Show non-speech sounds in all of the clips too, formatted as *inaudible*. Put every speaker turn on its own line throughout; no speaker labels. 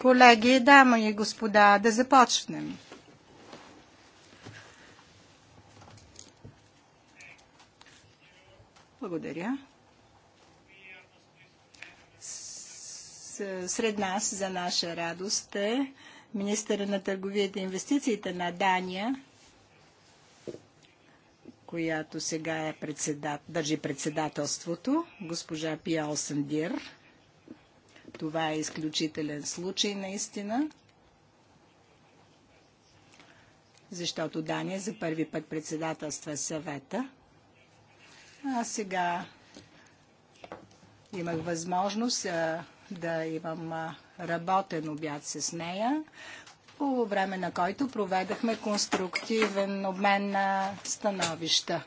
Колеги, дамо и господа, да започнем. Благодаря. Сред нас, за наша радост, е министъра на търговията и инвестициите на Дания, която сега е председат, държи председателството, госпожа Пия Олсендир. Това е изключителен случай наистина, защото Дания за първи път председателства съвета. А сега имах възможност да имам работен обяд с нея, по време на който проведахме конструктивен обмен на становища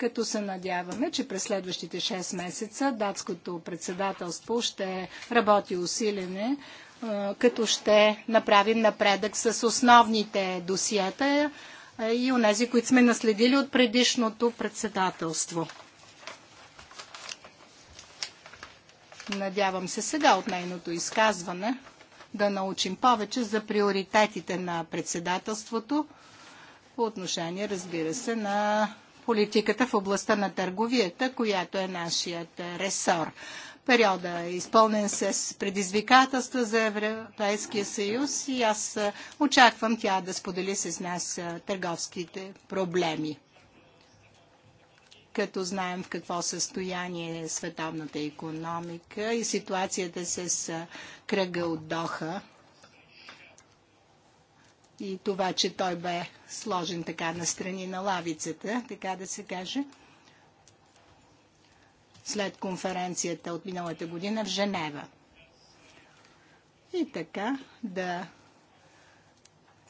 като се надяваме, че през следващите 6 месеца датското председателство ще работи усилене, като ще направим напредък с основните досиета е, и нези, които сме наследили от предишното председателство. Надявам се сега от нейното изказване да научим повече за приоритетите на председателството по отношение, разбира се, на политиката в областта на търговията, която е нашият е, ресор. Периода е изпълнен с предизвикателства за Европейския съюз и аз е, очаквам тя да сподели с нас е, търговските проблеми като знаем в какво състояние е световната економика и ситуацията с кръга от Доха и това, че той бе сложен така настрани на лавицата, така да се каже, след конференцията от миналата година в Женева. И така да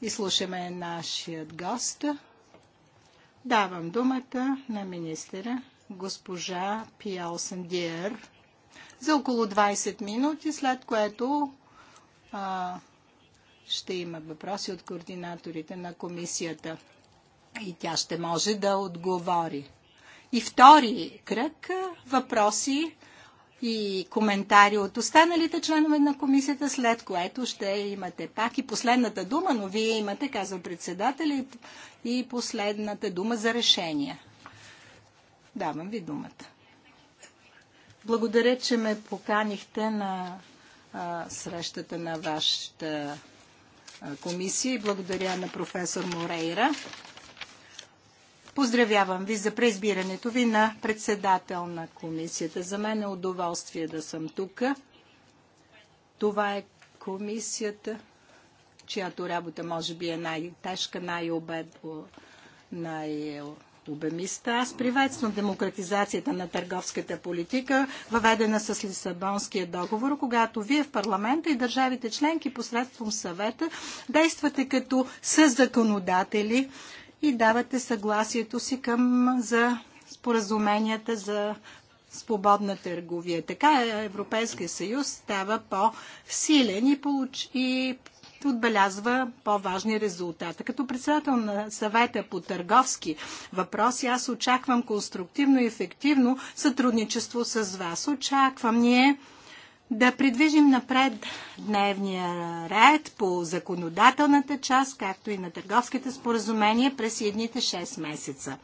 изслушаме нашият гост. Давам думата на министъра госпожа Пиал Сандиер за около 20 минути, след което а, ще има въпроси от координаторите на комисията и тя ще може да отговори. И втори кръг е, въпроси и коментари от останалите членове на комисията, след което ще имате пак и последната дума, но вие имате, казва председател, и последната дума за решение. Давам ви думата. Благодаря, че ме поканихте на а, срещата на вашата комисия и благодаря на професор Морейра. Поздравявам ви за преизбирането ви на председател на комисията. За мен е удоволствие да съм тук. Това е комисията, чиято работа може би е най-тежка, най обедно най обемиста. Аз приветствам демократизацията на търговската политика, въведена с Лисабонския договор, когато вие в парламента и държавите членки посредством съвета действате като съзаконодатели и давате съгласието си към за споразуменията за свободна търговия. Така Европейския съюз става по-силен и, получ... и отбелязва по-важни резултати. Като председател на съвета по търговски въпроси, аз очаквам конструктивно и ефективно сътрудничество с вас. Очаквам ние да придвижим напред дневния ред по законодателната част, както и на търговските споразумения през едните 6 месеца.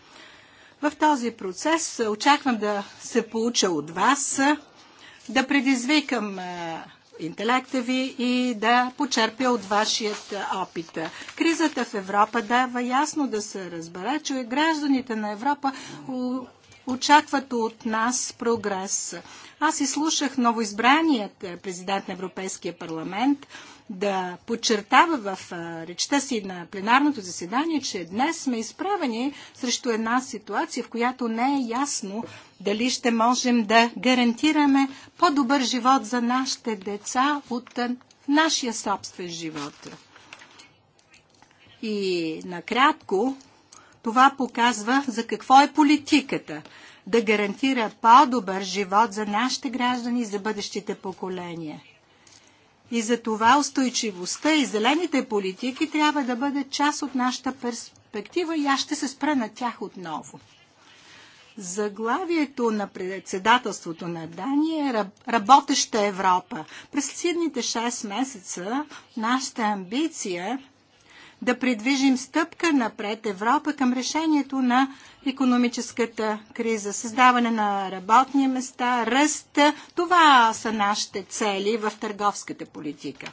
В този процес е, очаквам да се получа от вас, е, да предизвикам е, интелекта ви и да почерпя от вашият опит. Кризата в Европа дава ясно да се разбере, че гражданите на Европа очакват от нас прогрес. Аз изслушах новоизбраният е, президент на Европейския парламент, да подчертава в речта си на пленарното заседание, че днес сме изправени срещу една ситуация, в която не е ясно дали ще можем да гарантираме по-добър живот за нашите деца от нашия собствен живот. И накратко, това показва за какво е политиката да гарантира по-добър живот за нашите граждани и за бъдещите поколения. И за това устойчивостта и зелените политики трябва да бъде част от нашата перспектива и аз ще се спра на тях отново. Заглавието на председателството на Дания е Работеща Европа. През следните 6 месеца нашата амбиция да придвижим стъпка напред Европа към решението на економическата криза. Създаване на работни места, ръст. Това са нашите цели в търговската политика.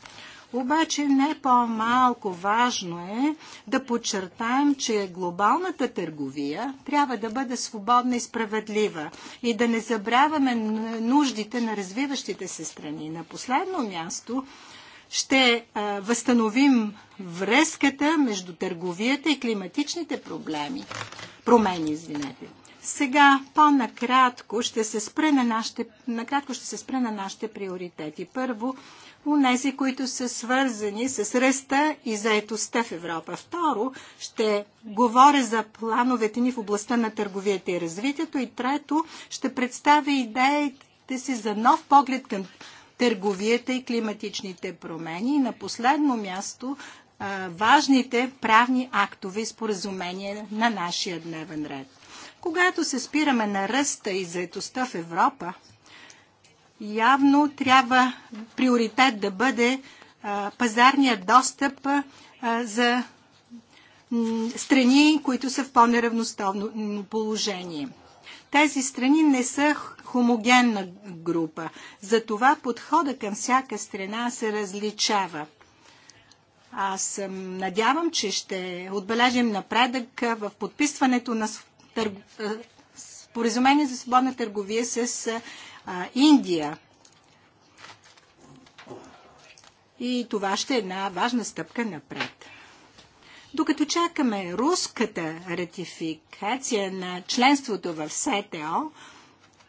Обаче не по-малко важно е да подчертаем, че глобалната търговия трябва да бъде свободна и справедлива и да не забравяме нуждите на развиващите се страни. На последно място ще възстановим връзката между търговията и климатичните проблеми. Промени, извинете. Сега по-накратко ще се спра на нашите, накратко ще се спре на нашите приоритети. Първо, у нези, които са свързани с ръста и заетостта в Европа. Второ, ще говоря за плановете ни в областта на търговията и развитието. И трето, ще представя идеите си за нов поглед към търговията и климатичните промени. И на последно място важните правни актове и споразумения на нашия дневен ред. Когато се спираме на ръста и заетостта в Европа, явно трябва приоритет да бъде пазарният достъп за страни, които са в по-неравностовно положение – тези страни не са хомогенна група. Затова подхода към всяка страна се различава. Аз надявам, че ще отбележим напредък в подписването на търг... споразумение за свободна търговия с Индия. И това ще е една важна стъпка напред. Докато чакаме руската ратификация на членството в СТО,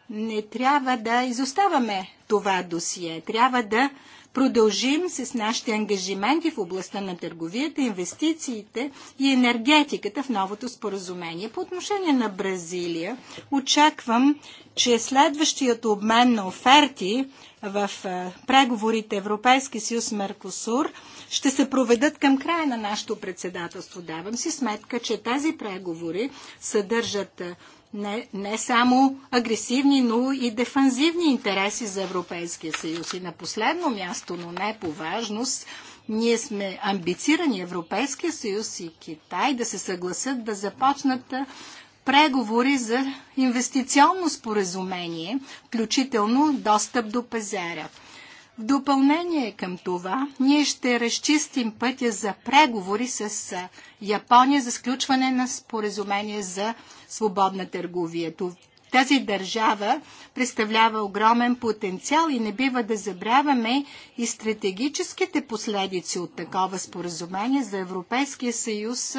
не трябва да изоставаме това досие. Трябва да продължим с нашите ангажименти в областта на търговията, инвестициите и енергетиката в новото споразумение. По отношение на Бразилия, очаквам, че следващият обмен на оферти в преговорите Европейски съюз Меркосур – ще се проведат към края на нашето председателство. Давам си сметка, че тези преговори съдържат не, не само агресивни, но и дефанзивни интереси за Европейския съюз. И на последно място, но не по важност, ние сме амбицирани Европейския съюз и Китай да се съгласят да започнат преговори за инвестиционно споразумение, включително достъп до пазара. В допълнение към това, ние ще разчистим пътя за преговори с Япония за сключване на споразумение за свободна търговия. Тази държава представлява огромен потенциал и не бива да забравяме и стратегическите последици от такова споразумение за Европейския съюз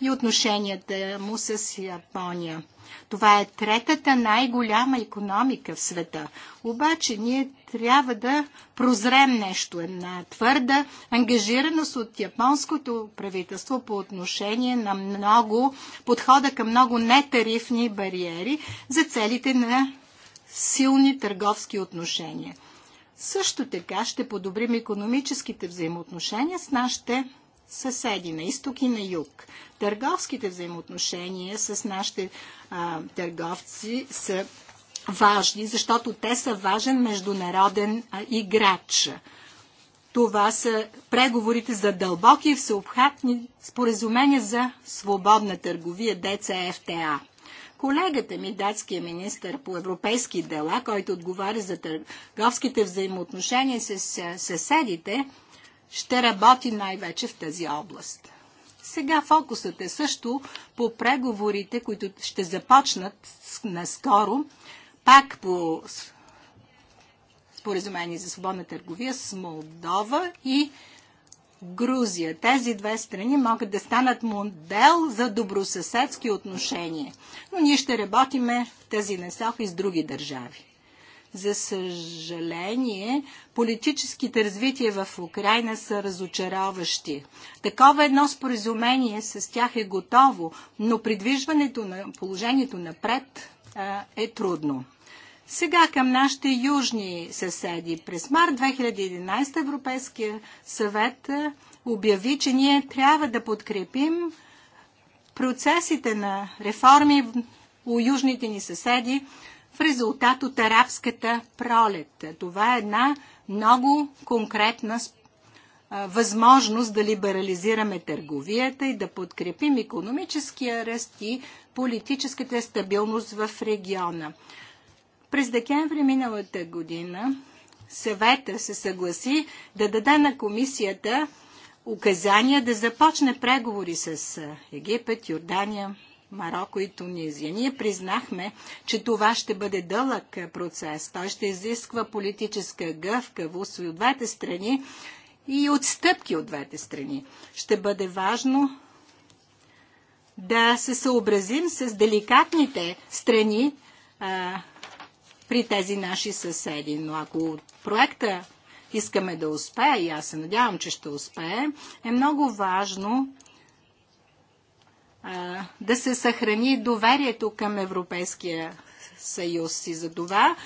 и отношенията му с Япония. Това е третата най-голяма економика в света. Обаче ние трябва да прозрем нещо, една твърда ангажираност от японското правителство по отношение на много, подхода към много нетарифни бариери за целите на силни търговски отношения. Също така ще подобрим економическите взаимоотношения с нашите съседи на изток и на юг. Търговските взаимоотношения с нашите а, търговци са важни, защото те са важен международен а, играч. Това са преговорите за дълбоки и всеобхватни споразумения за свободна търговия ДЦФТА. Колегата ми, датския министр по европейски дела, който отговаря за търговските взаимоотношения с съседите, ще работи най-вече в тази област. Сега фокусът е също по преговорите, които ще започнат наскоро, пак по споразумение за свободна търговия с Молдова и Грузия. Тези две страни могат да станат модел за добросъседски отношения. Но ние ще работиме в тази насока и с други държави. За съжаление, политическите развития в Украина са разочароващи. Такова едно споразумение с тях е готово, но придвижването на положението напред а, е трудно. Сега към нашите южни съседи. През март 2011 Европейския съвет обяви, че ние трябва да подкрепим процесите на реформи у южните ни съседи в резултат от арабската пролет. Това е една много конкретна възможност да либерализираме търговията и да подкрепим економическия ръст и политическата стабилност в региона. През декември миналата година съвета се съгласи да даде на комисията указания да започне преговори с Египет, Йордания, Марокко и Тунизия. Ние признахме, че това ще бъде дълъг е, процес. Той ще изисква политическа гъвкавост и от двете страни и отстъпки от двете страни. Ще бъде важно да се съобразим с деликатните страни а, е, при тези наши съседи. Но ако проекта искаме да успее, и аз се надявам, че ще успее, е много важно да се съхрани доверието към Европейския съюз. И за това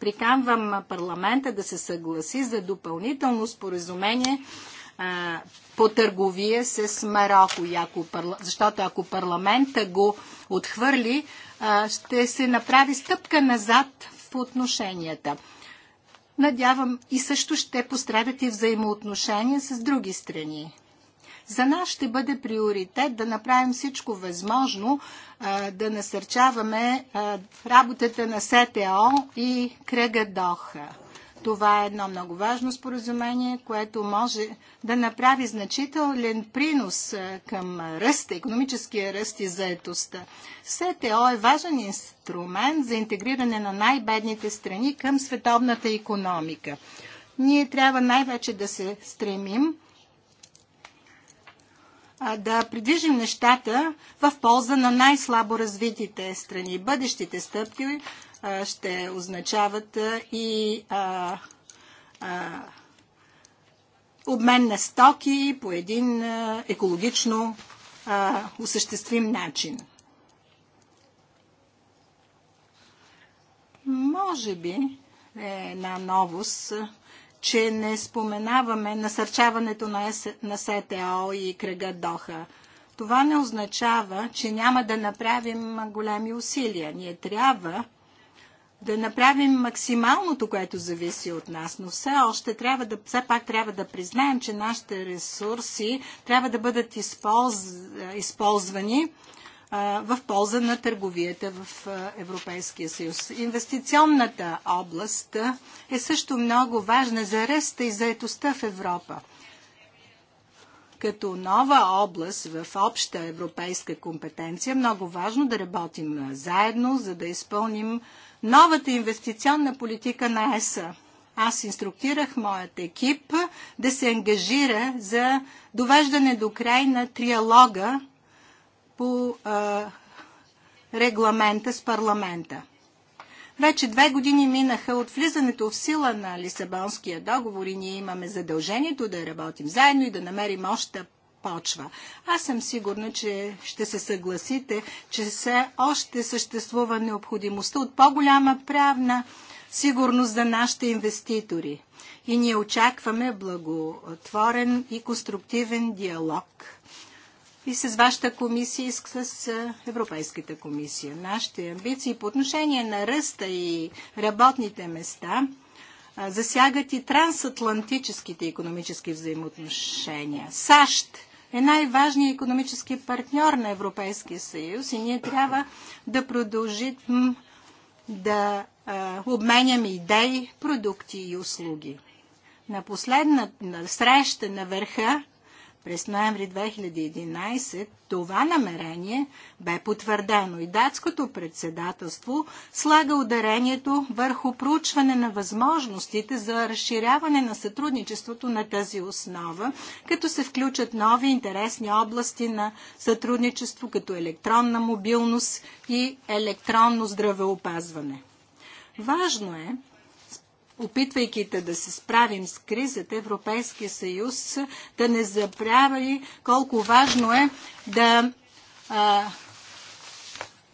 приканвам парламента да се съгласи за допълнително споразумение по търговия с Марокко. Защото ако парламента го отхвърли, ще се направи стъпка назад в отношенията. Надявам и също ще пострадат и взаимоотношения с други страни. За нас ще бъде приоритет да направим всичко възможно да насърчаваме работата на СТО и кръга Доха. Това е едно много важно споразумение, което може да направи значителен принос към ръста, економическия ръст и заетостта. СТО е важен инструмент за интегриране на най-бедните страни към световната економика. Ние трябва най-вече да се стремим да придвижим нещата в полза на най-слабо развитите страни. Бъдещите стъпки ще означават и обмен на стоки по един екологично осъществим начин. Може би е една новост че не споменаваме насърчаването на, С, на СТО и кръга Доха. Това не означава, че няма да направим големи усилия. Ние трябва да направим максималното, което зависи от нас, но все още трябва да, все пак трябва да признаем, че нашите ресурси трябва да бъдат използ, използвани в полза на търговията в Европейския съюз. Инвестиционната област е също много важна за реста и заетостта в Европа. Като нова област в обща европейска компетенция, много важно да работим заедно, за да изпълним новата инвестиционна политика на ЕСА аз инструктирах моят екип да се ангажира за довеждане до край на триалога по а, регламента с парламента. Вече две години минаха от влизането в сила на Лисабонския договор и ние имаме задължението да работим заедно и да намерим още почва. Аз съм сигурна, че ще се съгласите, че все още съществува необходимостта от по-голяма правна сигурност за нашите инвеститори. И ние очакваме благотворен и конструктивен диалог и с вашата комисия, и с Европейската комисия. Нашите амбиции по отношение на ръста и работните места засягат и трансатлантическите економически взаимоотношения. САЩ е най-важният економически партньор на Европейския съюз и ние трябва да продължим да обменяме идеи, продукти и услуги. На последната среща на върха през ноември 2011 това намерение бе потвърдено и датското председателство слага ударението върху проучване на възможностите за разширяване на сътрудничеството на тази основа, като се включат нови интересни области на сътрудничество, като електронна мобилност и електронно здравеопазване. Важно е опитвайки да се справим с кризата, Европейския съюз да не и колко важно е да а,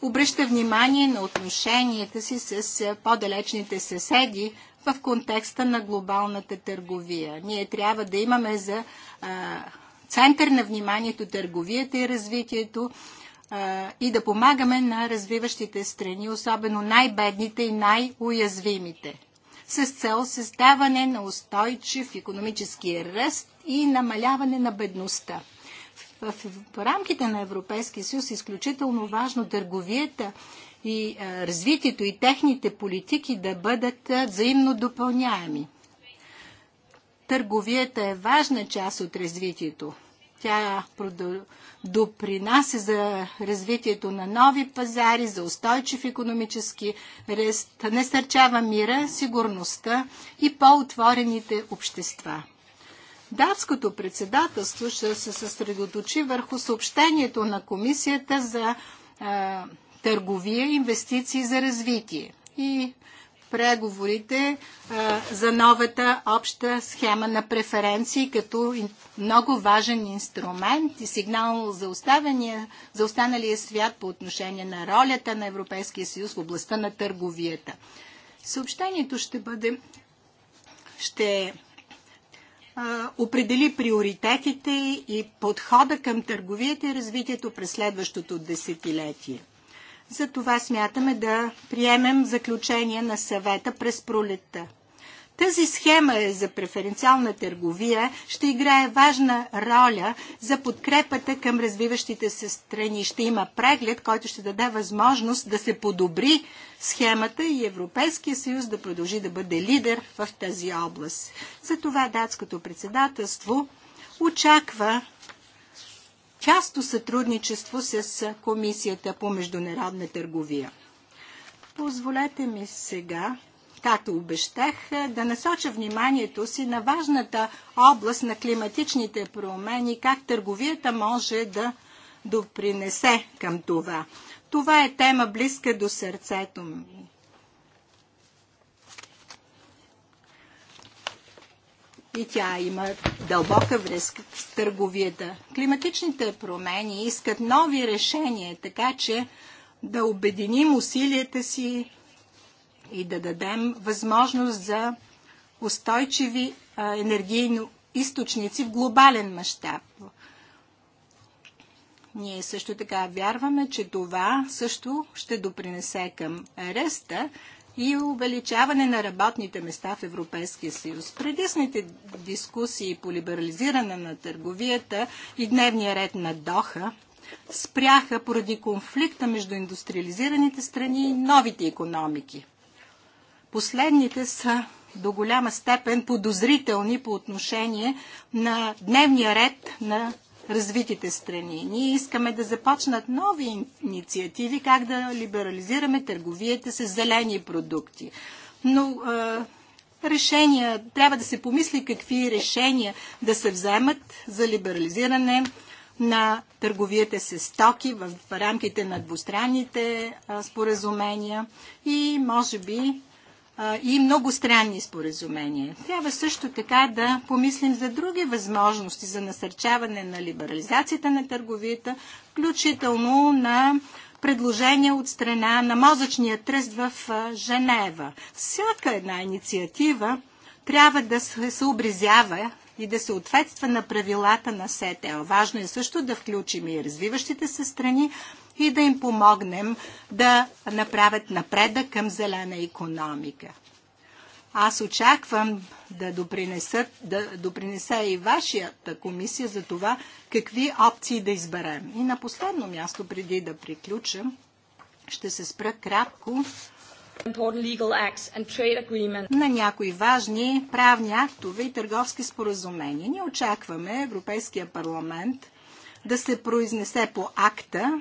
обръща внимание на отношенията си с по-далечните съседи в контекста на глобалната търговия. Ние трябва да имаме за а, център на вниманието търговията и развитието а, и да помагаме на развиващите страни, особено най-бедните и най-уязвимите с цел създаване на устойчив економически ръст и намаляване на бедността. В, в, в рамките на Европейския съюз е изключително важно търговията и а, е, развитието и техните политики да бъдат а, е, взаимно допълняеми. Търговията е важна част от развитието. Тя допринася за развитието на нови пазари, за устойчив економически ръст, насърчава мира, сигурността и по-отворените общества. Датското председателство ще се съсредоточи върху съобщението на Комисията за а, търговия, инвестиции за развитие. И преговорите за новата обща схема на преференции като много важен инструмент и сигнал за, оставения, за останалия свят по отношение на ролята на Европейския съюз в областта на търговията. Съобщението ще бъде ще определи приоритетите и подхода към търговията и развитието през следващото десетилетие. За това смятаме да приемем заключение на съвета през пролетта. Тази схема е за преференциална търговия ще играе важна роля за подкрепата към развиващите се страни. Ще има преглед, който ще даде възможност да се подобри схемата и Европейския съюз да продължи да бъде лидер в тази област. Затова датското председателство очаква тясно сътрудничество с Комисията по международна търговия. Позволете ми сега, както обещах, да насоча вниманието си на важната област на климатичните промени, как търговията може да допринесе към това. Това е тема близка до сърцето ми. и тя има дълбока връзка с търговията. Климатичните промени искат нови решения, така че да обединим усилията си и да дадем възможност за устойчиви енергийни източници в глобален мащаб. Ние също така вярваме, че това също ще допринесе към ръста и увеличаване на работните места в Европейския съюз. Предисните дискусии по либерализиране на търговията и дневния ред на Доха спряха поради конфликта между индустриализираните страни и новите економики. Последните са до голяма степен подозрителни по отношение на дневния ред на развитите страни. Ние искаме да започнат нови инициативи, как да либерализираме търговията с зелени продукти. Но е, решения, трябва да се помисли какви решения да се вземат за либерализиране на търговията с стоки в рамките на двустранните споразумения и може би и многостранни споразумения. Трябва също така да помислим за други възможности за насърчаване на либерализацията на търговията, включително на предложения от страна на мозъчния тръст в Женева. Всяка една инициатива трябва да се съобразява и да се ответства на правилата на СТО. Важно е също да включим и развиващите се страни, и да им помогнем да направят напредък към зелена економика. Аз очаквам да, допринесат, да допринеса и вашата комисия за това какви опции да изберем. И на последно място, преди да приключам, ще се спра кратко на някои важни правни актове и търговски споразумения. Ние очакваме Европейския парламент да се произнесе по акта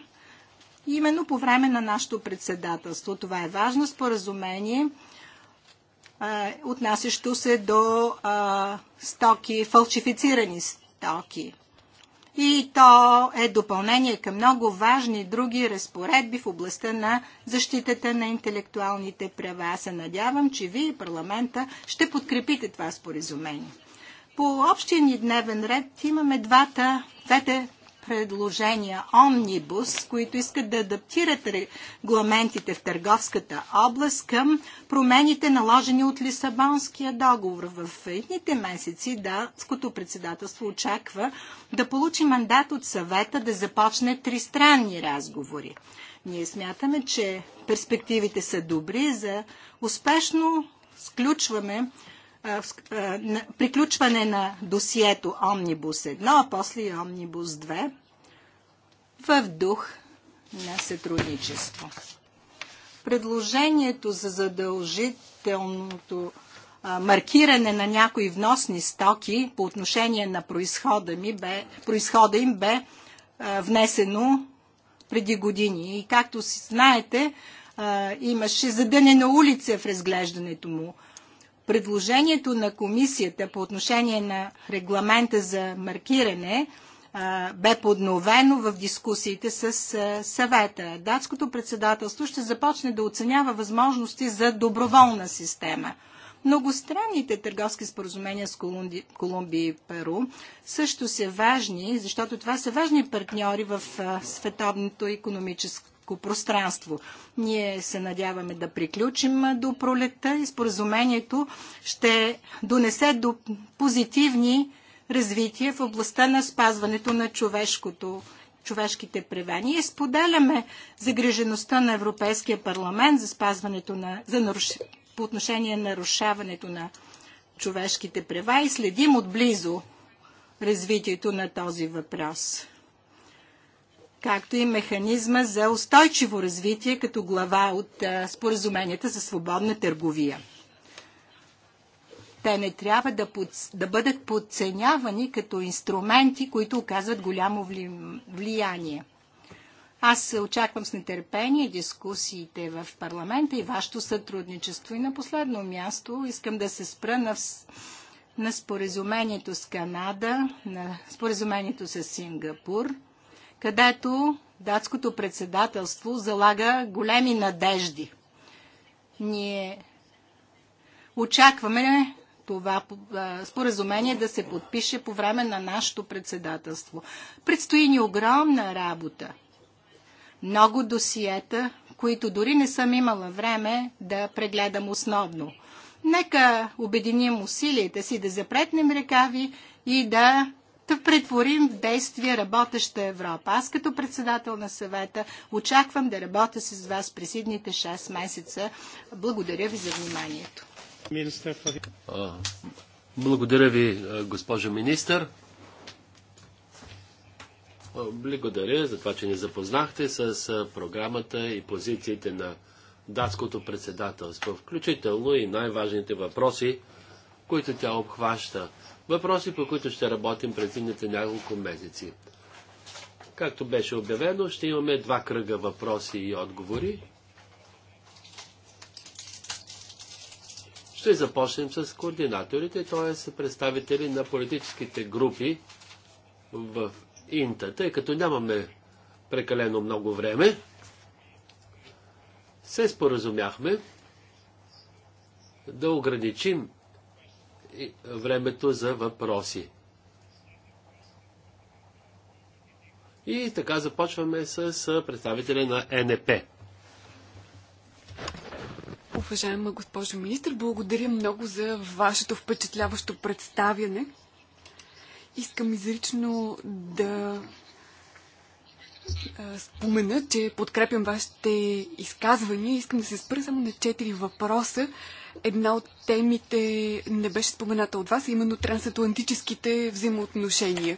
именно по време на нашето председателство. Това е важно споразумение, е, отнасящо се до е, стоки, фалшифицирани стоки. И то е допълнение към много важни други разпоредби в областта на защитата на интелектуалните права. Аз се надявам, че вие и парламента ще подкрепите това споразумение. По общия ни дневен ред имаме двата, двете предложения Омнибус, които искат да адаптират регламентите в търговската област към промените наложени от Лисабонския договор. В едните месеци датското председателство очаква да получи мандат от съвета да започне тристранни разговори. Ние смятаме, че перспективите са добри за успешно сключваме приключване на досието Омнибус 1, а после и Омнибус 2 в дух на сътрудничество. Предложението за задължителното маркиране на някои вносни стоки по отношение на происхода, ми бе, происхода им бе внесено преди години. И както си знаете, имаше задънена улица в разглеждането му предложението на комисията по отношение на регламента за маркиране бе подновено в дискусиите с съвета. Датското председателство ще започне да оценява възможности за доброволна система. Многостранните търговски споразумения с Колумбия и Перу също са важни, защото това са важни партньори в световното економическо широко пространство. Ние се надяваме да приключим до пролетта и споразумението ще донесе до позитивни развития в областта на спазването на човешкото човешките права. Ние споделяме загрижеността на Европейския парламент за спазването на, за наруш... по отношение на нарушаването на човешките права и следим отблизо развитието на този въпрос както и механизма за устойчиво развитие като глава от споразуменията за свободна търговия. Те не трябва да, под, да бъдат подценявани като инструменти, които оказват голямо влияние. Аз очаквам с нетърпение дискусиите в парламента и вашето сътрудничество. И на последно място искам да се спра на, на споразумението с Канада, на споразумението с Сингапур – където датското председателство залага големи надежди. Ние очакваме това споразумение да се подпише по време на нашето председателство. Предстои ни огромна работа. Много досиета, които дори не съм имала време да прегледам основно. Нека обединим усилията си да запретнем ръкави и да да претворим в действие работеща Европа. Аз като председател на съвета очаквам да работя с вас през идните 6 месеца. Благодаря ви за вниманието.
Благодаря ви, госпожо министър. Благодаря за това, че ни запознахте с програмата и позициите на датското председателство, включително и най-важните въпроси, които тя обхваща. Въпроси, по които ще работим през зимните няколко месеци. Както беше обявено, ще имаме два кръга въпроси и отговори. Ще започнем с координаторите, т.е. представители на политическите групи в Инта, тъй като нямаме прекалено много време. Се споразумяхме да ограничим времето за въпроси. И така започваме с представителя на НП.
Уважаема госпожо министр, благодаря много за вашето впечатляващо представяне. Искам изрично да спомена, че подкрепям вашите изказвания. Искам да се спра само на четири въпроса. Една от темите не беше спомената от вас, а именно трансатлантическите взаимоотношения.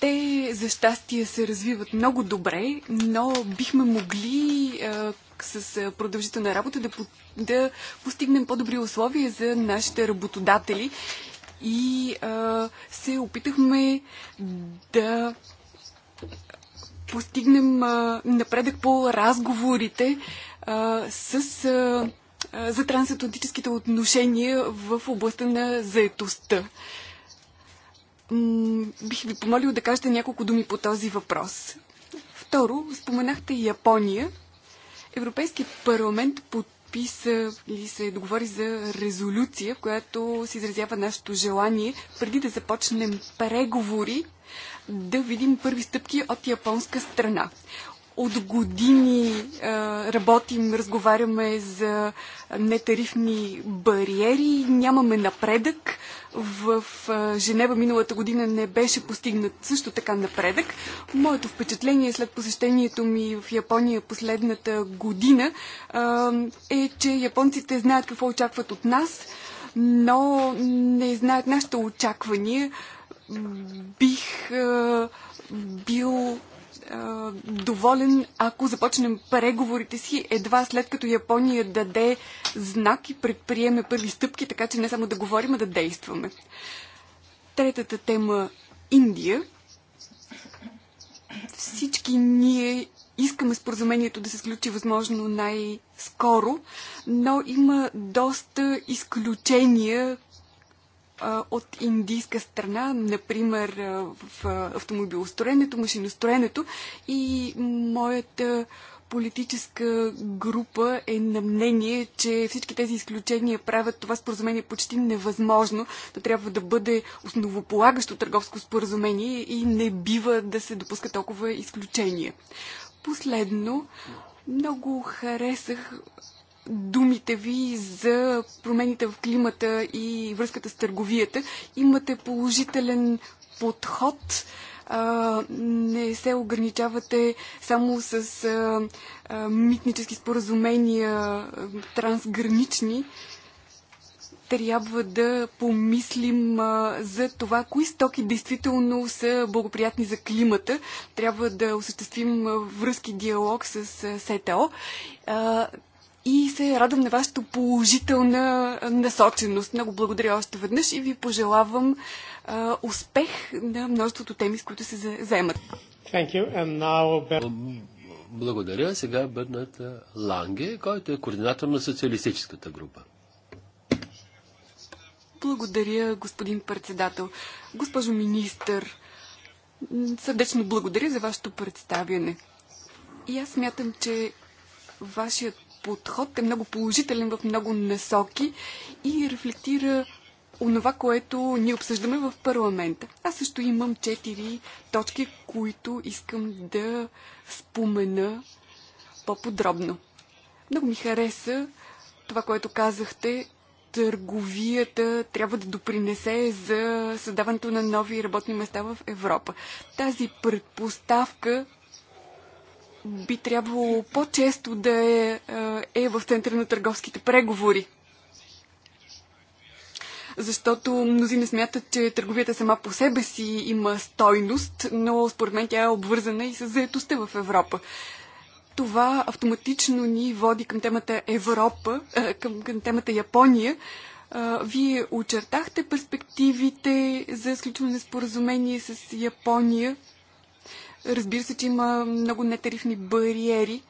Те, за щастие, се развиват много добре, но бихме могли а, с продължителна работа да, по да постигнем по-добри условия за нашите работодатели и а, се опитахме да постигнем напредък по разговорите с, за трансатлантическите отношения в областта на заетостта. Бих ви помолил да кажете няколко думи по този въпрос. Второ, споменахте Япония. Европейският парламент под подписа или се договори за резолюция, в която се изразява нашето желание, преди да започнем преговори, да видим първи стъпки от японска страна. От години работим, разговаряме за нетарифни бариери, нямаме напредък. В Женева миналата година не беше постигнат също така напредък. Моето впечатление след посещението ми в Япония последната година е, че японците знаят какво очакват от нас, но не знаят нашите очаквания. Бих бил а, е, доволен, ако започнем преговорите си едва след като Япония даде знак и предприеме първи стъпки, така че не само да говорим, а да действаме. Третата тема Индия. Всички ние искаме споразумението да се сключи възможно най-скоро, но има доста изключения, от индийска страна, например в автомобилостроенето, машиностроенето и моята политическа група е на мнение, че всички тези изключения правят това споразумение почти невъзможно. То трябва да бъде основополагащо търговско споразумение и не бива да се допуска толкова изключения. Последно, много харесах думите ви за промените в климата и връзката с търговията. Имате положителен подход. не се ограничавате само с митнически споразумения трансгранични. Трябва да помислим за това, кои стоки действително са благоприятни за климата. Трябва да осъществим връзки диалог с СТО и се радвам на вашата положителна насоченост. Много благодаря още веднъж и ви пожелавам а, успех на множеството теми, с които се заемат.
Now... Благодаря. Сега Бърнат Ланге, който е координатор на социалистическата група.
Благодаря, господин председател. Госпожо министър, сърдечно благодаря за вашето представяне. И аз смятам, че вашият подход е много положителен в много насоки и рефлектира онова, което ние обсъждаме в парламента. Аз също имам четири точки, които искам да спомена по-подробно. Много ми хареса това, което казахте. Търговията трябва да допринесе за създаването на нови работни места в Европа. Тази предпоставка би трябвало по-често да е, е, е в центъра на търговските преговори. Защото мнози не смятат, че търговията сама по себе си има стойност, но според мен тя е обвързана и с заетостта в Европа. Това автоматично ни води към темата Европа, е, към, към темата Япония. Е, вие очертахте перспективите за сключване на споразумение с Япония Разбира се, че има много нетарифни бариери.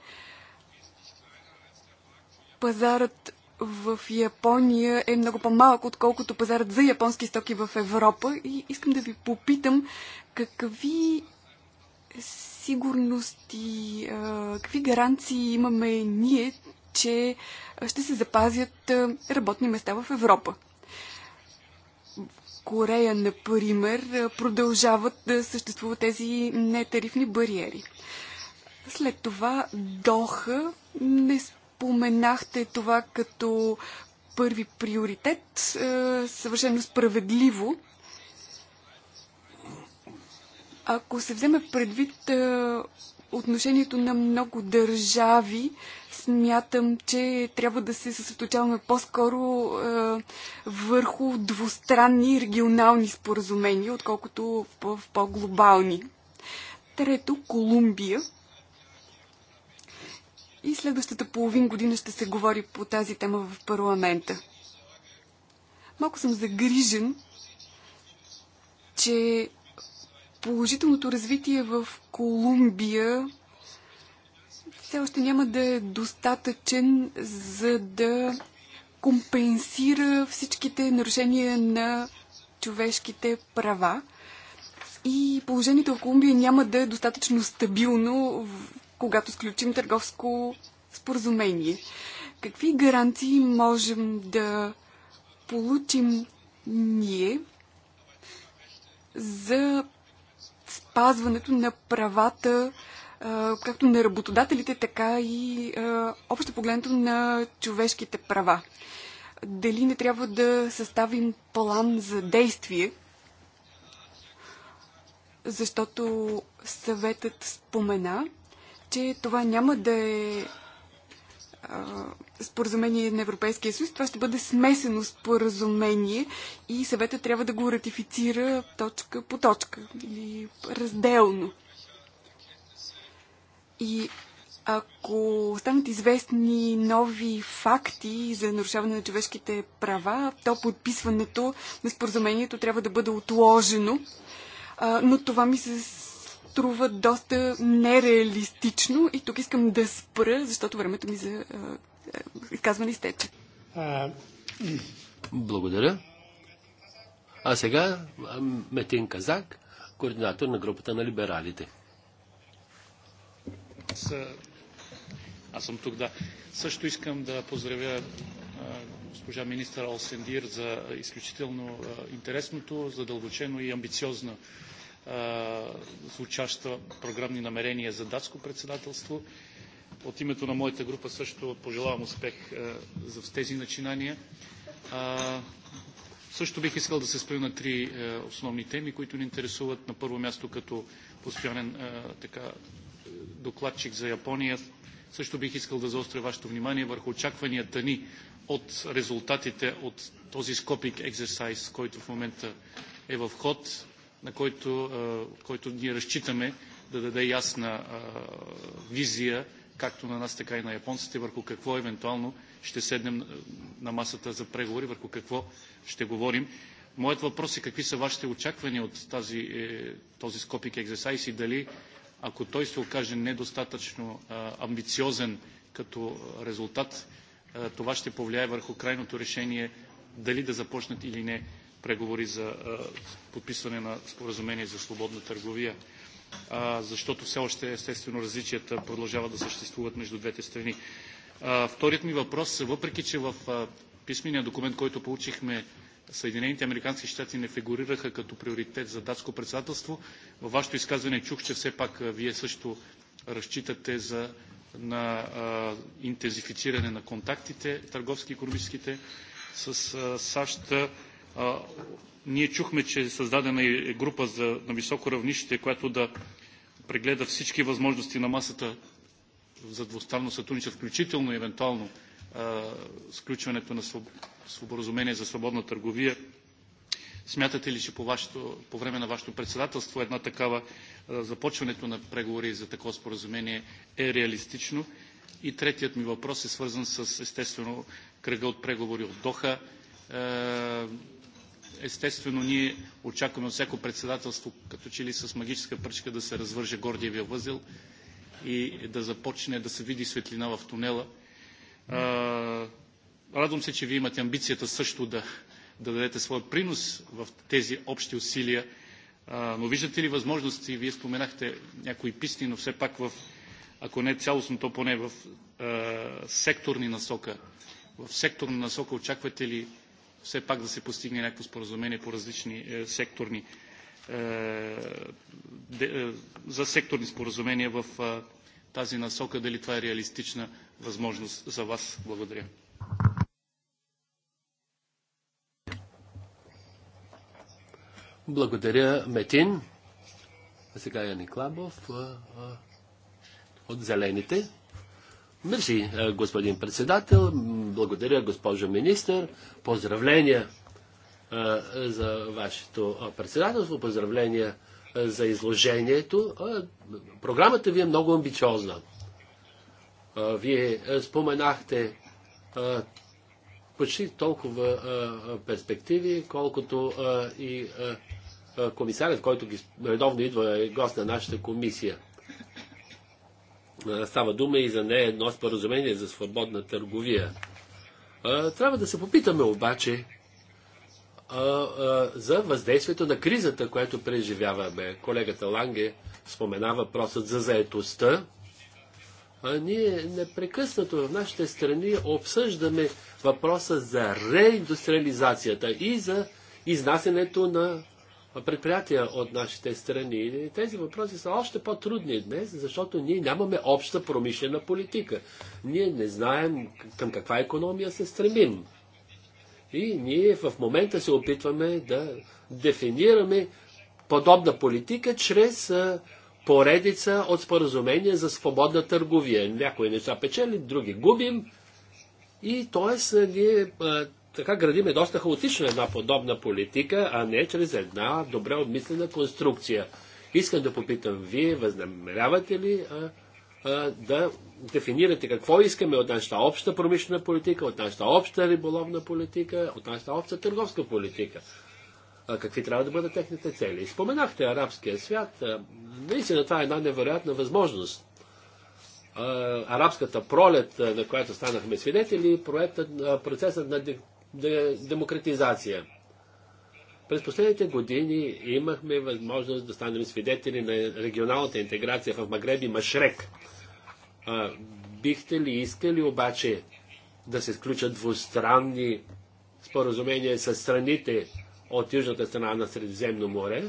Пазарът в Япония е много по-малък, отколкото пазарът за японски стоки в Европа. И искам да ви попитам какви сигурности, какви гаранции имаме ние, че ще се запазят работни места в Европа. Корея, например, продължават да съществуват тези нетарифни бариери. След това Доха не споменахте това като първи приоритет, е, съвършено справедливо. Ако се вземе предвид е, отношението на много държави смятам, че трябва да се съсредоточаваме по-скоро е, върху двустранни регионални споразумения, отколкото в по-глобални. Трето, Колумбия. И следващата половин година ще се говори по тази тема в парламента. Малко съм загрижен, че положителното развитие в Колумбия все още няма да е достатъчен, за да компенсира всичките нарушения на човешките права. И положението в Колумбия няма да е достатъчно стабилно, когато сключим търговско споразумение. Какви гаранции можем да получим ние за спазването на правата както на работодателите, така и общо погледнато на човешките права. Дали не трябва да съставим план за действие, защото съветът спомена, че това няма да е споразумение на Европейския съюз. Това ще бъде смесено споразумение и съвета трябва да го ратифицира точка по точка или разделно. И ако станат известни нови факти за нарушаване на човешките права, то подписването на споразумението трябва да бъде отложено. Но това ми се струва доста нереалистично и тук искам да спра, защото времето ми за изказване изтече.
Благодаря. А сега Метин Казак, координатор на групата на либералите. Аз съм тук, да. Също
искам да поздравя госпожа министър Олсендир за изключително интересното, задълбочено и амбициозно звучаща програмни намерения за датско председателство. От името на моята група също пожелавам успех за тези начинания. Също бих искал да се спря на три основни теми, които ни интересуват. На първо място като постоянен така, докладчик за Япония, също бих искал да заостря вашето внимание върху очакванията ни от резултатите от този скопик екзерсайз, който в момента е в ход на който, който ние разчитаме да даде ясна визия както на нас, така и на японците, върху какво евентуално ще седнем на масата за преговори, върху какво ще говорим. Моят въпрос е какви са вашите очаквания от тази, е, този скопик Exercise и дали, ако той се окаже недостатъчно амбициозен като резултат, това ще повлияе върху крайното решение дали да започнат или не преговори за подписване на споразумение за свободна търговия, защото все още естествено различията продължават да съществуват между двете страни. Вторият ми въпрос, въпреки че в писмения документ, който получихме, Съединените Американски щати не фигурираха като приоритет за датско председателство. Във вашето изказване чух, че все пак вие също разчитате за, на а, интензифициране на контактите, търговски и економическите с а, САЩ. Ние чухме, че е създадена и група за, на високо равнище, която да прегледа всички възможности на масата за двустранно сътрудничество, включително и евентуално а, сключването на споразумение за свободна търговия. Смятате ли, че по, вашето, по време на вашето председателство една такава а, започването на преговори за такова споразумение е реалистично? И третият ми въпрос е свързан с, естествено, кръга от преговори от Доха. А, естествено ние очакваме от всяко председателство, като че ли с магическа пръчка да се развърже гордиевия възел и да започне да се види светлина в тунела. Радвам се, че вие имате амбицията също да, да дадете своя принос в тези общи усилия. Но виждате ли възможности, вие споменахте някои писни, но все пак в, ако не цялостно, то поне в секторни насока. В секторна насока очаквате ли все пак да се постигне някакво споразумение по различни е, секторни е, е, за секторни споразумения в тази насока, дали това е реалистична възможност за вас.
Благодаря. Благодаря, Метин. А сега е никлабов от Зелените. Мерси, е, господин председател. Благодаря, госпожо министър. Поздравления е, за вашето е, председателство. Поздравления за изложението. програмата ви е много амбициозна. Вие споменахте почти толкова перспективи, колкото и комисарят, който ги редовно идва гост на нашата комисия – Става дума и за не едно споразумение за свободна търговия. Трябва да се попитаме обаче за въздействието на кризата, която преживяваме. Колегата Ланге спомена въпросът за заетостта. А ние непрекъснато в нашите страни обсъждаме въпроса за реиндустриализацията и за изнасянето на предприятия от нашите страни. Тези въпроси са още по-трудни днес, защото ние нямаме обща промишлена политика. Ние не знаем към каква економия се стремим. И ние в момента се опитваме да дефинираме подобна политика чрез поредица от споразумения за свободна търговия. Някои неща печелим, други губим. И т.е. ние така градиме доста хаотично една подобна политика, а не чрез една добре обмислена конструкция. Искам да попитам, вие възнамерявате ли а, а, да дефинирате какво искаме от нашата обща промишлена политика, от нашата обща риболовна политика, от нашата обща търговска политика? А, какви трябва да бъдат техните цели? Споменахте арабския свят. А, наистина това е една невероятна възможност арабската пролет, на която станахме свидетели, проектът, процесът на демократизация. През последните години имахме възможност да станем свидетели на регионалната интеграция в Магреб и Машрек. А, бихте ли искали обаче да се сключат двустранни споразумения с страните от южната страна на Средиземно море?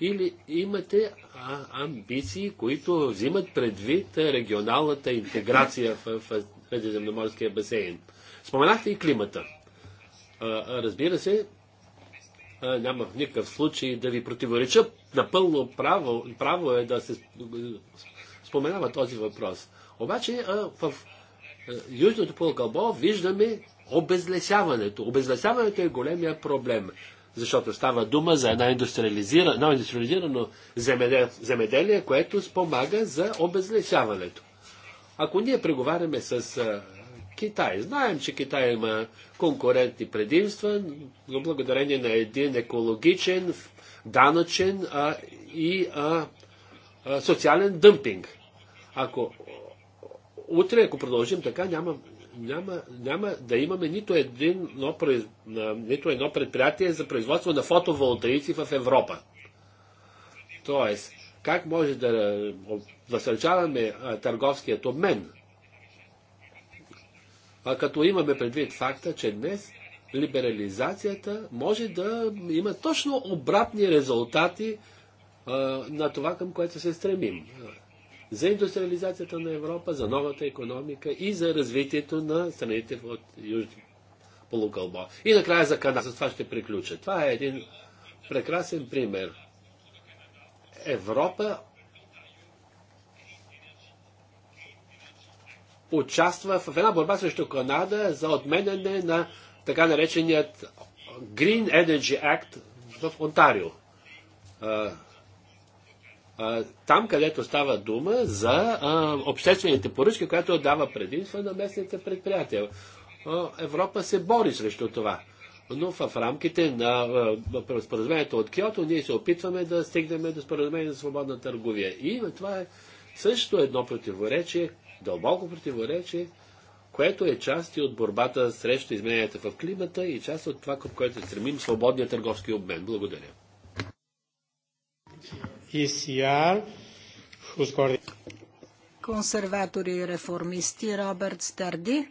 Или имате а, амбиции, които взимат предвид регионалната интеграция в, в Средиземноморския басейн? Споменахте и климата. Разбира се, няма в никакъв случай да ви противореча. Напълно право, право е да се споменава този въпрос. Обаче в Южното полукълбо виждаме обезлесяването. Обезлесяването е големия проблем, защото става дума за едно индустриализирано, едно индустриализирано земеделие, земеделие, което спомага за обезлесяването. Ако ние преговаряме с Китай. Знаем, че Китай има конкурентни предимства, но благодарение на един екологичен, данъчен а, и а, а, социален дъмпинг. Ако утре, ако продължим така, няма, няма, няма да имаме нито, един, но, нито едно предприятие за производство на фотоволтаици в Европа. Тоест, как може да насърчаваме търговският обмен? а като имаме предвид факта, че днес либерализацията може да има точно обратни резултати а, на това, към което се стремим. За индустриализацията на Европа, за новата економика и за развитието на страните от Южни полукълбо. И накрая за Канада. С това ще приключа. Това е един прекрасен пример. Европа участва в една борба срещу Канада за отменяне на така нареченият Green Energy Act в Онтарио. Там, където става дума за обществените поръчки, която дава предимства на местните предприятия. Европа се бори срещу това. Но в рамките на споразумението от Киото ние се опитваме да стигнем до споразумение за свободна търговия. И това е също едно противоречие, дълбоко противоречие, което е част и от борбата срещу измененията в климата и част от това, към което стремим свободния търговски обмен. Благодаря. ECR,
Консерватори и реформисти Робърт Стърди.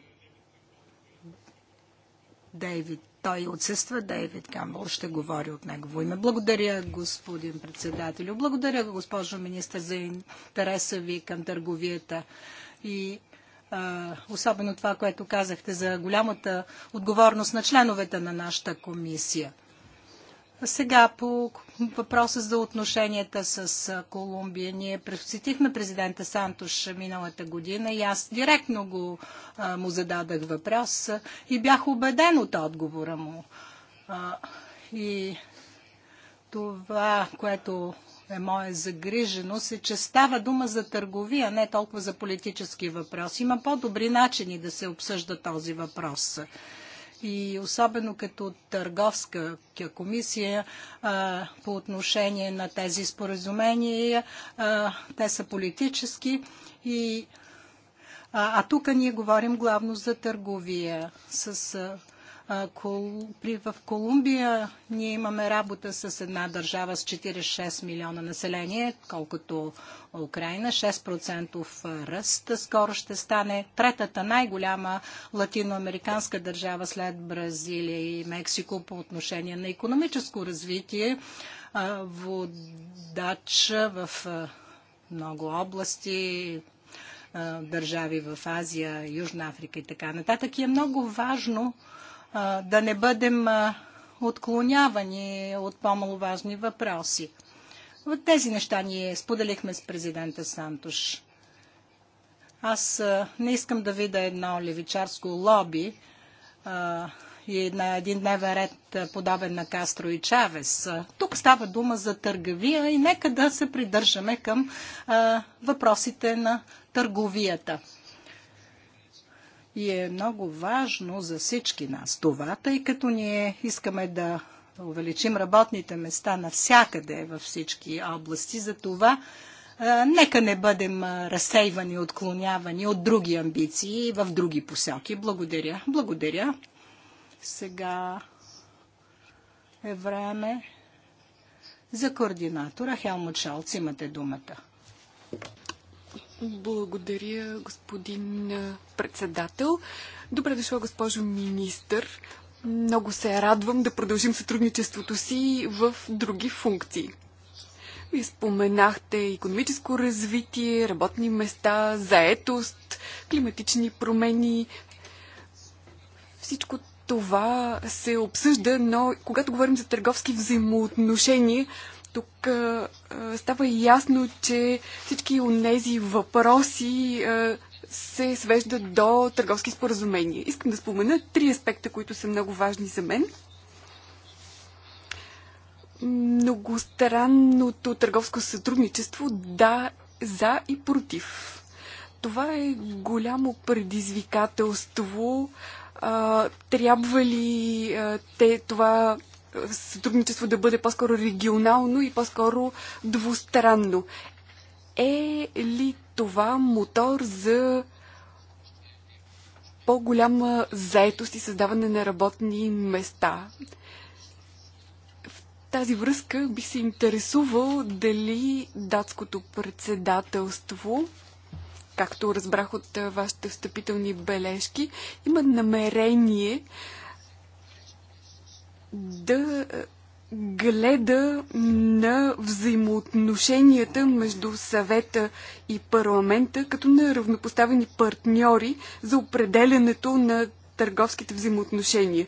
Дейвид. Той отсъства. Дейвид Камбъл ще говори от негово име. Благодаря, господин председател. Благодаря, госпожо министър, за интереса ви към търговията и а, особено това, което казахте за голямата отговорност на членовете на нашата комисия. Сега по въпроса за отношенията с Колумбия. Ние посетихме президента Сантош миналата година и аз директно го, а, му зададах въпрос и бях убеден от отговора му. А, и това, което е моя загриженост е, че става дума за търговия, не толкова за политически въпрос. Има по-добри начини да се обсъжда този въпрос. И особено като търговска комисия а, по отношение на тези споразумения, а, те са политически и а, а тук ние говорим главно за търговия с а, в Колумбия ние имаме работа с една държава с 46 милиона население, колкото Украина. 6% ръст скоро ще стане третата най-голяма латиноамериканска държава след Бразилия и Мексико по отношение на економическо развитие. Водач в много области, държави в Азия, Южна Африка и така нататък. И е много важно да не бъдем отклонявани от по-маловажни въпроси. От тези неща ние споделихме с президента Сантош. Аз не искам да видя едно левичарско лоби и на един дневен ред подобен на Кастро и Чавес. Тук става дума за търговия и нека да се придържаме към въпросите на търговията и е много важно за всички нас това, тъй като ние искаме да увеличим работните места навсякъде във всички области. За това а, нека не бъдем разсейвани, отклонявани от други амбиции в други посоки. Благодаря. Благодаря. Сега е време за координатора Хелмут Шалц. Имате думата.
Благодаря, господин председател. Добре дошла, госпожо министър. Много се радвам да продължим сътрудничеството си в други функции. Вие споменахте економическо развитие, работни места, заетост, климатични промени. Всичко това се обсъжда, но когато говорим за търговски взаимоотношения, тук а, става ясно, че всички от тези въпроси а, се свеждат до търговски споразумения. Искам да спомена три аспекта, които са много важни за мен. Многостранното търговско сътрудничество да, за и против. Това е голямо предизвикателство. А, трябва ли а, те това сътрудничество да бъде по-скоро регионално и по-скоро двустранно. Е ли това мотор за по-голяма заетост и създаване на работни места? В тази връзка би се интересувал дали датското председателство както разбрах от вашите встъпителни бележки, има намерение да е, гледа на взаимоотношенията между съвета и парламента като на равнопоставени партньори за определенето на търговските взаимоотношения. Е,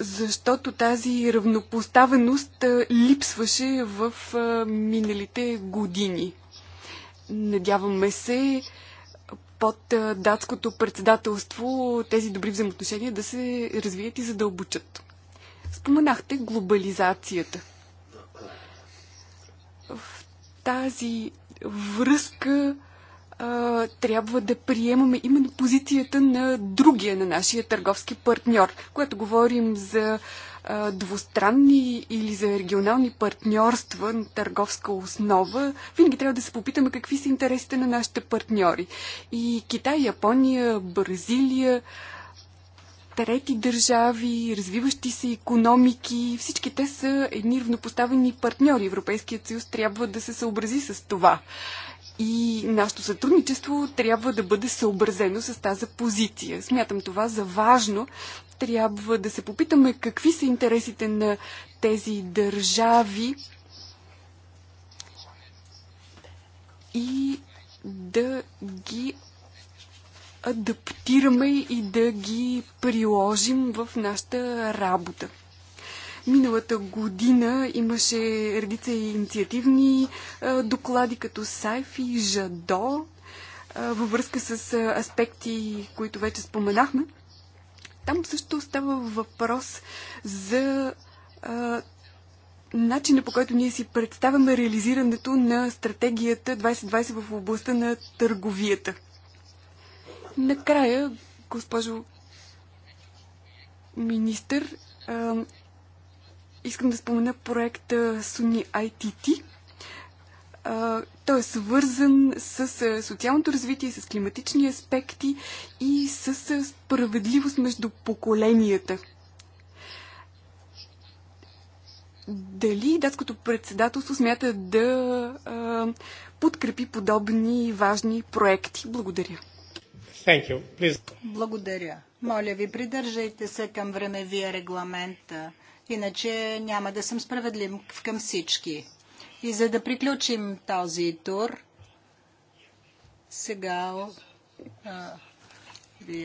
защото тази равнопоставеност е, липсваше в миналите години. Надяваме се, под датското председателство тези добри взаимоотношения да се развият и задълбочат. Споменахте глобализацията. В тази връзка а, трябва да приемаме именно позицията на другия, на нашия търговски партньор. Когато говорим за двустранни или за регионални партньорства на търговска основа, винаги трябва да се попитаме какви са интересите на нашите партньори. И Китай, Япония, Бразилия, трети държави, развиващи се економики, всички те са едни равнопоставени партньори. Европейският съюз трябва да се съобрази с това и нашето сътрудничество трябва да бъде съобразено с тази позиция. Смятам това за важно. Трябва да се попитаме какви са интересите на тези държави и да ги адаптираме и да ги приложим в нашата работа. Миналата година имаше редица инициативни доклади, като Сайфи, Жадо, във връзка с аспекти, които вече споменахме. Там също става въпрос за начина по който ние си представяме реализирането на стратегията 2020 в областта на търговията. Накрая, госпожо министър, Искам да спомена проекта Суни ITT. Той е свързан с социалното развитие, с климатични аспекти и с справедливост между поколенията. Дали датското председателство смята да а, подкрепи подобни важни проекти? Благодаря.
Thank you.
Благодаря. Моля ви, придържайте се към времевия регламент. Иначе няма да съм справедлив към всички. И за да приключим този тур, сега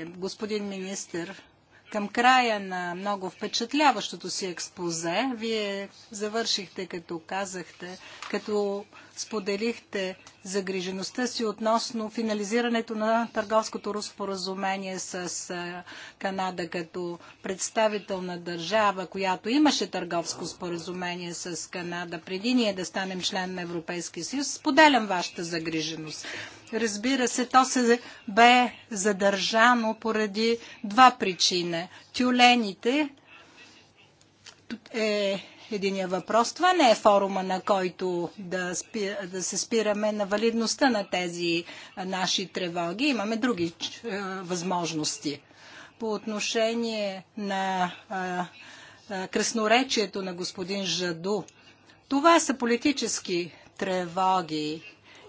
господин министр, към края на много впечатляващото си експозе, вие завършихте, като казахте, като споделихте загрижеността си относно финализирането на търговското споразумение с Канада като представител на държава, която имаше търговско споразумение с Канада преди ние да станем член на Европейския съюз. Споделям вашата загриженост. Разбира се, то се бе задържано поради два причини. Тюлените е единия въпрос. Това не е форума, на който да, спи, да се спираме на валидността на тези наши тревоги. Имаме други е, възможности. По отношение на е, е, кръсноречието на господин Жаду, това са политически тревоги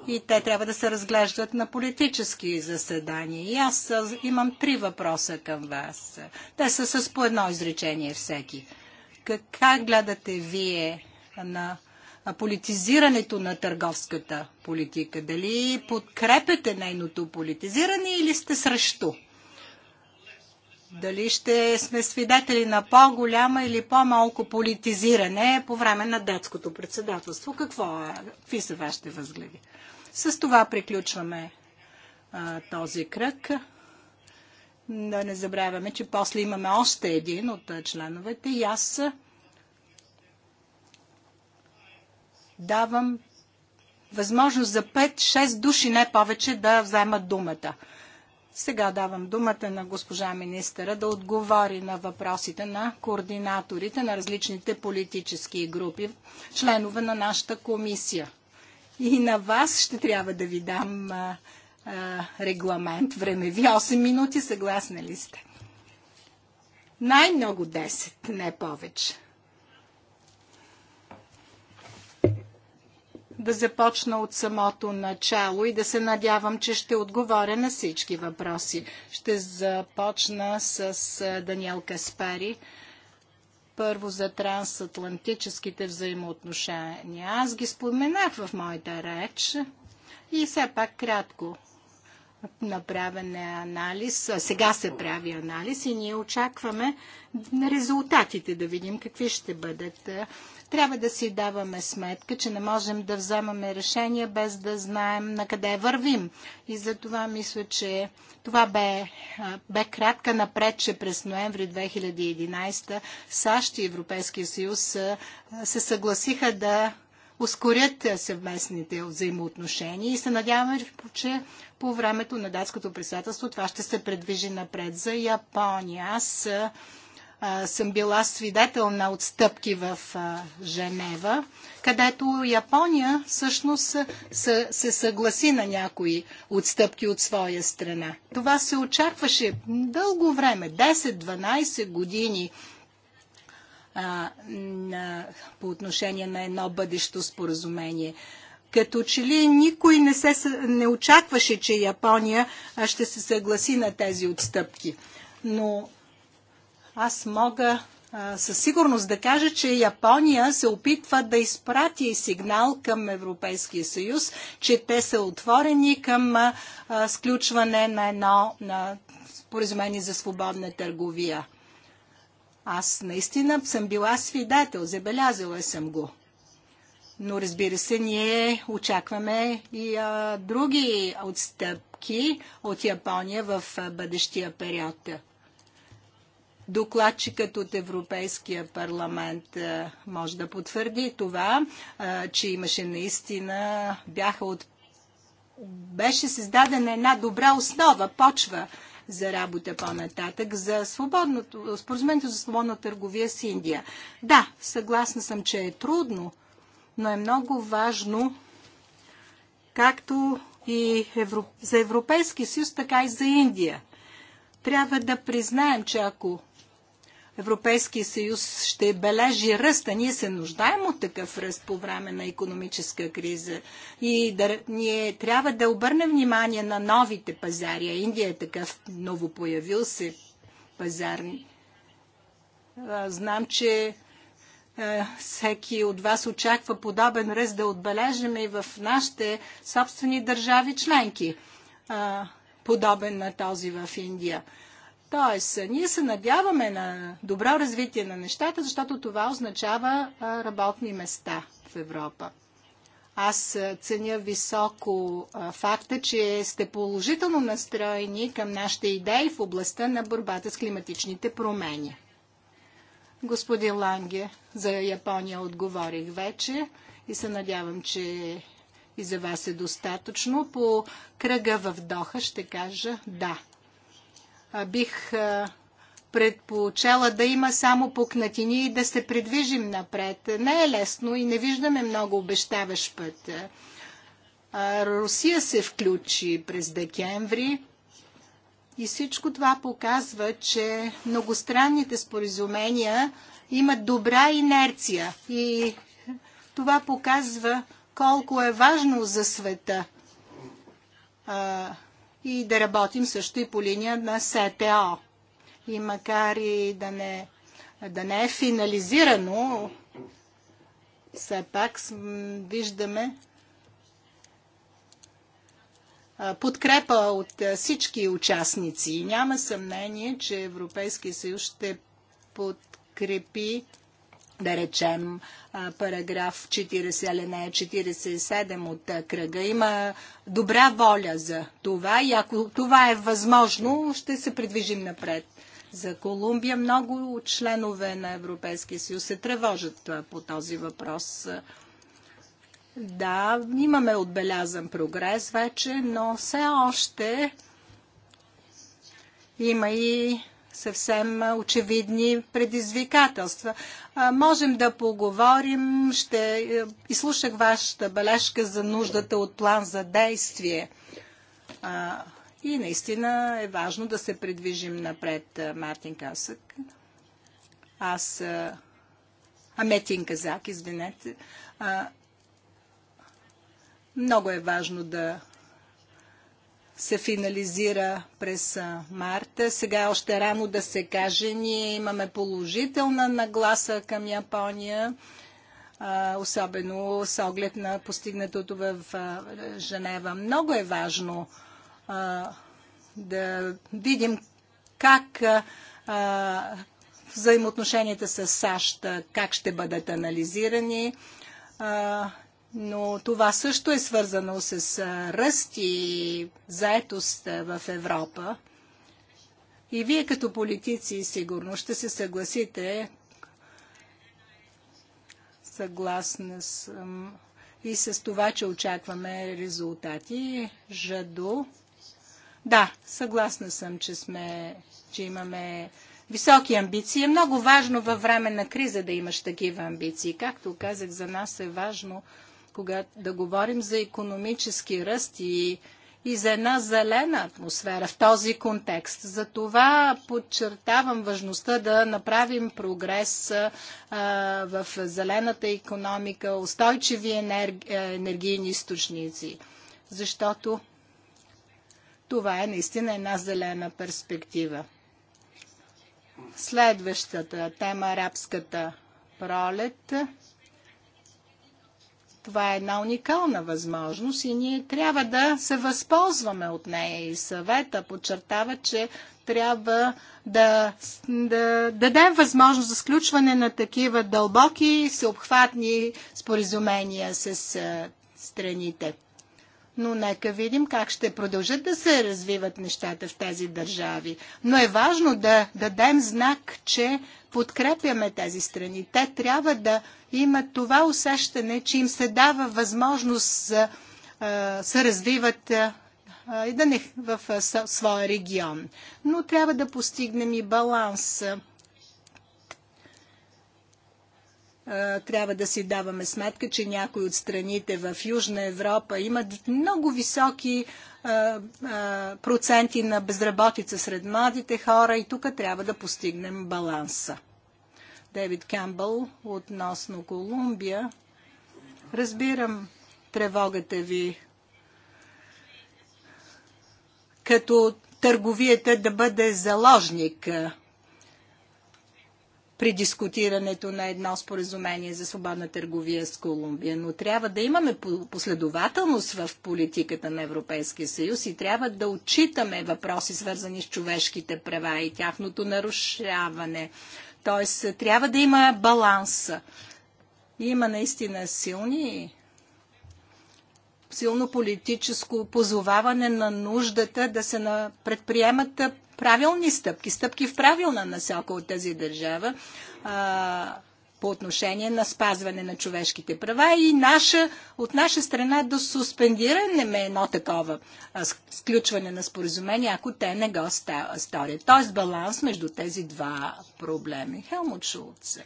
и те трябва да се разглеждат на политически заседания. И аз имам три въпроса към вас. Те са с по едно изречение всеки. Как гледате вие на политизирането на търговската политика? Дали подкрепяте нейното политизиране или сте срещу? Дали ще сме свидетели на по-голяма или по-малко политизиране по време на детското председателство? Какво е? Какви са вашите възгледи? С това приключваме а, този кръг. Да не забравяме, че после имаме още един от е, членовете и аз е, давам възможност за 5-6 души, не повече, да вземат думата. Сега давам думата на госпожа министъра да отговори на въпросите на координаторите на различните политически групи, членове на нашата комисия. И на вас ще трябва да ви дам е, регламент, времеви 8 минути, съгласна ли сте? Най-много 10, не повече. Да започна от самото начало и да се надявам, че ще отговоря на всички въпроси. Ще започна с Даниел Каспари първо за трансатлантическите взаимоотношения. Аз ги споменах в моята реч и все пак кратко направен е анализ, сега се прави анализ и ние очакваме резултатите да видим какви ще бъдат. Трябва да си даваме сметка, че не можем да вземаме решения без да знаем на къде вървим. И за това мисля, че това бе, бе кратка напред, че през ноември 2011 САЩ и Европейския съюз се съгласиха да ускорят е, съвместните взаимоотношения и се надяваме, че по времето на датското председателство това ще се предвижи напред за Япония. Аз а, е, е, съм била свидетел на отстъпки в а, Женева, където Япония всъщност се, се съгласи на някои отстъпки от своя страна. Това се очакваше дълго време, 10-12 години а, на, по отношение на едно бъдещо споразумение. Като че ли никой не, се, не очакваше, че Япония ще се съгласи на тези отстъпки. Но аз мога а, със сигурност да кажа, че Япония се опитва да изпрати сигнал към Европейския съюз, че те са отворени към а, сключване на едно на споразумение за свободна търговия. Аз наистина съм била свидетел, забелязала съм го. Но разбира се, ние очакваме и а, други отстъпки от Япония в а, бъдещия период. Докладчикът от Европейския парламент а, може да потвърди това, а, че имаше наистина, бяха от... беше създадена една добра основа, почва за работа по-нататък, за свободното, споразумението за свободна търговия с Индия. Да, съгласна съм, че е трудно, но е много важно, както и за Европейски съюз, така и за Индия. Трябва да признаем, че ако Европейския съюз ще бележи ръста. Ние се нуждаем от такъв ръст по време на економическа криза. И да, ние трябва да обърнем внимание на новите пазари. Индия е такъв ново появил се пазар. Знам, че всеки от вас очаква подобен ръст да отбележим и в нашите собствени държави членки, подобен на този в Индия. Тоест, ние се надяваме на добро развитие на нещата, защото това означава работни места в Европа. Аз ценя високо факта, че сте положително настроени към нашите идеи в областта на борбата с климатичните промени. Господин Ланге, за Япония отговорих вече и се надявам, че и за вас е достатъчно. По кръга в Доха ще кажа да бих предпочела да има само пукнатини и да се придвижим напред. Не е лесно и не виждаме много обещаващ път. Русия се включи през декември и всичко това показва, че многостранните споразумения имат добра инерция и това показва колко е важно за света и да работим също и по линия на СТО. И макар и да не, да не е финализирано, все пак виждаме подкрепа от всички участници. Няма съмнение, че Европейския съюз ще подкрепи да речем, параграф 40, алинея 47 от кръга. Има добра воля за това и ако това е възможно, ще се придвижим напред. За Колумбия много членове на Европейския съюз се тревожат по този въпрос. Да, имаме отбелязан прогрес вече, но все още има и съвсем очевидни предизвикателства. Можем да поговорим, ще е, изслушах вашата бележка за нуждата от план за действие. И наистина е важно да се придвижим напред, Мартин Касък. Аз, Аметин Казак, извинете. Много е важно да се финализира през марта. Сега още рано да се каже. Ние имаме положителна нагласа към Япония, особено с оглед на постигнатото в Женева. Много е важно да видим как взаимоотношенията с САЩ, как ще бъдат анализирани но това също е свързано с ръст и заетост в Европа. И вие като политици сигурно ще се съгласите, съгласна съм и с това, че очакваме резултати. Жадо. Да, съгласна съм, че, сме, че имаме високи амбиции. Е много важно във време на криза да имаш такива амбиции. Както казах, за нас е важно когато да говорим за економически ръст и, и за една зелена атмосфера в този контекст. За това подчертавам важността да направим прогрес а, в зелената економика, устойчиви енерг... Е, енергийни източници, защото това е наистина една зелена перспектива. Следващата тема арабската е пролет – това е една уникална възможност и ние трябва да се възползваме от нея. И съвета подчертава, че трябва да, да дадем възможност за сключване на такива дълбоки, всеобхватни споразумения с страните но нека видим как ще продължат да се развиват нещата в тези държави. Но е важно да дадем знак, че подкрепяме тези страни. Те трябва да имат това усещане, че им се дава възможност да се развиват и да не в своя регион. Но трябва да постигнем и баланс трябва да си даваме сметка, че някои от страните в Южна Европа имат много високи проценти на безработица сред младите хора и тук трябва да постигнем баланса. Дейвид Кембъл относно Колумбия. Разбирам тревогата ви като търговията да бъде заложник при дискутирането на едно споразумение за свободна търговия с Колумбия, но трябва да имаме последователност в политиката на Европейския съюз и трябва да отчитаме въпроси, свързани с човешките права и тяхното нарушаване. Тоест, трябва да има баланс. Има наистина силни силно политическо позоваване на нуждата да се предприемат правилни стъпки, стъпки в правилна насока от тази държава а, по отношение на спазване на човешките права и наша, от наша страна до суспендиране ме едно такова а, сключване на споразумение, ако те не го сторят. Тоест баланс между тези два проблеми. Хелмут Шулце.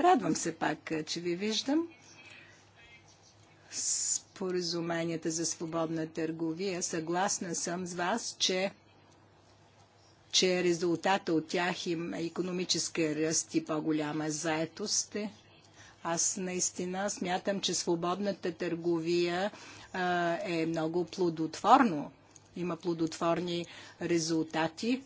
Радвам се пак, че ви виждам. Споразуменията за свободна търговия. Съгласна съм с вас, че че резултата от тях им е економическа ръст и по-голяма заетост. Аз наистина смятам, че свободната търговия е много плодотворно. Има плодотворни резултати.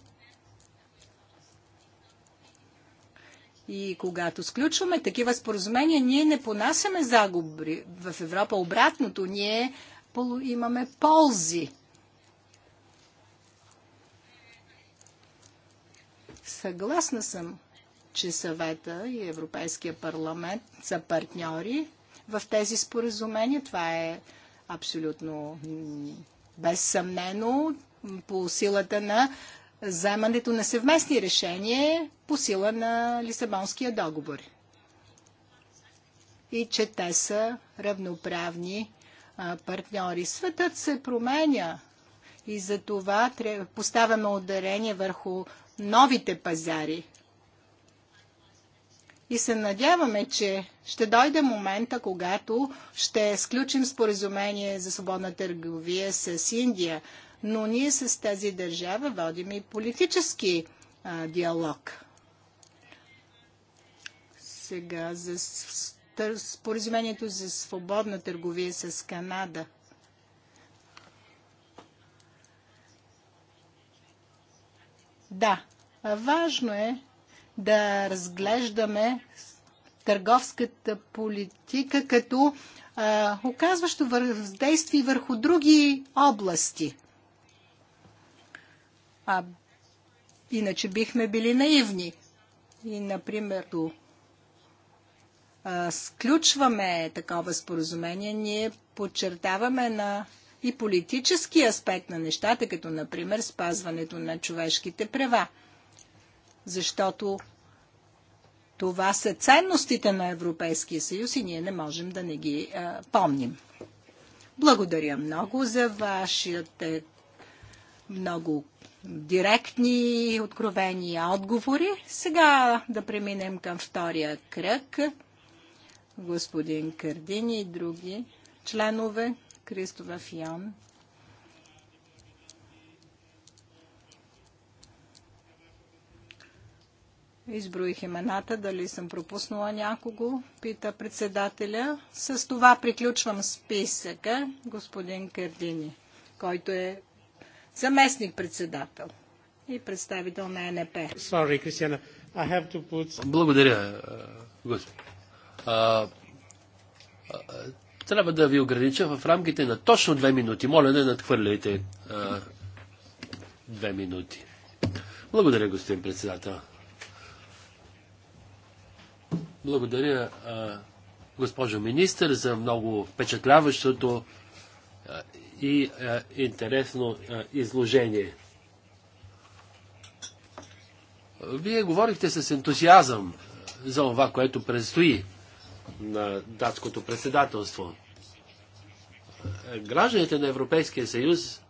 И когато сключваме такива споразумения, ние не понасяме загуби. В Европа обратното, ние имаме ползи Съгласна съм, че съвета и Европейския парламент са партньори в тези споразумения. Това е абсолютно безсъмнено по силата на вземането на съвместни решения по сила на Лисабонския договор. И че те са равноправни партньори. Светът се променя и за това поставяме ударение върху новите пазари. И се надяваме, че ще дойде момента, когато ще сключим споразумение за свободна търговия с Индия. Но ние с тази държава водим и политически а, диалог. Сега за споразумението за свободна търговия с Канада – Да, важно е да разглеждаме търговската политика като а, оказващо въздействие върху други области. А иначе бихме били наивни. И, например, сключваме такова споразумение, ние подчертаваме на и политически аспект на нещата, като например спазването на човешките права. Защото това са ценностите на Европейския съюз и ние не можем да не ги а, помним. Благодаря много за вашите много директни, откровени отговори. Сега да преминем към втория кръг. Господин Кардини и други членове. Christopher Фион. Изброих имената, дали съм пропуснала някого, пита председателя. С това приключвам списъка, господин Кардини, който е заместник-председател и представител на НП. Sorry, I have to put...
Благодаря, е, господин. Трябва да ви огранича в рамките на точно две минути. Моля, не надхвърляйте а, две минути. Благодаря, господин председател. Благодаря, а, госпожо министър, за много впечатляващото а, и а, интересно а, изложение. Вие говорихте с ентусиазъм за това, което предстои на датското председателство гражданите на Европейския съюз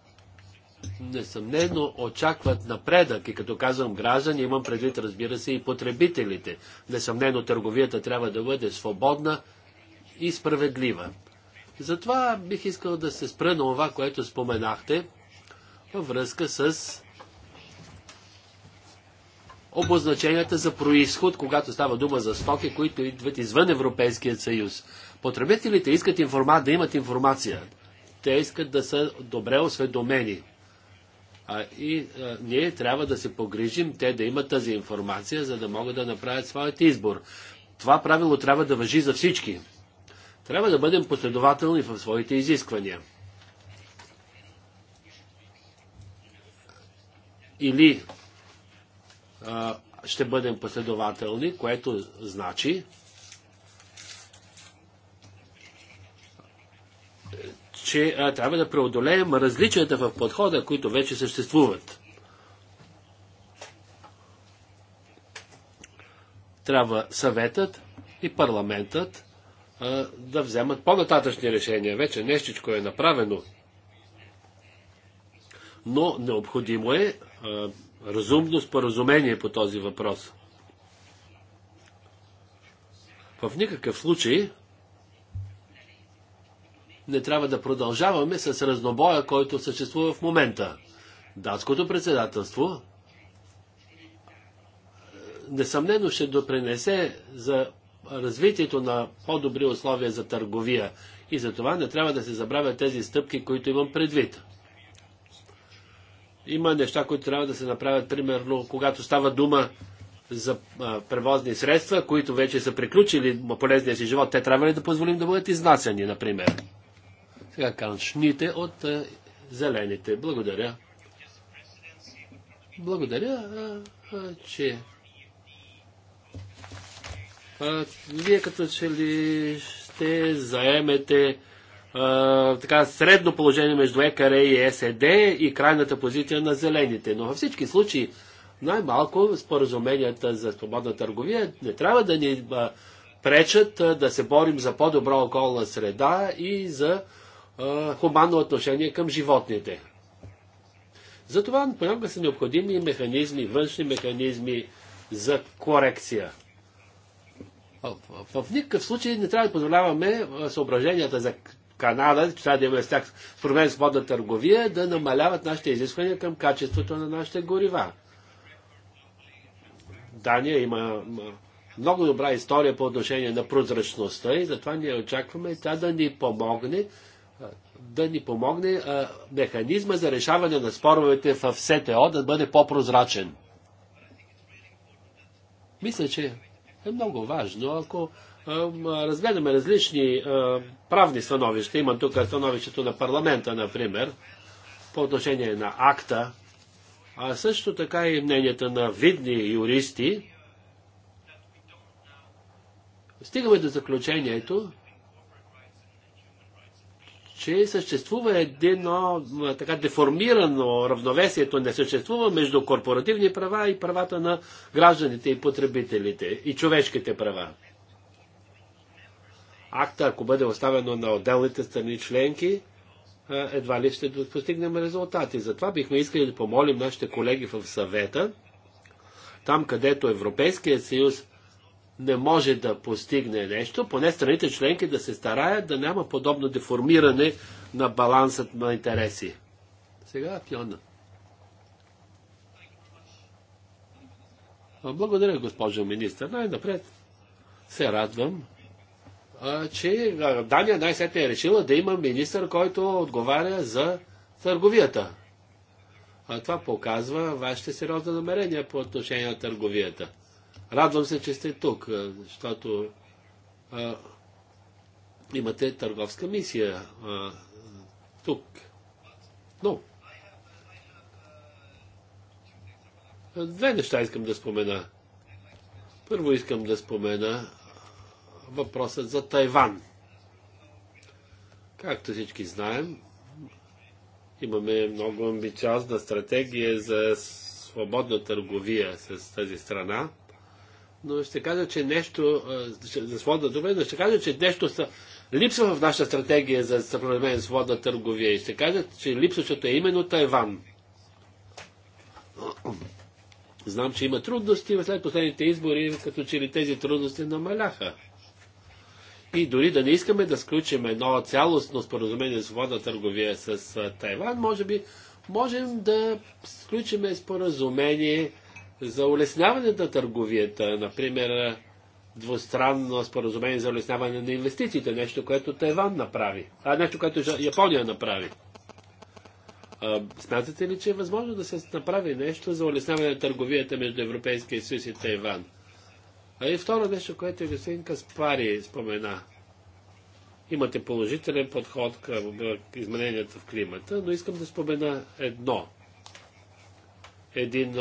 несъмнено очакват напредък. И като казвам граждани, имам предвид, разбира се, и потребителите. Несъмнено търговията трябва да бъде свободна и справедлива. Затова бих искал да се спра на това, което споменахте във връзка с обозначенията за происход, когато става дума за стоки, които идват извън Европейския съюз. Потребителите искат информа, да имат информация. Те искат да са добре осведомени. А, и а, ние трябва да се погрижим те да имат тази информация, за да могат да направят своят избор. Това правило трябва да въжи за всички. Трябва да бъдем последователни в своите изисквания. Или а, ще бъдем последователни, което значи, че а, трябва да преодолеем различията в подхода, които вече съществуват. Трябва съветът и парламентът а, да вземат по-нататъчни решения. Вече нещичко е направено. Но необходимо е а, разумно споразумение по този въпрос. В никакъв случай не трябва да продължаваме с разнобоя, който съществува в момента. Датското председателство е, несъмнено ще допренесе за развитието на по-добри условия за търговия и за това не трябва да се забравят тези стъпки, които имам предвид. Има неща, които трябва да се направят, примерно, когато става дума за а, превозни средства, които вече са приключили полезния си живот, те трябва ли да позволим да бъдат изнасяни, например? Сега Кан Шните от е, Зелените. Благодаря. Благодаря, че вие като че ли ще заемете така средно положение между ЕКР и СЕД и крайната позиция на зелените. Но във всички случаи най-малко споразуменията за свободна търговия не трябва да ни пречат да се борим за по-добра околна среда и за хуманно отношение към животните. Затова понякога са необходими механизми, външни механизми за корекция. В, в никакъв случай не трябва да позволяваме съображенията за Канада, че трябва да имаме с тях проблем с водна търговия, да намаляват нашите изисквания към качеството на нашите горива. Дания има много добра история по отношение на прозрачността и затова ние очакваме тя да ни помогне да ни помогне механизма за решаване на споровете в СТО да бъде по-прозрачен. Мисля, че е много важно, ако разгледаме различни правни становища, имам тук становището на парламента, например, по отношение на акта, а също така и мненията на видни юристи, стигаме до заключението, че съществува едно така деформирано равновесието, не съществува между корпоративни права и правата на гражданите и потребителите и човешките права. Акта, ако бъде оставено на отделните страни членки, едва ли ще постигнем резултати. Затова бихме искали да помолим нашите колеги в съвета, там където Европейският съюз не може да постигне нещо, поне страните членки да се стараят да няма подобно деформиране на балансът на интереси. Сега Фиона. Благодаря, госпожо министър. Най-напред се радвам, че Дания най-сетне е решила да има министър, който отговаря за търговията. А това показва вашите сериозни намерения по отношение на търговията. Радвам се, че сте тук, защото а, имате търговска мисия а, тук. Но. Две неща искам да спомена. Първо искам да спомена въпросът за Тайван. Както всички знаем, имаме много амбициозна стратегия за свободна търговия с тази страна но ще кажа, че нещо, за свободна търговия, но ще кажа, че нещо са, липсва в нашата стратегия за съпроведение с водна търговия и ще кажа, че липсващото е именно Тайван. Знам, че има трудности, след последните избори, като че ли тези трудности намаляха. И дори да не искаме да сключим едно цялостно споразумение с водна търговия с Тайван, може би можем да сключиме споразумение за улесняване на търговията, например двустранно споразумение за улесняване на инвестициите, нещо, което Тайван направи, а нещо, което Япония направи. А, смятате ли, че е възможно да се направи нещо за улесняване на търговията между Европейския съюз и Тайван? А и второ нещо, което господин Каспари спомена. Имате положителен подход към измененията в климата, но искам да спомена едно. Един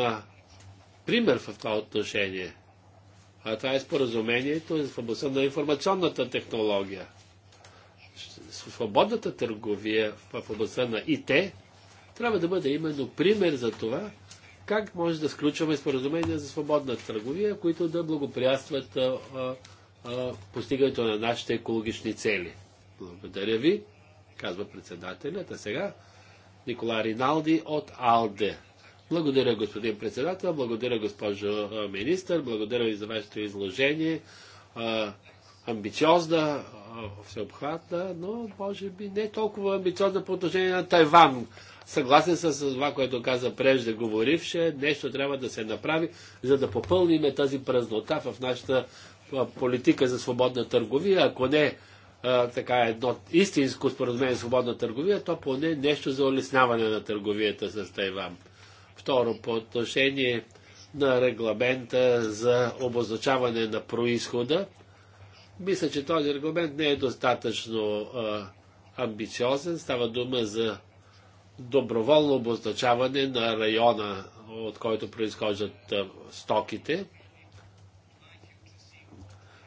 пример в това отношение. А това е споразумението в областта на информационната технология. Свободната търговия в областта на ИТ трябва да бъде именно пример за това, как може да сключваме споразумения за свободна търговия, които да благоприятстват а, а, постигането на нашите екологични цели. Благодаря ви, казва председателят. А сега Никола Риналди от АЛДЕ. Благодаря, господин председател, благодаря, госпожо министър, благодаря ви за вашето изложение. амбициозна, всеобхватна, но може би не толкова амбициозна по отношение на Тайван. Съгласен съм с това, което каза преждеговоривше. Нещо трябва да се направи, за да попълниме тази празнота в нашата политика за свободна търговия. Ако не така едно истинско споразумение за свободна търговия, то поне нещо за улесняване на търговията с Тайван. Второ, по отношение на регламента за обозначаване на происхода, мисля, че този регламент не е достатъчно а, амбициозен. Става дума за доброволно обозначаване на района, от който произхождат а, стоките.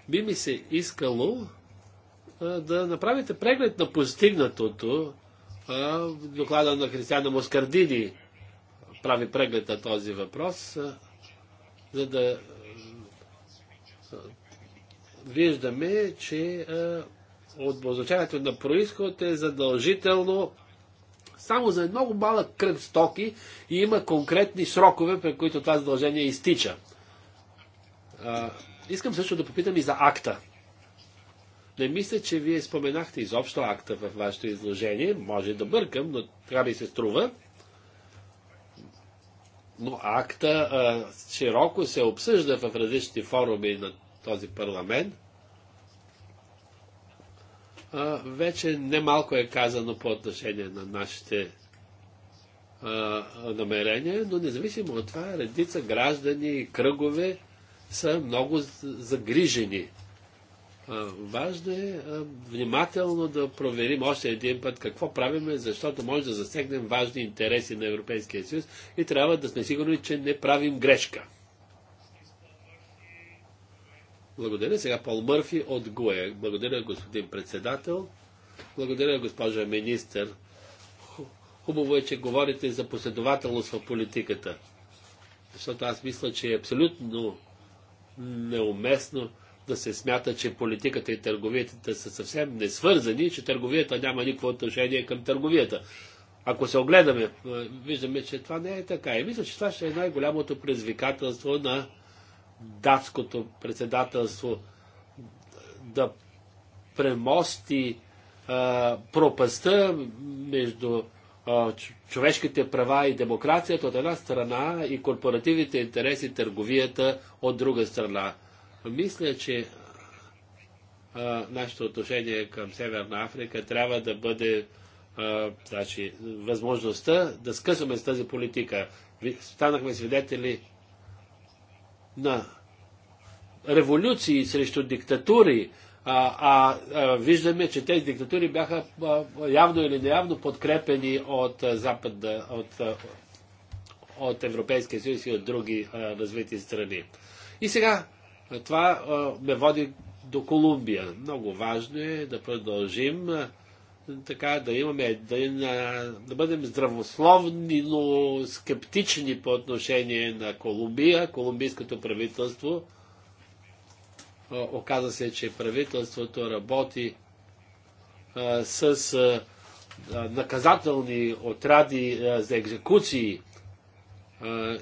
Би ми се искало а, да направите преглед на постигнатото а, в доклада на Християна Москардини прави преглед на този въпрос, за да виждаме, че обозначаването на происход е задължително само за много малък кръг стоки и има конкретни срокове, при които това задължение изтича. искам също да попитам и за акта. Не мисля, че вие споменахте изобщо акта в вашето изложение. Може да бъркам, но така да се струва но акта а, широко се обсъжда в различни форуми на този парламент. А, вече немалко е казано по отношение на нашите а, намерения, но независимо от това, редица граждани и кръгове са много загрижени Важно е внимателно да проверим още един път какво правиме, защото може да засегнем важни интереси на Европейския съюз и трябва да сме сигурни, че не правим грешка. Благодаря. Сега Пол Мърфи от ГУЕ. Благодаря, господин председател. Благодаря, госпожа министър. Хубаво е, че говорите за последователност в политиката. Защото аз мисля, че е абсолютно неуместно да се смята, че политиката и търговията са съвсем несвързани, че търговията няма никакво отношение към търговията. Ако се огледаме, виждаме, че това не е така. И мисля, че това ще е най-голямото предизвикателство на датското председателство да премости а, пропаста между а, човешките права и демокрацията от една страна и корпоративните интереси, търговията от друга страна. Мисля, че а, нашето отношение към Северна Африка трябва да бъде а, значи, възможността да скъсаме с тази политика. Станахме свидетели на революции срещу диктатури, а, а, а виждаме, че тези диктатури бяха а, явно или неявно подкрепени от а, Запад, от, а, от Европейския съюз и от други а, развити страни. И сега това ме води до Колумбия. Много важно е да продължим така да имаме, да, да бъдем здравословни, но скептични по отношение на Колумбия, колумбийското правителство. Оказа се, че правителството работи а, с а, наказателни отради а, за екзекуции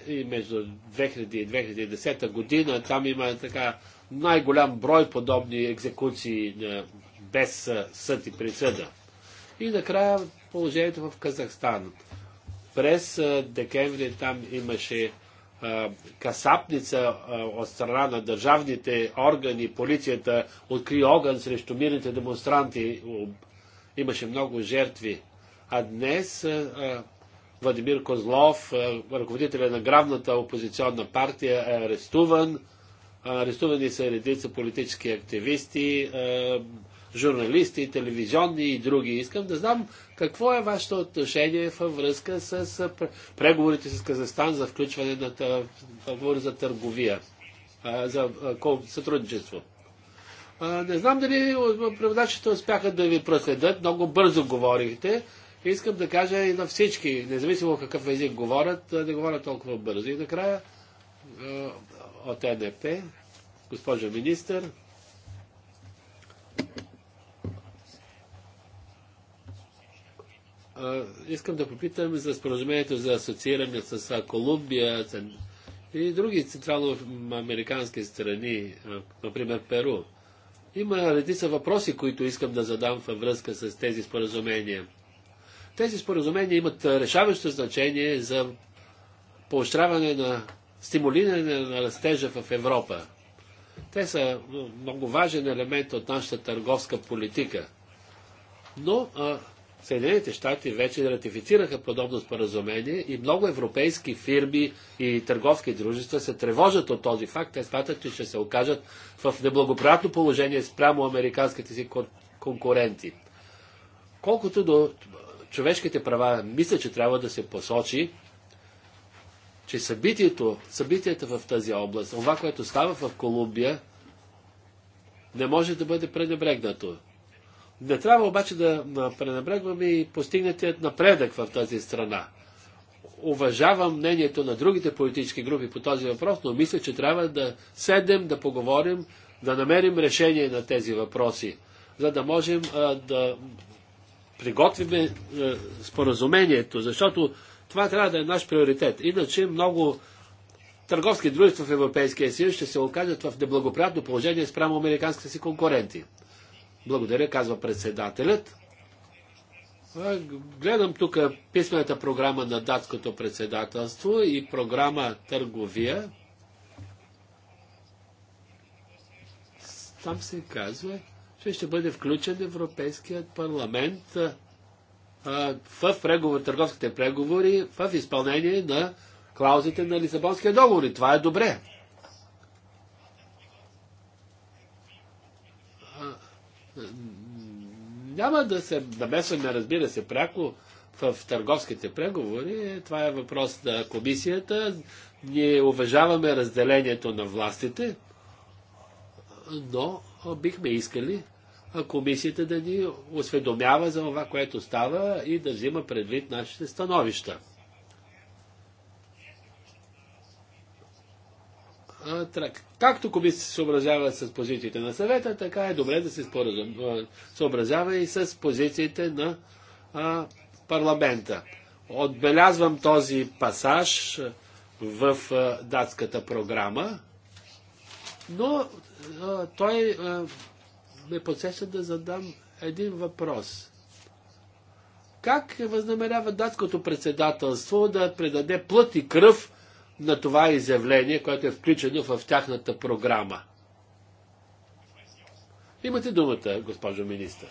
и между 2000 и 2010 година там има така най-голям брой подобни екзекуции без съд и присъда. И накрая положението в Казахстан. През декември там имаше касапница от страна на държавните органи, полицията откри огън срещу мирните демонстранти. Имаше много жертви. А днес Владимир Козлов, е, ръководителя на гравната опозиционна партия, е арестуван. Е, арестувани са редица политически активисти, е, журналисти, телевизионни и други. Искам да знам какво е вашето отношение във връзка с преговорите с Казахстан за включване на договор за търговия, за сътрудничество. Не знам дали преводачите успяха да ви проследят. Много бързо говорихте. И искам да кажа и на всички, независимо какъв език говорят, да говорят толкова бързо. И накрая от НФТ, госпожа министър, искам да попитам за споразумението за асоцииране с Колумбия и други централно-американски страни, например Перу. Има редица въпроси, които искам да задам във връзка с тези споразумения. Тези споразумения имат решаващо значение за поощряване на стимулиране на растежа в Европа. Те са много важен елемент от нашата търговска политика. Но а, Съединените щати вече ратифицираха подобно споразумение и много европейски фирми и търговски дружества се тревожат от този факт. Те смятат, че ще се окажат в неблагоприятно положение спрямо американските си конкуренти. Колкото до човешките права, мисля, че трябва да се посочи, че събитието, събитията в тази област, това, което става в Колумбия, не може да бъде пренебрегнато. Не трябва обаче да пренебрегваме и постигнатият напредък в тази страна. Уважавам мнението на другите политически групи по този въпрос, но мисля, че трябва да седем, да поговорим, да намерим решение на тези въпроси, за да можем а, да приготвиме е, споразумението, защото това трябва да е наш приоритет. Иначе много търговски дружества в Европейския съюз ще се окажат в неблагоприятно положение спрямо американските си конкуренти. Благодаря, казва председателят. Гледам тук писмената програма на датското председателство и програма Търговия. Там се казва, че ще бъде включен Европейският парламент а, в преговор, търговските преговори в изпълнение на клаузите на Лисабонския договор. И това е добре. А, няма да се намесваме, разбира се, пряко в търговските преговори. Това е въпрос на комисията. Ние уважаваме разделението на властите, но бихме искали комисията да ни осведомява за това, което става и да взима предвид нашите становища. Както комисията се съобразява с позициите на съвета, така е добре да се съобразява и с позициите на парламента. Отбелязвам този пасаж в датската програма, но той ме подсеща да задам един въпрос. Как възнамерява датското председателство да предаде плът и кръв на това изявление, което е включено в тяхната програма? Имате думата, госпожо министър.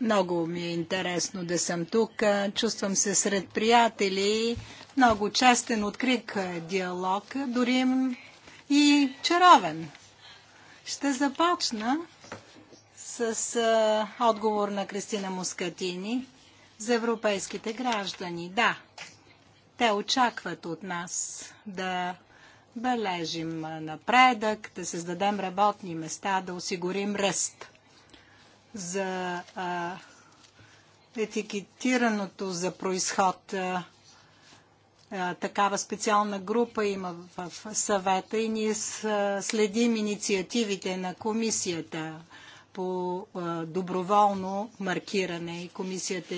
Много ми е интересно да съм тук. Чувствам се сред приятели, много честен, открит диалог, дори и чаровен. Ще започна с а, отговор на Кристина Мускатини за европейските граждани. Да, те очакват от нас да бележим напредък, да създадем работни места, да осигурим ръст. За а, етикетираното за происход а, е, такава специална група има в съвета и ние е, следим инициативите на комисията по е, доброволно маркиране и комисията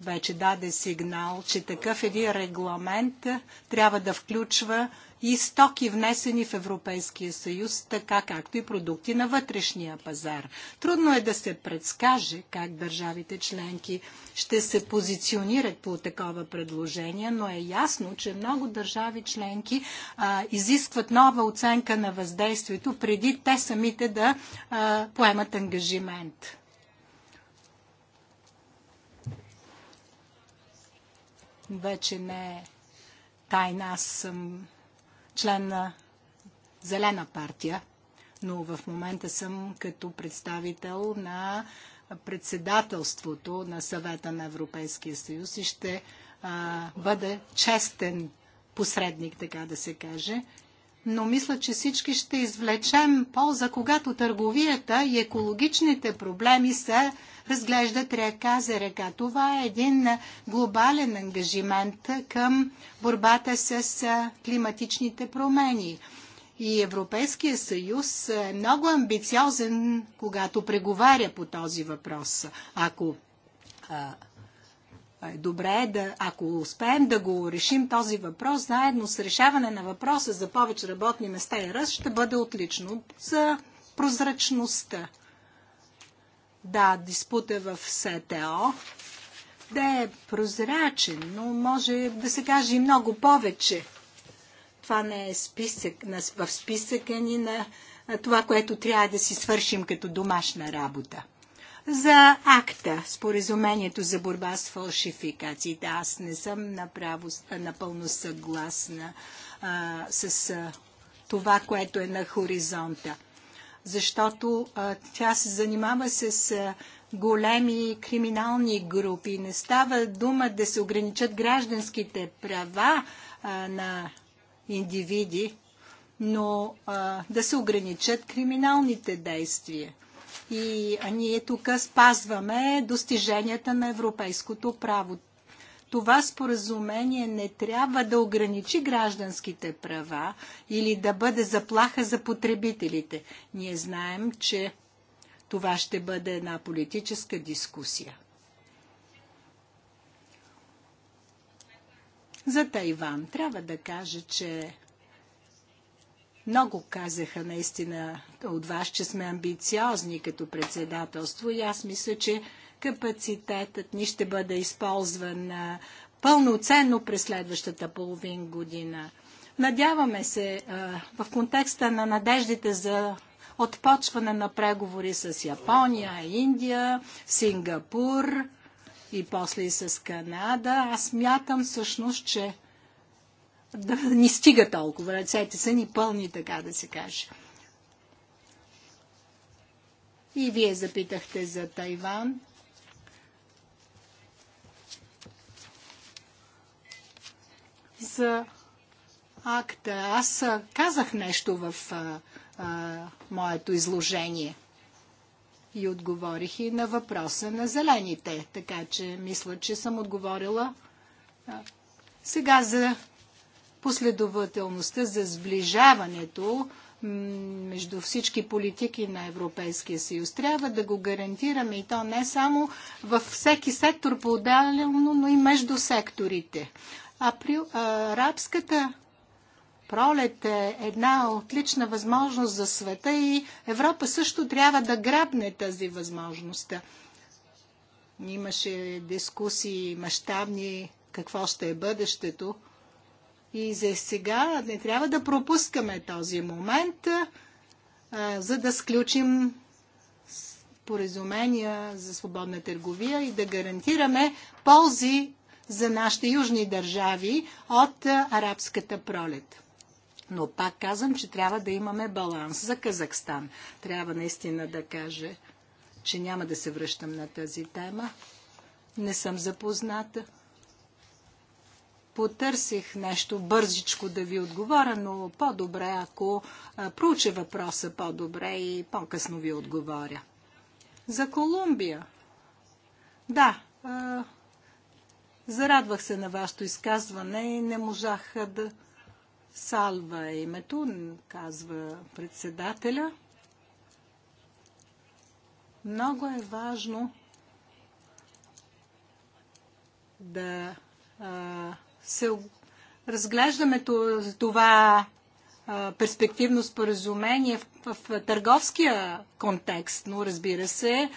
вече даде сигнал, че такъв един регламент трябва да включва и стоки внесени в Европейския съюз, така както и продукти на вътрешния пазар. Трудно е да се предскаже как държавите членки ще се позиционират по такова предложение, но е ясно, че много държави членки а, изискват нова оценка на въздействието преди те самите да а, поемат ангажимент. вече не е тайна. Аз съм член на Зелена партия, но в момента съм като представител на председателството на съвета на Европейския съюз и ще а, бъде честен посредник, така да се каже, но мисля, че всички ще извлечем полза, когато търговията и екологичните проблеми се разглеждат река за река. Това е един глобален ангажимент към борбата с климатичните промени. И Европейския съюз е много амбициозен, когато преговаря по този въпрос. Ако Добре е да, ако успеем да го решим този въпрос, заедно с решаване на въпроса за повече работни места и ръст, ще бъде отлично за прозрачността. Да, диспута в СТО да е прозрачен, но може да се каже и много повече. Това не е списък, в списъка ни на това, което трябва да си свършим като домашна работа за акта, споразумението за борба с фалшификациите. Аз не съм направо, напълно съгласна а, с а, това, което е на хоризонта. Защото а, тя се занимава с а, големи криминални групи. Не става дума да се ограничат гражданските права а, на индивиди, но а, да се ограничат криминалните действия. И ние тук спазваме достиженията на европейското право. Това споразумение не трябва да ограничи гражданските права или да бъде заплаха за потребителите. Ние знаем, че това ще бъде една политическа дискусия. За Тайван трябва да кажа, че много казаха наистина от вас, че сме амбициозни като председателство и аз мисля, че капацитетът ни ще бъде използван пълноценно през следващата половин година. Надяваме се в контекста на надеждите за отпочване на преговори с Япония, Индия, Сингапур и после и с Канада. Аз мятам всъщност, че да ни стига толкова. Ръцете са ни пълни, така да се каже. И вие запитахте за Тайван. За акта. Аз казах нещо в а, а, моето изложение и отговорих и на въпроса на зелените. Така че мисля, че съм отговорила. Сега за последователността за сближаването между всички политики на Европейския съюз. Трябва да го гарантираме и то не само във всеки сектор по-отделно, но и между секторите. при арабската пролет е една отлична възможност за света и Европа също трябва да грабне тази възможност. Имаше дискусии мащабни какво ще е бъдещето и за сега не трябва да пропускаме този момент, а, за да сключим споразумения за свободна търговия и да гарантираме ползи за нашите южни държави от арабската пролет. Но пак казвам, че трябва да имаме баланс за Казахстан. Трябва наистина да кажа, че няма да се връщам на тази тема. Не съм запозната потърсих нещо бързичко да ви отговоря, но по-добре, ако проуча въпроса по-добре и по-късно ви отговоря. За Колумбия. Да, зарадвах се на вашето изказване и не можах да салва името, казва председателя. Много е важно да а, се разглеждаме това перспективно споразумение в, в търговския контекст, но разбира се,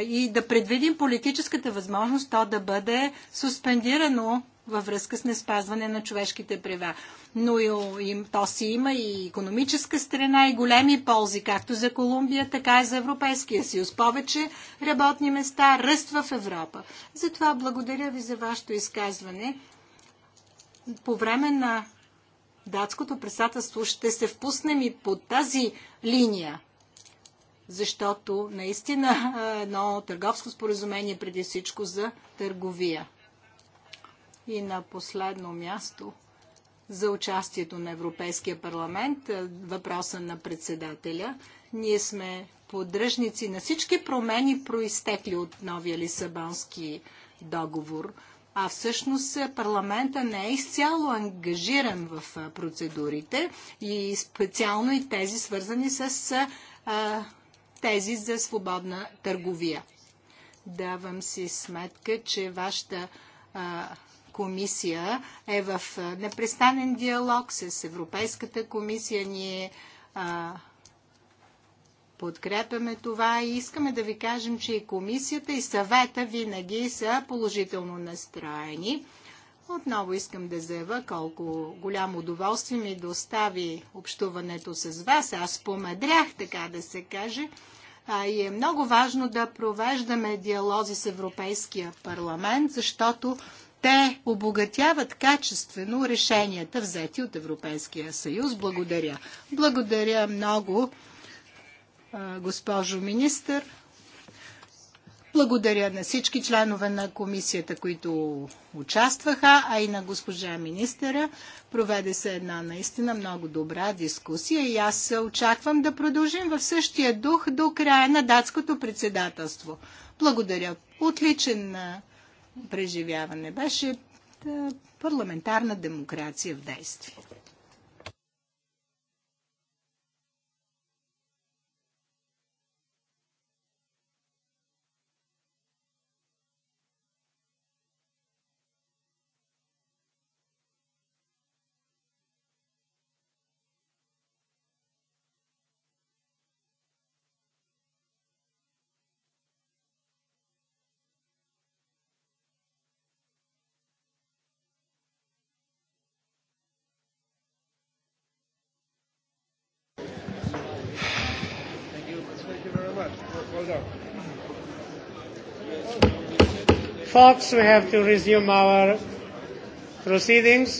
и да предвидим политическата възможност то да бъде суспендирано във връзка с неспазване на човешките права. Но и то си има и економическа страна и големи ползи, както за Колумбия, така и за Европейския съюз. Повече работни места, ръст в Европа. Затова благодаря ви за вашето изказване по време на датското председателство ще се впуснем и по тази линия. Защото наистина едно търговско споразумение е преди всичко за търговия. И на последно място за участието на Европейския парламент, въпроса на председателя. Ние сме поддръжници на всички промени, проистекли от новия Лисабонски договор а всъщност е, парламента не е изцяло ангажиран в е, процедурите и специално и тези свързани с е, тези за свободна търговия. Давам си сметка, че вашата комисия е в непрестанен диалог с Европейската комисия. Ние а, Подкрепяме това и искаме да ви кажем, че и комисията и съвета винаги са положително настроени. Отново искам да заявя колко голямо удоволствие ми достави общуването с вас. Аз помадрях, така да се каже. А, и е много важно да провеждаме диалози с Европейския парламент, защото те обогатяват качествено решенията, взети от Европейския съюз. Благодаря. Благодаря много госпожо министър. Благодаря на всички членове на комисията, които участваха, а и на госпожа министъра. Проведе се една наистина много добра дискусия и аз очаквам да продължим в същия дух до края на датското председателство. Благодаря. Отличен преживяване беше парламентарна демокрация в действие. Fox, we
have to resume our proceedings.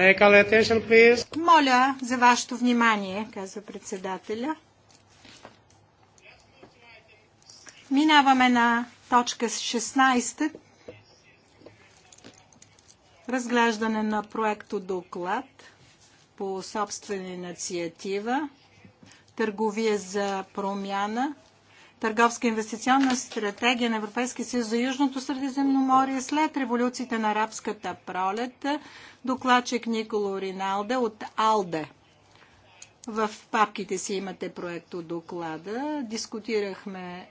Medical attention, please. Моля за вашето внимание, казва председателя. Минаваме на точка 16. Разглеждане на проекто доклад по собствена инициатива. Търговия за промяна търговска инвестиционна стратегия на Европейския съюз за Южното Средиземноморие след революциите на арабската пролет, докладчик Николо Риналде от АЛДЕ. В папките си имате проекто доклада. Дискутирахме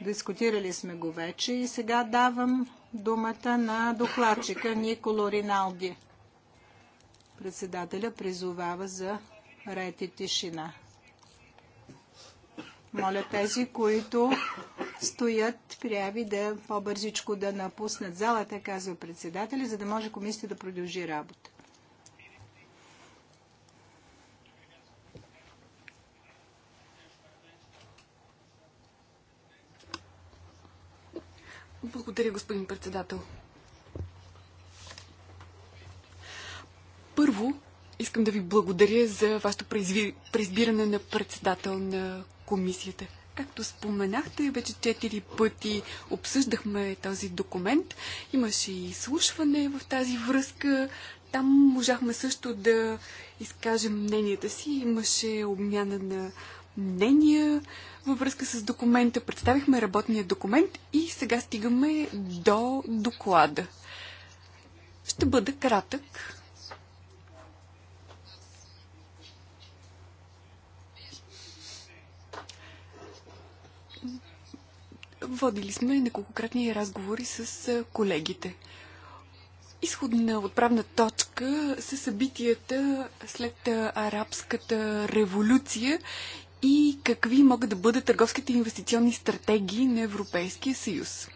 Дискутирали сме го вече и сега давам думата на докладчика Николо Риналди. Председателя призовава за ред и тишина. Моля тези, които стоят прияви да по-бързичко да напуснат залата, казва председателя, за да може комисията да продължи работа.
Благодаря, господин председател. Първо, искам да ви благодаря за вашето преизбиране на председател на комисията. Както споменахте, вече четири пъти обсъждахме този документ. Имаше и слушване в тази връзка. Там можахме също да изкажем мненията си. Имаше обмяна на мнения във връзка с документа. Представихме работния документ и сега стигаме до доклада. Ще бъда кратък, Водили сме неколкократни разговори с колегите. Изходна отправна точка са събитията след арабската революция и какви могат да бъдат търговските инвестиционни стратегии на Европейския съюз.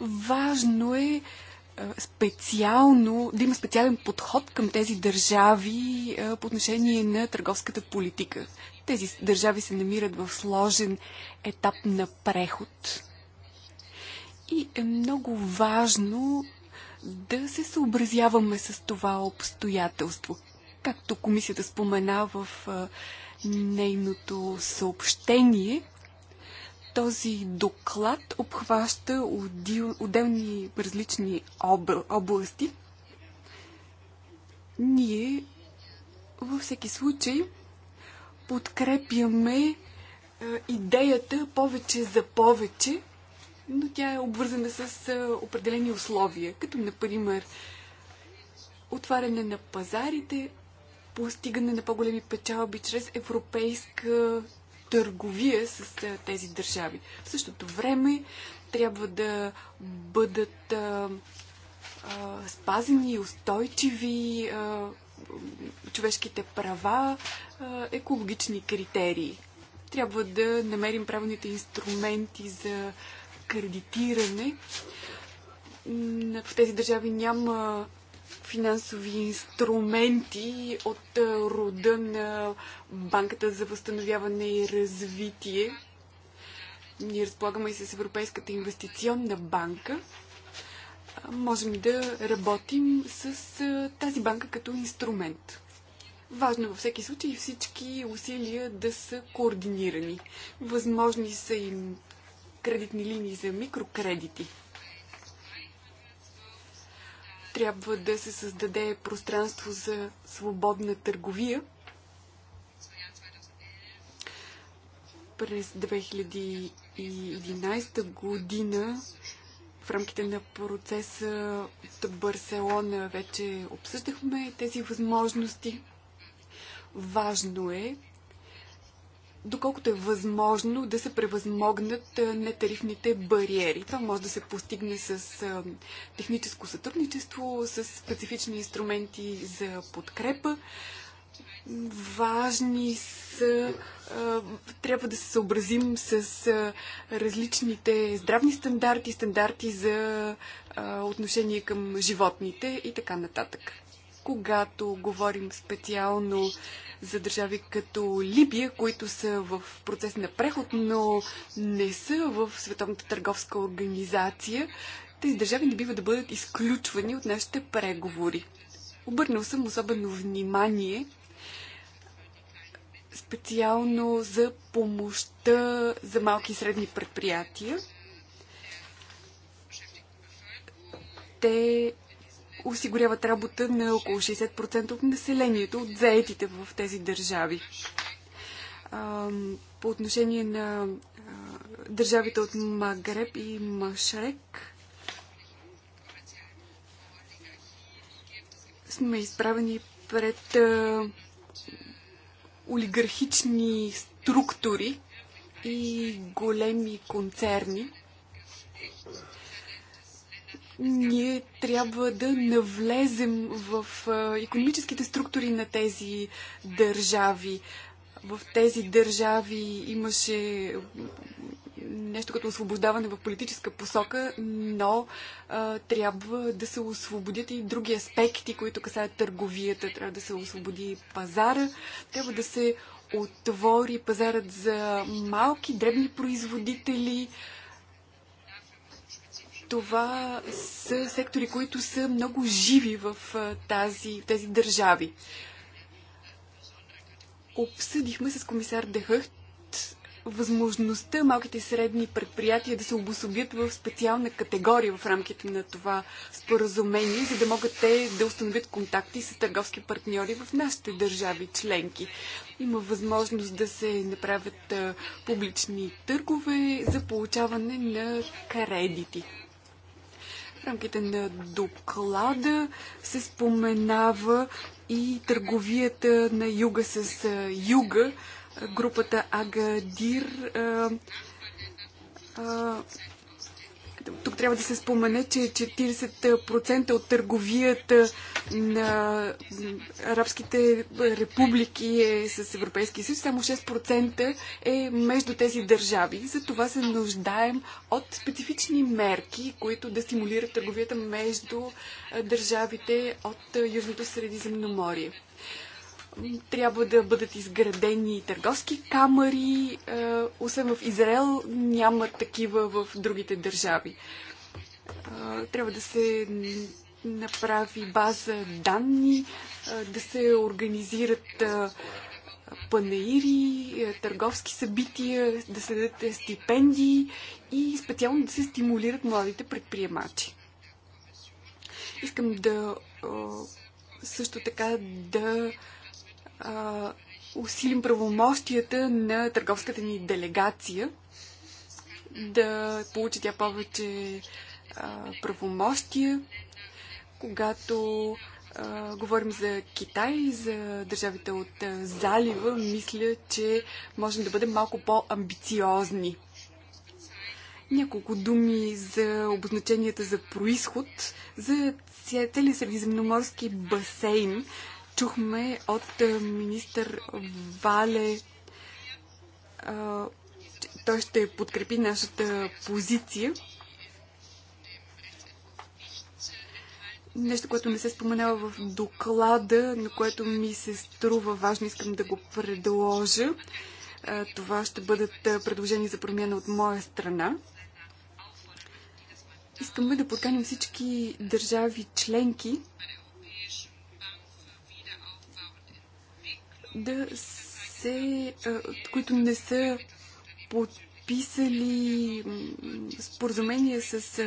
Важно е специално, да има специален подход към тези държави по отношение на търговската политика. Тези държави се намират в сложен етап на преход и е много важно да се съобразяваме с това обстоятелство. Както комисията спомена в нейното съобщение, този доклад обхваща отделни различни области. Ние във всеки случай подкрепяме идеята повече за повече но тя е обвързана с определени условия, като например отваряне на пазарите, постигане на по-големи печалби чрез европейска търговия с тези държави. В същото време трябва да бъдат а, а, спазени устойчиви а, човешките права, а, екологични критерии. Трябва да намерим правилните инструменти за кредитиране. В тези държави няма финансови инструменти от рода на Банката за възстановяване и развитие. Ние разполагаме и с Европейската инвестиционна банка. Можем да работим с тази банка като инструмент. Важно във всеки случай всички усилия да са координирани. Възможни са им кредитни линии за микрокредити. Трябва да се създаде пространство за свободна търговия. През 2011 година в рамките на процеса от Барселона вече обсъждахме тези възможности. Важно е доколкото е възможно да се превъзмогнат нетарифните бариери. Това може да се постигне с техническо сътрудничество, с специфични инструменти за подкрепа. Важни са, трябва да се съобразим с различните здравни стандарти, стандарти за отношение към животните и така нататък когато говорим специално за държави като Либия, които са в процес на преход, но не са в Световната търговска организация, тези държави не бива да бъдат изключвани от нашите преговори. Обърнал съм особено внимание специално за помощта за малки и средни предприятия. Те осигуряват работа на около 60% от населението, от заетите в тези държави. По отношение на държавите от Магреб и Машрек, сме изправени пред олигархични структури и големи концерни, ние трябва да навлезем в економическите структури на тези държави. В тези държави имаше нещо като освобождаване в политическа посока, но а, трябва да се освободят и други аспекти, които касаят търговията. Трябва да се освободи пазара, трябва да се отвори пазарът за малки, дребни производители, а, това са сектори, които са много живи в тази, в тези държави. Обсъдихме с комисар Дехъхт възможността малките и средни предприятия да се обособят в специална категория в рамките на това споразумение, за да могат те да установят контакти с търговски партньори в нашите държави членки. Има възможност да се направят публични търгове за получаване на кредити. В рамките на доклада се споменава и търговията на юга с юга. Групата Агадир а, а, тук трябва да се спомене, че 40% от търговията на арабските републики е с Европейския съюз, само 6% е между тези държави. За това се нуждаем от специфични мерки, които да стимулират търговията между държавите от Южното Средиземноморие трябва да бъдат изградени търговски камери. Е, освен в Израел няма такива в другите държави. Е, трябва да се направи база данни, е, да се организират панеири, търговски събития, да се дадат стипендии и специално да се стимулират младите предприемачи. Искам да също така да а, усилим правомощията на търговската ни делегация, да получи тя повече а, правомощия, когато а, говорим за Китай, и за държавите от а, залива, мисля, че можем да бъдем малко по-амбициозни. Няколко думи за обозначенията за происход, за цели средиземноморски басейн. Чухме от е, министър Вале, е, той ще подкрепи нашата позиция. Нещо, което не се споменава в доклада, на което ми се струва важно, искам да го предложа. Е, това ще бъдат предложения за промяна от моя страна. Искаме да подканим всички държави членки да се, които не са подписали споразумение с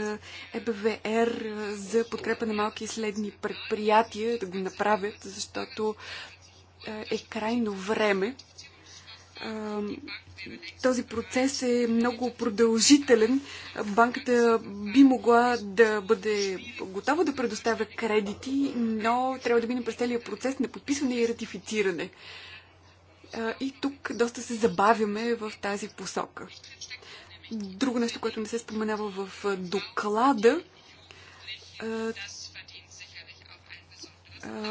ЕБВР за подкрепа на малки и следни предприятия, да го направят, защото е крайно време този процес е много продължителен. Банката би могла да бъде готова да предоставя кредити, но трябва да мине през целият процес на подписване и ратифициране. И тук доста се забавяме в тази посока. Друго нещо, което не се споменава в доклада,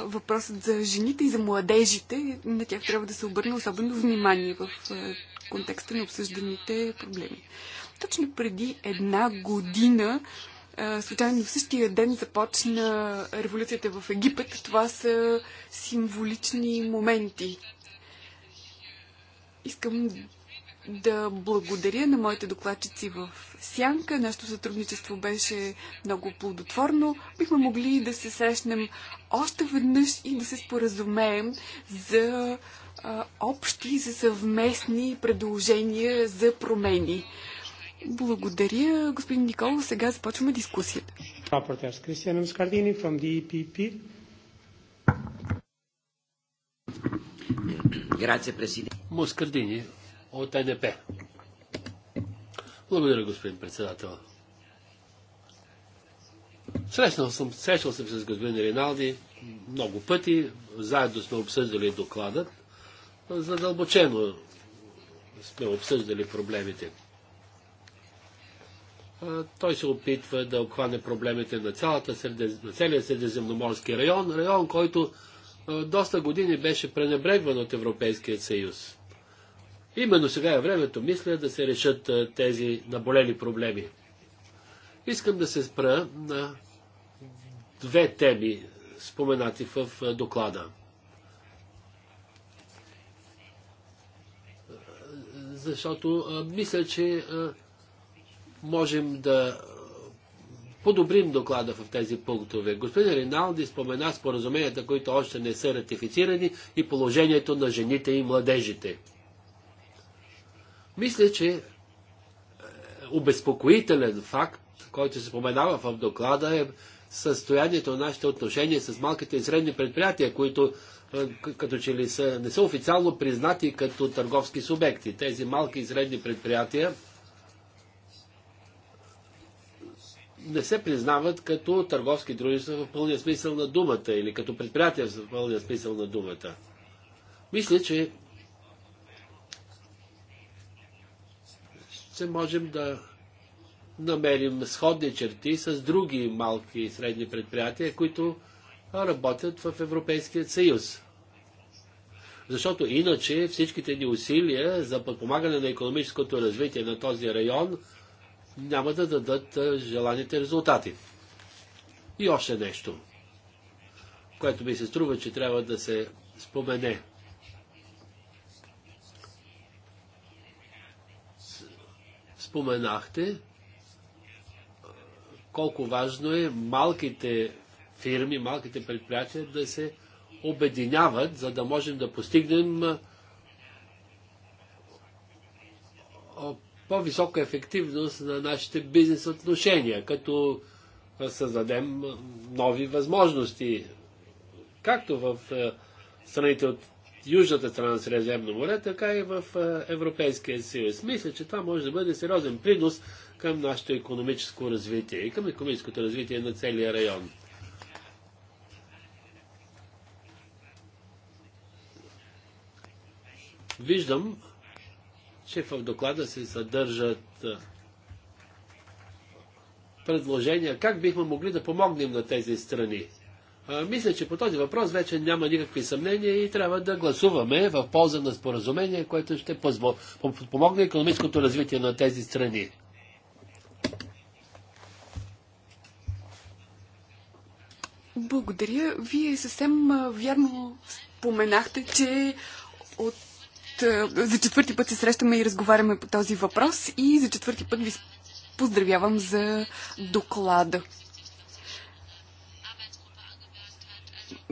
въпросът за жените и за младежите, на тях трябва да се обърне особено внимание в контекста на обсъжданите проблеми. Точно преди една година, случайно в същия ден започна революцията в Египет. Това са символични моменти. Искам да благодаря на моите докладчици в Сянка. Нашето сътрудничество беше много плодотворно. Бихме могли да се срещнем още веднъж и да се споразумеем за а, общи, за съвместни предложения за промени. Благодаря, господин Никола. Сега започваме дискусията. Grazie Presidente.
Moscardini от НП. Благодаря, господин председател. Срещнал съм, срещал съм се с господин Риналди много пъти. Заедно сме обсъждали докладът. Задълбочено сме обсъждали проблемите. Той се опитва да обхване проблемите на, цялата среде, на целия средиземноморски район, район, който доста години беше пренебрегван от Европейския съюз. Именно сега е времето, мисля, да се решат тези наболели проблеми. Искам да се спра на две теми, споменати в доклада. Защото мисля, че можем да подобрим доклада в тези пунктове. Господин Риналди спомена споразуменията, които още не са ратифицирани и положението на жените и младежите. Мисля, че е, обезпокоителен факт, който се споменава в доклада е състоянието на нашите отношения с малките и средни предприятия, които е, като че ли са, не са официално признати като търговски субекти. Тези малки и средни предприятия не се признават като търговски дружества в пълния смисъл на думата или като предприятия в пълния смисъл на думата. Мисля, че че можем да намерим сходни черти с други малки и средни предприятия, които работят в Европейския съюз. Защото иначе всичките ни усилия за подпомагане на економическото развитие на този район няма да дадат желаните резултати. И още нещо, което ми се струва, че трябва да се спомене. споменахте колко важно е малките фирми, малките предприятия да се обединяват, за да можем да постигнем по-висока ефективност на нашите бизнес отношения, като създадем нови възможности, както в страните от Южната страна на Средиземно море, така и в е, Европейския съюз. Мисля, че това може да бъде сериозен принос към нашето економическо развитие и към економическото развитие на целия район. Виждам, че в доклада се съдържат е, предложения как бихме могли да помогнем на тези страни. Мисля, че по този въпрос вече няма никакви съмнения и трябва да гласуваме в полза на споразумение, което ще помогне економическото развитие на тези страни.
Благодаря. Вие съвсем вярно споменахте, че от, за четвърти път се срещаме и разговаряме по този въпрос и за четвърти път ви поздравявам за доклада.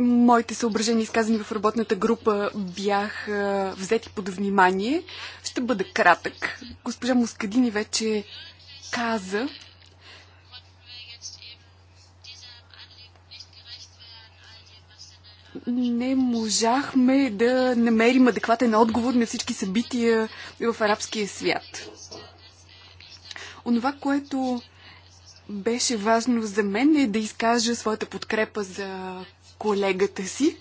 моите съображения, изказани в работната група, бях взети под внимание. Ще бъда кратък. Госпожа Мускадини вече каза, не можахме да намерим адекватен отговор на всички събития в арабския свят. Онова, което беше важно за мен е да изкажа своята подкрепа за колегата си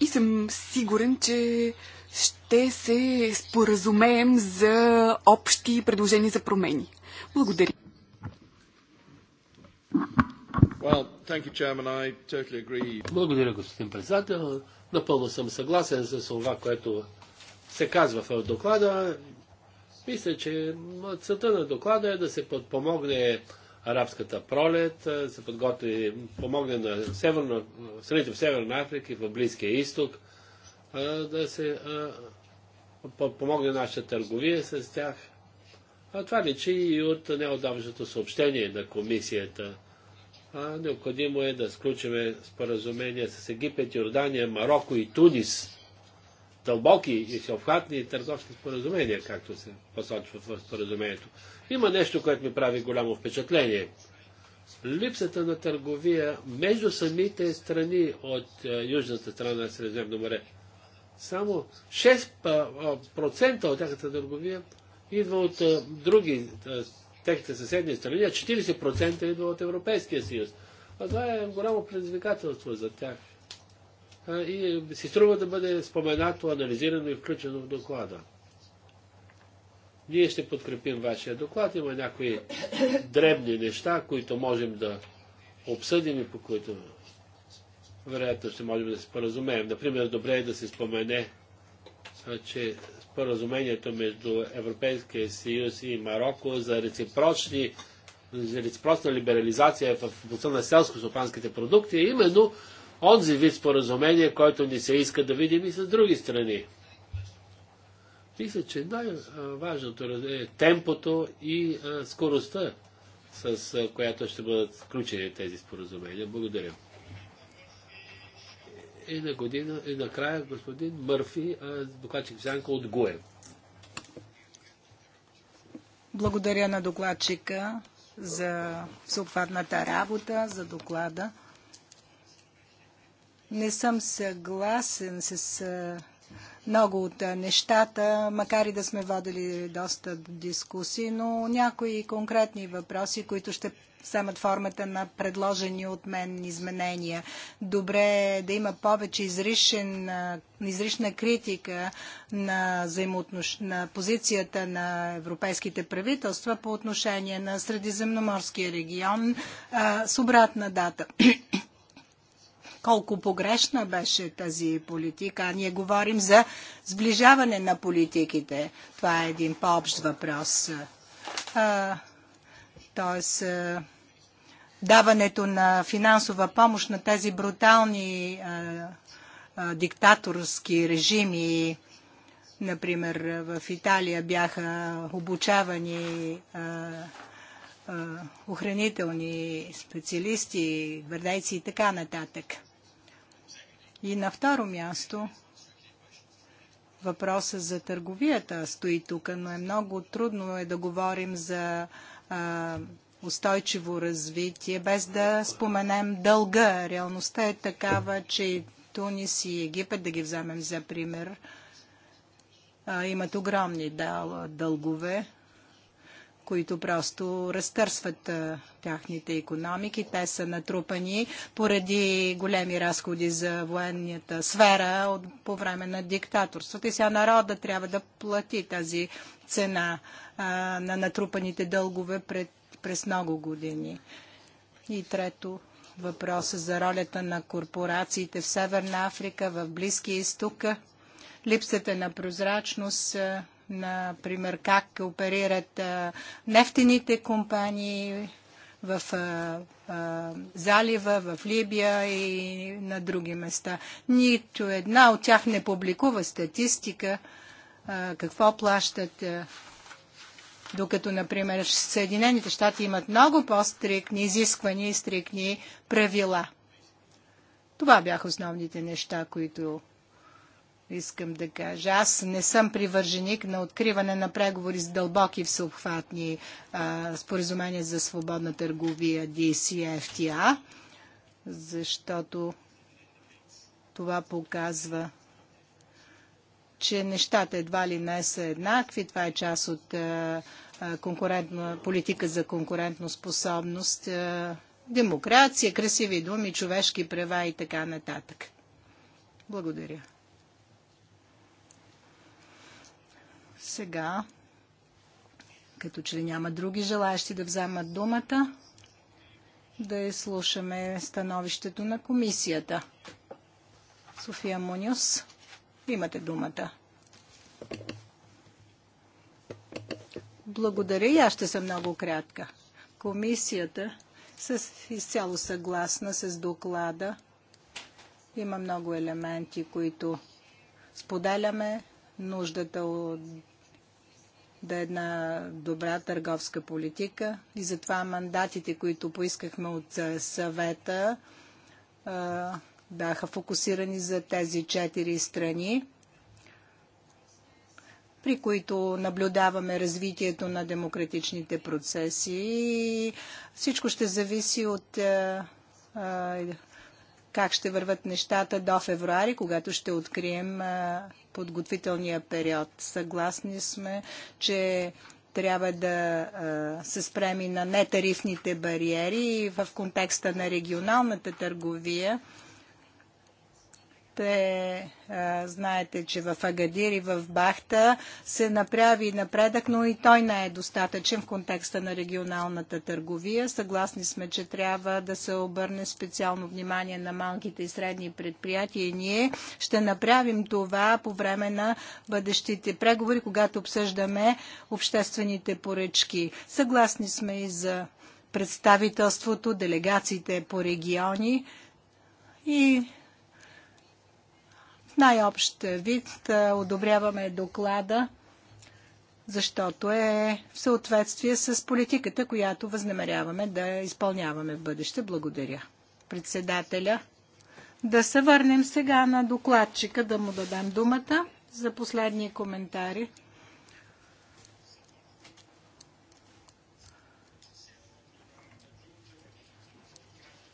и съм сигурен, че ще се споразумеем за общи предложения за промени. Благодаря.
Well, you, totally Благодаря, господин председател. Напълно съм съгласен с това, което се казва в доклада. Мисля, че целта на доклада е да се подпомогне арабската пролет, се подготви, помогне на северно, страните в Северна Африка и в Близкия изток да се помогне нашата търговия с тях. А това личи и от неодавжното съобщение на комисията. А, необходимо е да сключиме споразумения с Египет, Йордания, Марокко и Тунис дълбоки и всеобхватни търговски споразумения, както се посочва в споразумението. Има нещо, което ми прави голямо впечатление. Липсата на търговия между самите страни от е, южната страна на Средиземно море. Само 6% от тяхната търговия идва от е, други е, техните съседни страни, а 40% идва от Европейския съюз. А това е голямо предизвикателство за тях и е, си струва да бъде споменато, анализирано и включено в доклада. Ние ще подкрепим вашия доклад. Има някои дребни неща, които можем да обсъдим и по които вероятно ще можем да се споразумеем. Например, добре е да се спомене, че споразумението между Европейския съюз и Марокко за реципрочни за реципрочна либерализация в областта на селско-стопанските продукти е именно онзи вид споразумение, който ни се иска да видим и с други страни. Мисля, че най-важното е темпото и скоростта, с която ще бъдат включени тези споразумения. Благодаря. И на година, и накрая господин Мърфи, докладчик Сянка от ГУЕ.
Благодаря на докладчика за съобхватната работа, за доклада. Не съм съгласен с много от нещата, макар и да сме водили доста дискусии, но някои конкретни въпроси, които ще вземат формата на предложени от мен изменения. Добре е да има повече изричен, изрична критика на, взаимоотнош... на позицията на европейските правителства по отношение на Средиземноморския регион а, с обратна дата колко погрешна беше тази политика. А ние говорим за сближаване на политиките. Това е един по-общ въпрос. тоест, даването на финансова помощ на тези брутални диктаторски режими. Например, в Италия бяха обучавани охранителни специалисти, гвардейци и така нататък. И на второ място, въпроса за търговията стои тук, но е много трудно е да говорим за а, устойчиво развитие, без да споменем дълга. Реалността е такава, че Тунис и Египет, да ги вземем за пример, а, имат огромни дъл, дългове които просто разтърсват тяхните економики. Те са натрупани поради големи разходи за военната сфера от, по време на диктаторството. И сега народа трябва да плати тази цена а, на натрупаните дългове пред, през много години. И трето, въпроса за ролята на корпорациите в Северна Африка, в Близкия изток. Липсата на прозрачност а, например, как оперират нефтените компании в залива, в Либия и на други места. Нито една от тях не публикува статистика какво плащат докато, например, Съединените щати имат много по-стрикни изисквания и стрикни правила. Това бяха основните неща, които искам да кажа. Аз не съм привърженик на откриване на преговори с дълбоки всеобхватни споразумения за свободна търговия DCFTA, защото това показва че нещата едва ли не са еднакви. Това е част от конкурентна, политика за конкурентно способност, демокрация, красиви думи, човешки права и така нататък. Благодаря. Сега, като че ли няма други желаящи да вземат думата, да изслушаме становището на комисията. София Муниус, имате думата. Благодаря и аз ще съм много кратка. Комисията с изцяло съгласна с доклада. Има много елементи, които споделяме. Нуждата от да е една добра търговска политика и затова мандатите, които поискахме от съвета, бяха фокусирани за тези четири страни, при които наблюдаваме развитието на демократичните процеси. и Всичко ще зависи от как ще върват нещата до февруари, когато ще открием подготвителния период. Съгласни сме, че трябва да се спреми на нетарифните бариери в контекста на регионалната търговия те а, знаете, че в Агадир и в Бахта се направи напредък, но и той не е достатъчен в контекста на регионалната търговия. Съгласни сме, че трябва да се обърне специално внимание на малките и средни предприятия и ние ще направим това по време на бъдещите преговори, когато обсъждаме обществените поръчки. Съгласни сме и за представителството, делегациите по региони и най-общ вид одобряваме доклада, защото е в съответствие с политиката, която възнамеряваме да изпълняваме в бъдеще. Благодаря. Председателя. Да се върнем сега на докладчика, да му дадам думата за последни коментари.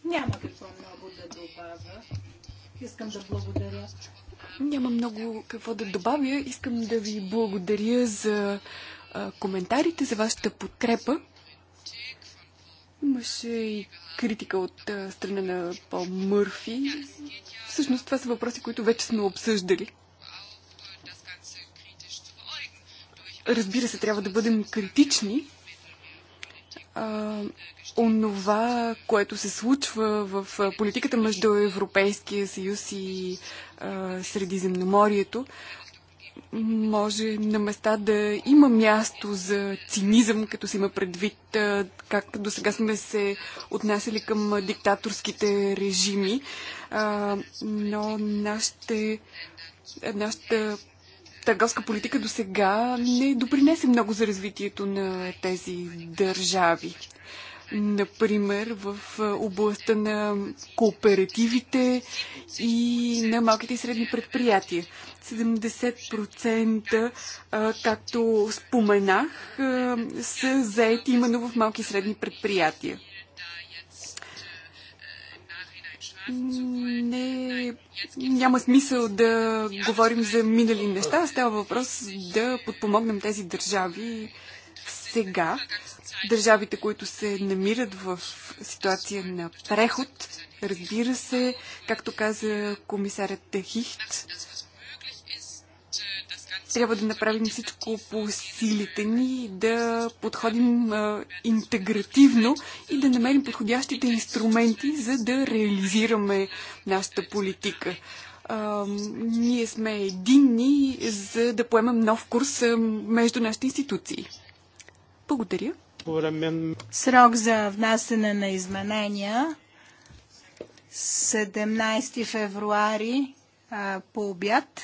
Няма какво
много да добавя.
Искам да благодаря няма много какво да добавя. Искам да ви благодаря за коментарите, за вашата подкрепа. Имаше и критика от страна на Пол Мърфи. Всъщност това са въпроси, които вече сме обсъждали. Разбира се, трябва да бъдем критични, а, онова, което се случва в политиката между Европейския съюз и а, Средиземноморието, може на места да има място за цинизъм, като се има предвид а, как до сега сме се отнасяли към диктаторските режими, а, но нашите, нашата търговска политика до сега не допринесе много за развитието на тези държави. Например, в областта на кооперативите и на малките и средни предприятия. 70%, както споменах, са заети именно в малки и средни предприятия. не, няма смисъл да говорим за минали неща. Става въпрос да подпомогнем тези държави сега. Държавите, които се намират в ситуация на преход, разбира се, както каза комисарят Хихт. Трябва да направим всичко по силите ни, да подходим а, интегративно и да намерим подходящите инструменти, за да реализираме нашата политика. А, ние сме единни, за да поемем нов курс а, между нашите институции. Благодаря.
Срок за внасене на изменения 17 февруари а, по обяд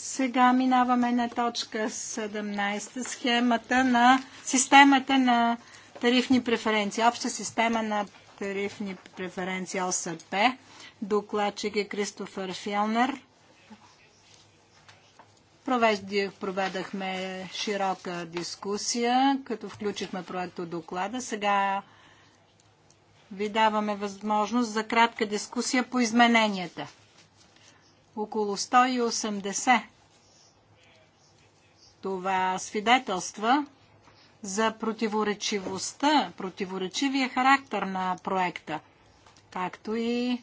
сега минаваме на точка 17, схемата на системата на тарифни преференции, обща система на тарифни преференции ОСП. Докладчик е Кристофър Филнер. проведахме широка дискусия, като включихме проекто доклада. Сега ви даваме възможност за кратка дискусия по измененията около 180. Това свидетелства за противоречивостта, противоречивия характер на проекта, както и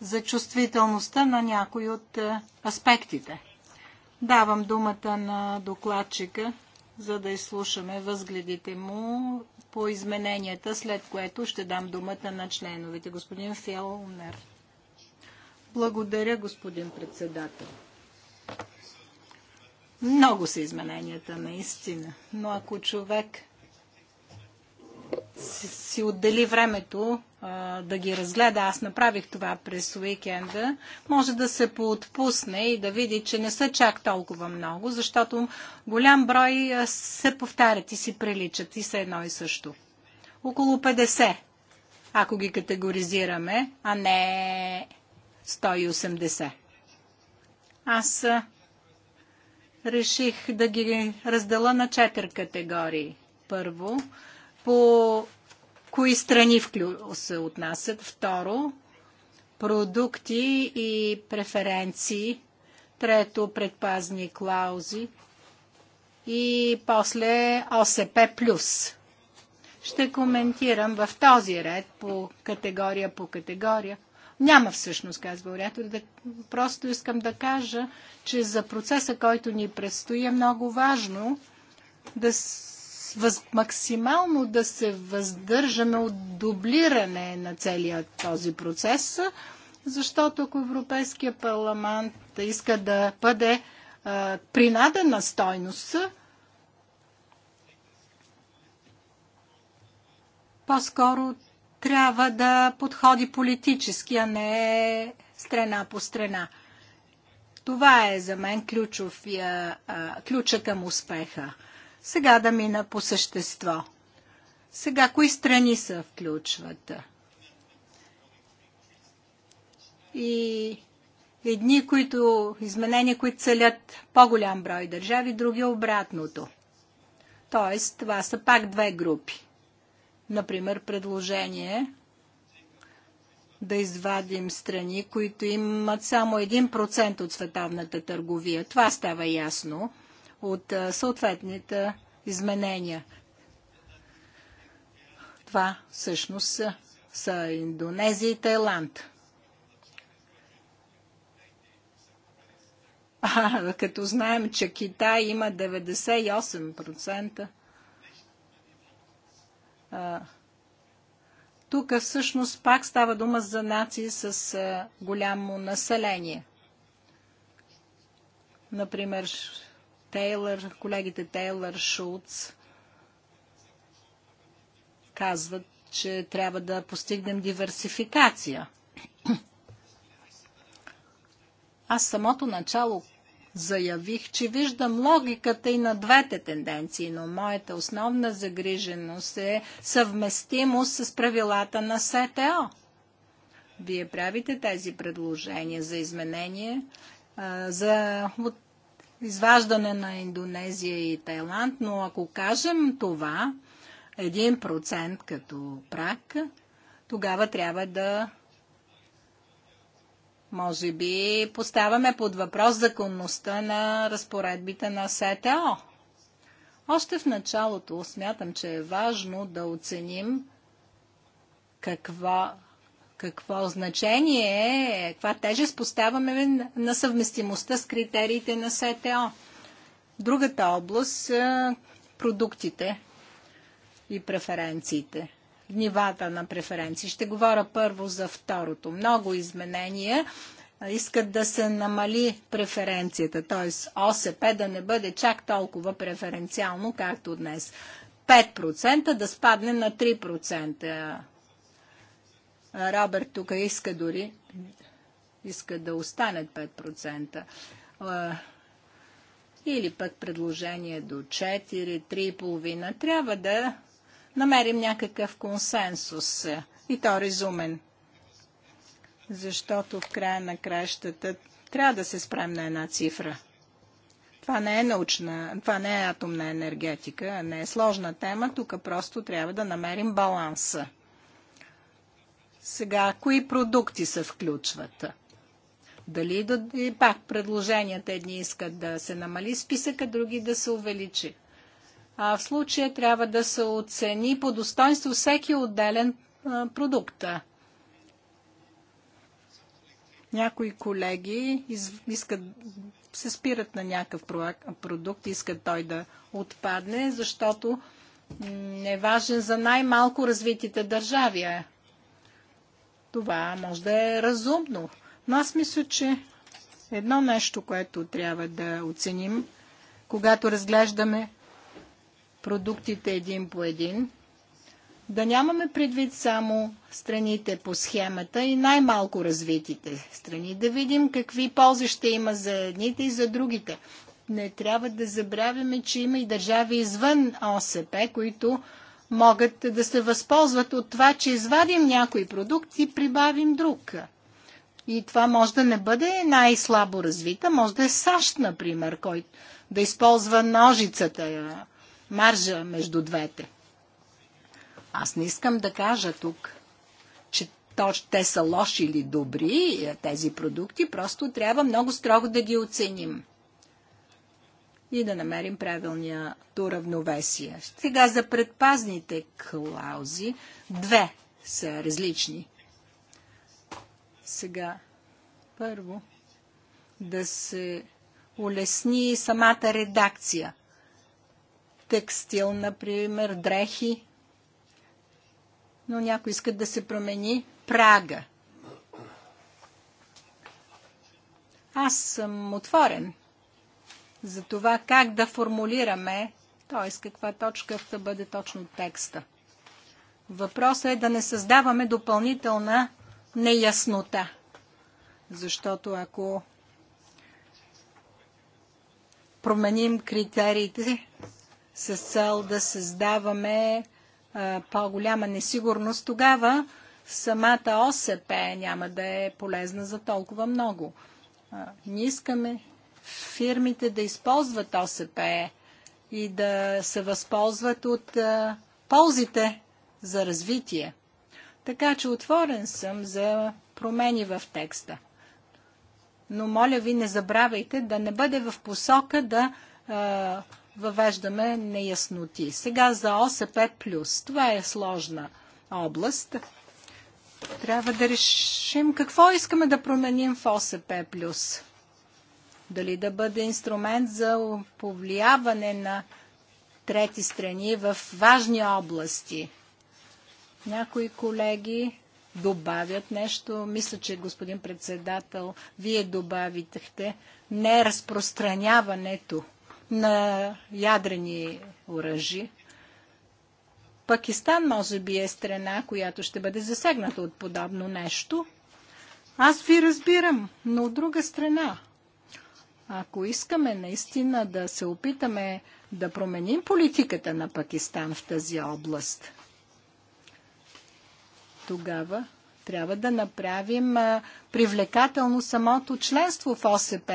за чувствителността на някои от е, аспектите. Давам думата на докладчика, за да изслушаме възгледите му по измененията, след което ще дам думата на членовете. Господин Фелнер. Благодаря, господин председател. Много са измененията, наистина. Но ако човек си, си отдели времето а, да ги разгледа, аз направих това през уикенда, може да се поотпусне и да види, че не са чак толкова много, защото голям брой се повтарят и си приличат и са едно и също. Около 50, ако ги категоризираме, а не 180. Аз реших да ги раздела на четири категории. Първо, по кои страни се отнасят. Второ, продукти и преференции. Трето, предпазни клаузи. И после ОСП+. Ще коментирам в този ред по категория по категория няма всъщност, казва оратор. Да, просто искам да кажа, че за процеса, който ни предстои, е много важно да въз, максимално да се въздържаме от дублиране на целия този процес, защото ако Европейския парламент иска да бъде а, принадена стойност, по-скоро трябва да подходи политически, а не страна по страна. Това е за мен ключовия, ключа към успеха. Сега да мина по същество. Сега, кои страни са включват? И едни, които, изменения, които целят по-голям брой държави, други обратното. Тоест, това са пак две групи. Например, предложение да извадим страни, които имат само 1% от световната търговия. Това става ясно от съответните изменения. Това всъщност са, са Индонезия и Тайланд. А, като знаем, че Китай има 98% тук всъщност пак става дума за нации с голямо население. Например, Тейлър, колегите Тейлър, Шулц казват, че трябва да постигнем диверсификация. Аз самото начало заявих, че виждам логиката и на двете тенденции, но моята основна загриженост е съвместимост с правилата на СТО. Вие правите тези предложения за изменение, за изваждане на Индонезия и Тайланд, но ако кажем това, 1% като прак, тогава трябва да може би поставяме под въпрос законността на разпоредбите на СТО. Още в началото смятам, че е важно да оценим каква, какво значение, е, каква тежест поставяме на съвместимостта с критериите на СТО. Другата област са продуктите и преференциите нивата на преференции. Ще говоря първо за второто. Много изменения искат да се намали преференцията, т.е. ОСП да не бъде чак толкова преференциално, както днес. 5% да спадне на 3%. Роберт тук иска дори иска да остане 5%. Или пък предложение до 4, 3,5. Трябва да намерим някакъв консенсус и то разумен. Защото в края на кращата трябва да се спрем на една цифра. Това не е научна, това не е атомна енергетика, не е сложна тема, тук просто трябва да намерим баланса. Сега, кои продукти се включват? Дали да, и пак предложенията едни искат да се намали списъка, други да се увеличи а в случая трябва да се оцени по достоинство всеки отделен продукт. Някои колеги искат, се спират на някакъв продукт, искат той да отпадне, защото е важен за най-малко развитите държави. Това може да е разумно. Но аз мисля, че едно нещо, което трябва да оценим, когато разглеждаме продуктите един по един, да нямаме предвид само страните по схемата и най-малко развитите страни, да видим какви ползи ще има за едните и за другите. Не трябва да забравяме, че има и държави извън ОСП, които могат да се възползват от това, че извадим някой продукт и прибавим друг. И това може да не бъде най-слабо развита, може да е САЩ, например, който да използва ножицата маржа между двете. Аз не искам да кажа тук, че то, те са лоши или добри, е, тези продукти, просто трябва много строго да ги оценим и да намерим правилния то равновесие. Сега за предпазните клаузи, две са различни. Сега, първо, да се улесни самата редакция текстил, например, дрехи, но някой искат да се промени прага. Аз съм отворен за това как да формулираме, т.е. каква точка да бъде точно текста. Въпросът е да не създаваме допълнителна неяснота. Защото ако променим критериите, с цел да създаваме по-голяма несигурност, тогава самата ОСП няма да е полезна за толкова много. Ние искаме фирмите да използват ОСП и да се възползват от ползите за развитие. Така че отворен съм за промени в текста. Но моля ви, не забравяйте да не бъде в посока да въвеждаме неясноти. Сега за ОСП+. Това е сложна област. Трябва да решим какво искаме да променим в ОСП+. Дали да бъде инструмент за повлияване на трети страни в важни области. Някои колеги добавят нещо. Мисля, че господин председател, вие добавихте неразпространяването на ядрени оръжи. Пакистан може би е страна, която ще бъде засегната от подобно нещо. Аз ви разбирам, но от друга страна, ако искаме наистина да се опитаме да променим политиката на Пакистан в тази област, тогава трябва да направим привлекателно самото членство в ОСП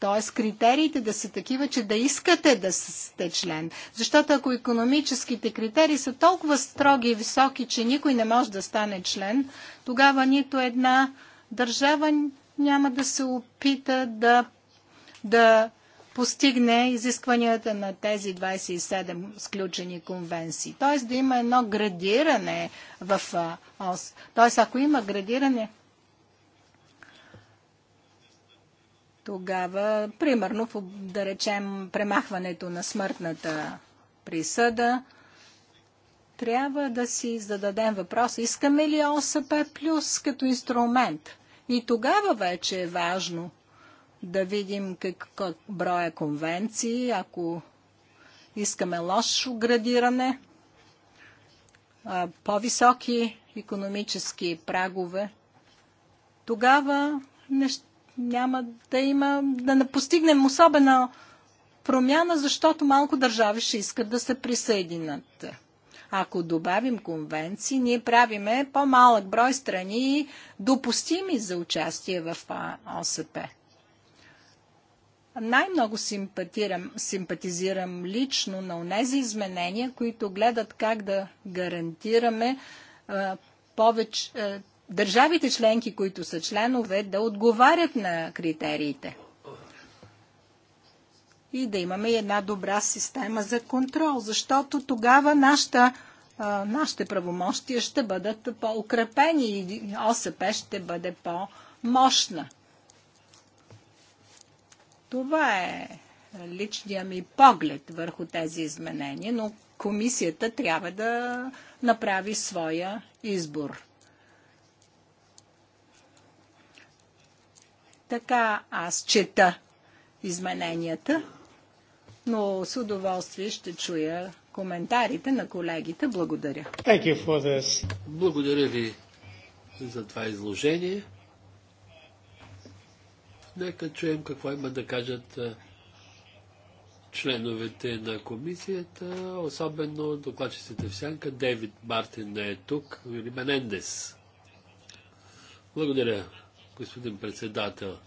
т.е., критериите да са такива, че да искате да сте член. Защото ако економическите критерии са толкова строги и високи, че никой не може да стане член, тогава нито една държава няма да се опита да, да постигне изискванията на тези 27 сключени конвенции. Т.е. да има едно градиране в ОС. Т.е. ако има градиране, Тогава, примерно, да речем, премахването на смъртната присъда, трябва да си зададем въпрос, искаме ли ОСП плюс като инструмент? И тогава вече е важно да видим какво броя конвенции, ако искаме лошо градиране, по-високи економически прагове, тогава неща няма да има, да не постигнем особена промяна, защото малко държави ще искат да се присъединят. Ако добавим конвенции, ние правиме по-малък брой страни допустими за участие в ОСП. Най-много симпатизирам лично на тези изменения, които гледат как да гарантираме повече, държавите членки, които са членове, да отговарят на критериите. И да имаме една добра система за контрол, защото тогава нашата, нашите правомощия ще бъдат по-укрепени и ОСП ще бъде по-мощна. Това е личния ми поглед върху тези изменения, но комисията трябва да направи своя избор. Така аз чета измененията, но с удоволствие ще чуя коментарите на колегите. Благодаря.
Благодаря ви за това изложение. Нека чуем какво има да кажат членовете на комисията, особено докладчиците в сянка. Дейвид Мартин не е тук, или Менендес. Благодаря господин председател.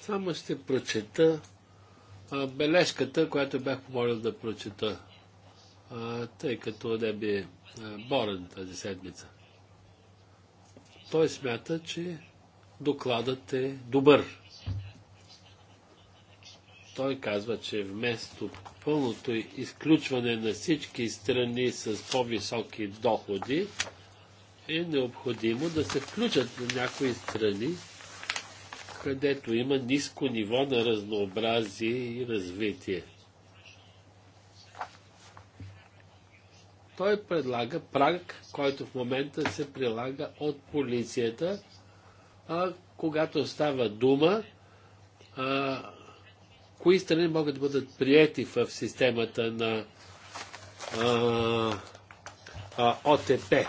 Само ще прочета а, бележката, която бях помолил да прочета, а, тъй като не би е, борен тази седмица. Той смята, че докладът е добър. Той казва, че вместо пълното изключване на всички страни с по-високи доходи, е необходимо да се включат на някои страни, където има ниско ниво на разнообразие и развитие. Той предлага праг, който в момента се прилага от полицията, а когато става дума, а, кои страни могат да бъдат приети в системата на а, а, ОТП.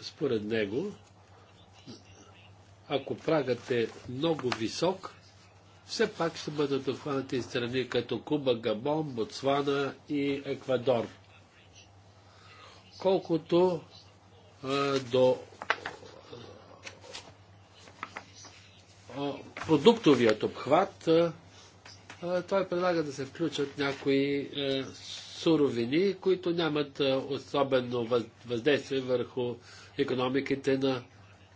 Според него, ако прагът е много висок, все пак ще бъдат дохванати страни като Куба, Габон, Ботсвана и Еквадор. Колкото а, до а, продуктовият обхват, а, той предлага да се включат някои е, суровини, които нямат особено въздействие върху економиките на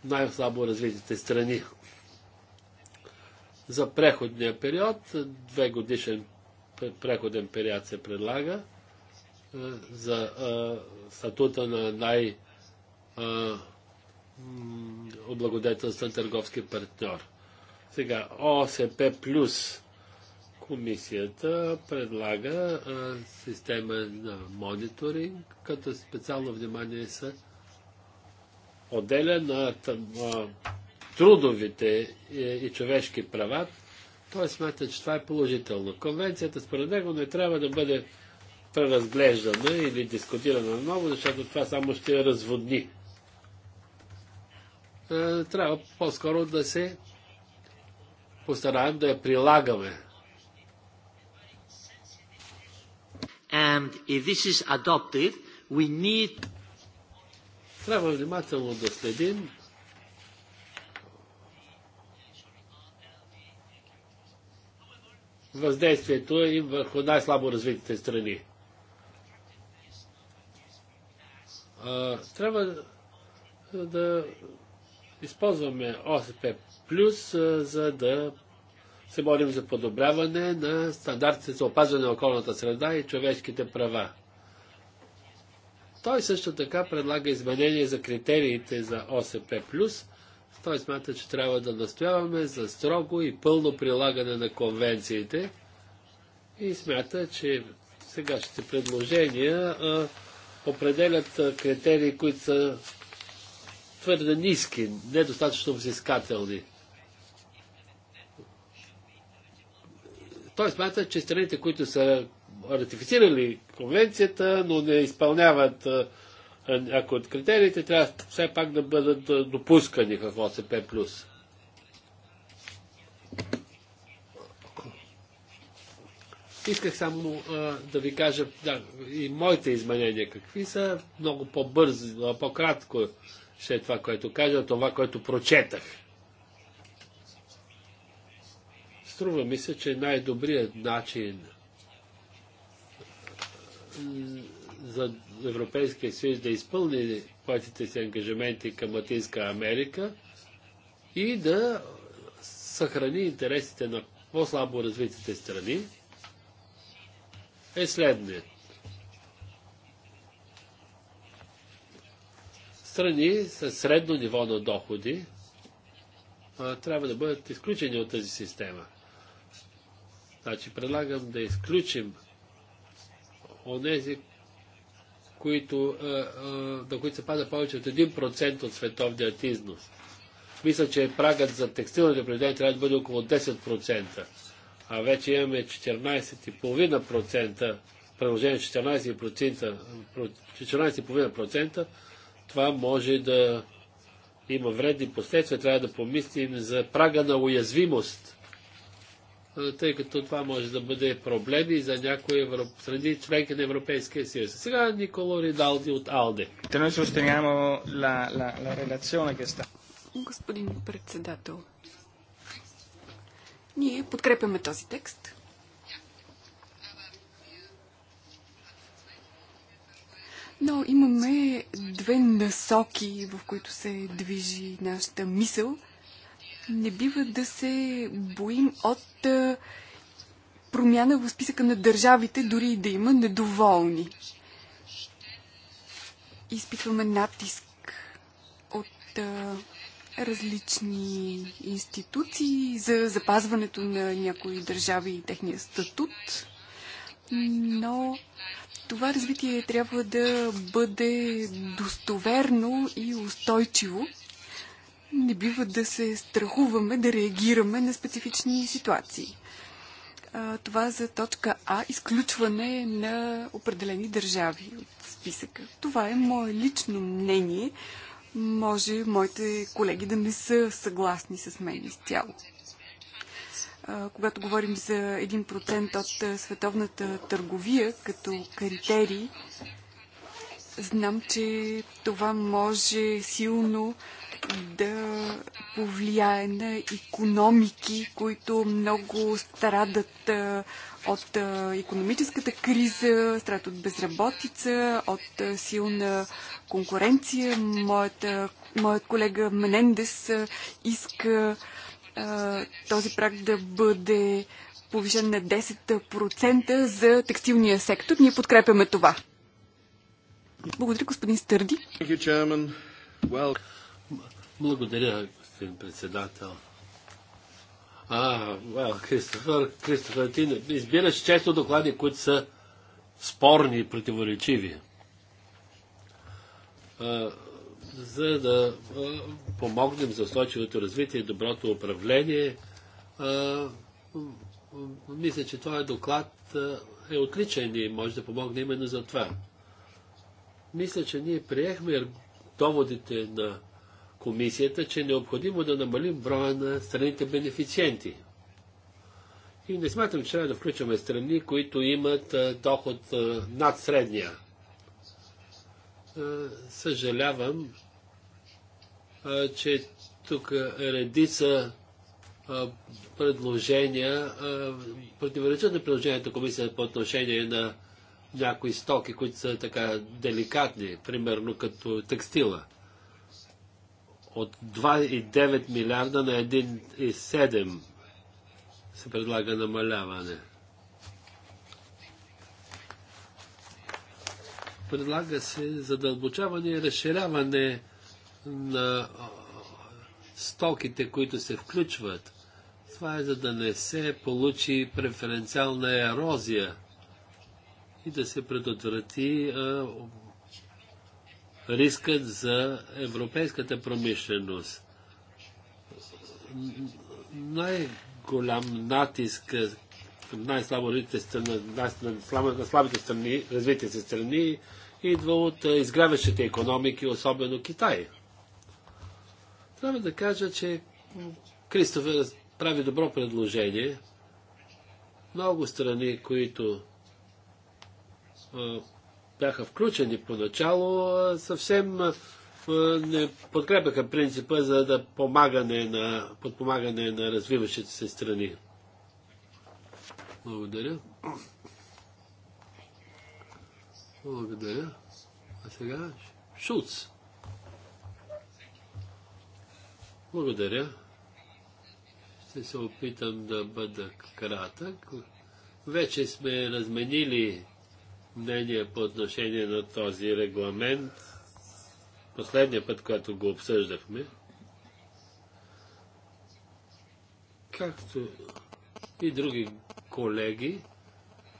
най-слабо развитите страни. За преходния период, две годишен преходен период се предлага за статута на най- облагодетелствен търговски партньор. Сега ОСП плюс комисията предлага а, система на мониторинг, като специално внимание се отделя на а, трудовите и, и човешки права. Той смята, че това е положително. Конвенцията според него не трябва да бъде преразглеждана или дискутирана много, защото това само ще я разводни. трябва по-скоро да се постараем да я прилагаме. and if this is adopted, we need... Трябва внимателно да следим въздействието им върху най-слабо развитите страни. А, трябва да използваме ОСП Плюс, за да се борим за подобряване на стандартите за опазване на околната среда и човешките права. Той също така предлага изменение за критериите за ОСП+. Той смята, че трябва да настояваме за строго и пълно прилагане на конвенциите и смята, че сегашните предложения определят критерии, които са твърде ниски, недостатъчно взискателни. Той смята, че страните, които са ратифицирали конвенцията, но не изпълняват някои от критериите, трябва все пак да бъдат допускани в ОСП+. Исках само а, да ви кажа да, и моите изменения какви са. Много по-бързо, по-кратко ще е това, което кажа, това, което прочетах. Струва ми се, че най-добрият начин за Европейския съюз да изпълни поетите си ангажименти към Латинска Америка и да съхрани интересите на по-слабо развитите страни е следният. Страни с средно ниво на доходи трябва да бъдат изключени от тази система – Значи предлагам да изключим онези, които, до които се пада повече от 1% от световния износ. Мисля, че прагът за текстилните произведения трябва да бъде около 10%, а вече имаме 14,5%, предложение 14%, 14,5%, това може да има вредни последствия. Трябва да помислим за прага на уязвимост е, тъй като това може да бъде проблем и за някои среди членки на Европейския съюз. Сега Николо Ридалди от Алде.
Господин председател, ние подкрепяме този текст. Но имаме две насоки, в които се движи нашата мисъл – не бива да се боим от промяна в списъка на държавите, дори и да има недоволни. Изпитваме натиск от различни институции за запазването на някои държави и техния статут, но това развитие трябва да бъде достоверно и устойчиво не бива да се страхуваме да реагираме на специфични ситуации. Това за точка А изключване на определени държави от списъка. Това е мое лично мнение. Може моите колеги да не са съгласни с мен изцяло когато говорим за 1% от световната търговия като критерий, знам, че това може силно да повлияе на економики, които много страдат от економическата криза, страдат от безработица, от силна конкуренция. Моят, моят колега Менендес иска този прак да бъде повишен на 10% за текстилния сектор. Ние подкрепяме това. Благодаря, господин Стърди.
Thank you, благодаря, господин председател. А, well, Кристофър, Кристофър, ти избираш често доклади, които са спорни и противоречиви. А, за да а, помогнем за устойчивото развитие и доброто управление, а, мисля, че този доклад е отличен и може да помогне именно за това. Мисля, че ние приехме доводите на комисията, че е необходимо да намалим броя на страните бенефициенти. И не смятам, че трябва да включваме страни, които имат доход над средния. Съжалявам, че тук редица предложения противоречат на предложението на комисията по отношение на някои стоки, които са така деликатни, примерно като текстила от 2,9 милиарда на 1,7 се предлага намаляване. Предлага се задълбочаване и разширяване на стоките, които се включват. Това е за да не се получи преференциална ерозия и да се предотврати а, рискът за европейската промишленост. Най-голям натиск най-слабо страни, на слабите страни, развитите се страни, идва от изгряващите економики, особено Китай. Трябва да кажа, че Кристофер прави добро предложение. Много страни, които бяха включени поначало, съвсем не подкрепяха принципа за да помагане на, подпомагане на развиващите се страни. Благодаря. Благодаря. А сега Шулц. Благодаря. Ще се опитам да бъда кратък. Вече сме разменили мнение по отношение на този регламент. Последния път, когато го обсъждахме, както и други колеги,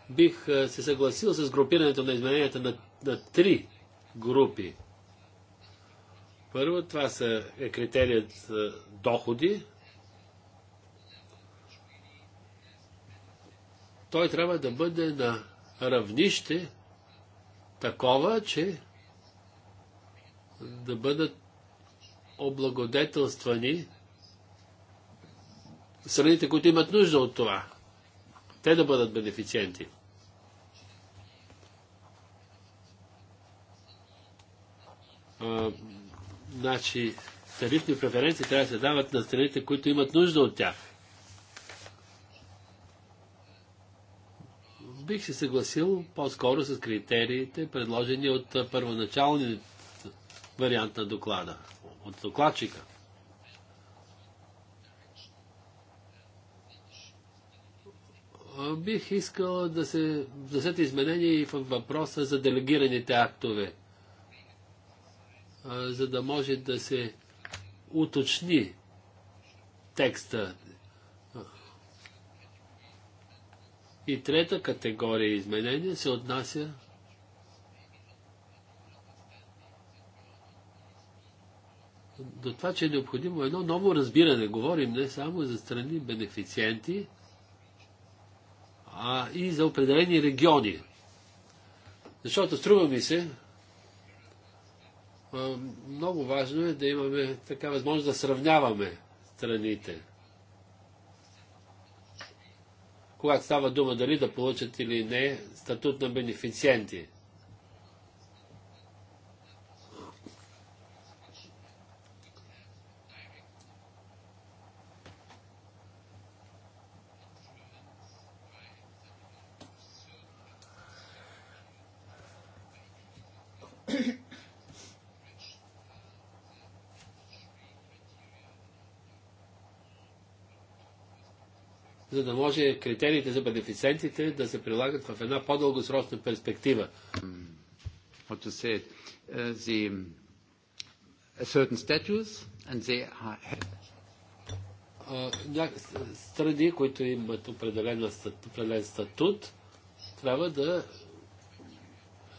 бих се съгласил с групирането на измененията на, на три групи. Първо, това са, е критерият доходи. Той трябва да бъде на равнище такова, че да бъдат облагодетелствани страните, които имат нужда от това. Те да бъдат бенефициенти. А, значи, тарифни преференции трябва да се дават на страните, които имат нужда от тях. бих се съгласил по-скоро с критериите, предложени от първоначалния вариант на доклада, от докладчика. Бих искал да се внесат изменения и в въпроса за делегираните актове, за да може да се уточни текста И трета категория изменения се отнася до това, че е необходимо едно ново разбиране. Говорим не само за страни бенефициенти, а и за определени региони. Защото струва ми се, много важно е да имаме така възможност да сравняваме страните. когато става дума дали да получат или не статут на бенефициенти за да може критериите за бенефициентите да се прилагат в една по-дългосрочна перспектива. Mm. Say, have... uh, uh, uh страни, които имат определен, определен статут, трябва да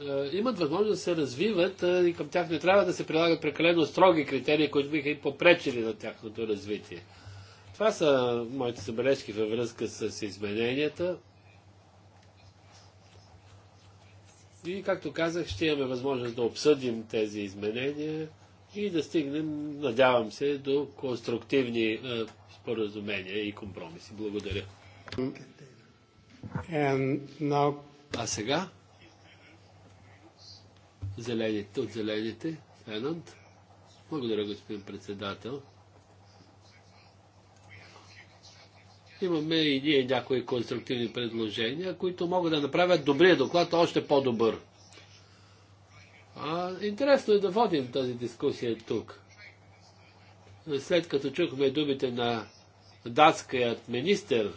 uh, имат възможност да се развиват uh, и към тях не трябва да се прилагат прекалено строги критерии, които биха им попречили на тяхното развитие. Това са моите забележки във връзка с измененията. И, както казах, ще имаме възможност да обсъдим тези изменения и да стигнем, надявам се, до конструктивни е, споразумения и компромиси. Благодаря. А сега? Зелените, от зелените, Енант. Благодаря, господин председател. Имаме и ние някои конструктивни предложения, които могат да направят добрия доклад още по-добър. А, интересно е да водим тази дискусия тук. След като чухме думите на датският министр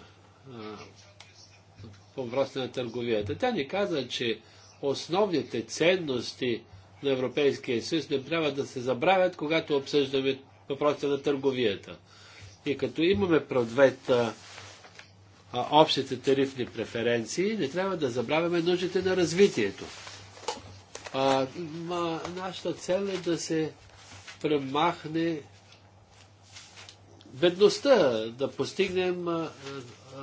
по въпроса на търговията, тя ни каза, че основните ценности на Европейския съюз не трябва да се забравят, когато обсъждаме въпроса на търговията. И като имаме предвид общите тарифни преференции, не трябва да забравяме нуждите на развитието. А, ма, нашата цел е да се премахне бедността, да постигнем, а, а,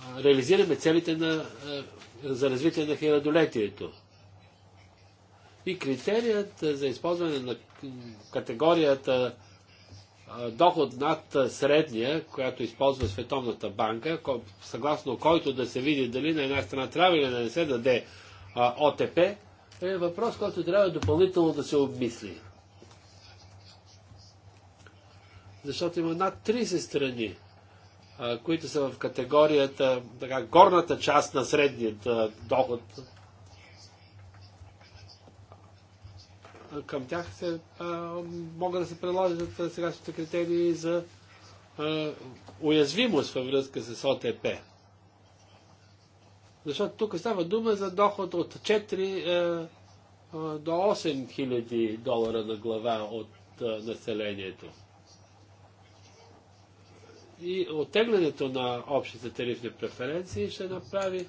а, реализираме целите на, а, за развитие на хилядолетието. И критерият за използване на категорията доход над средния, която използва Световната банка, съгласно който да се види дали на една страна трябва или да не се даде ОТП, е въпрос, който трябва допълнително да се обмисли. Защото има над 30 страни, които са в категорията, така, горната част на средният доход, към тях се, а, могат да се приложат сегашните критерии за а, уязвимост във връзка с ОТП. Защото тук става дума за доход от 4 а, а, до 8 хиляди долара на глава от а, населението. И оттеглянето на общите тарифни преференции ще направи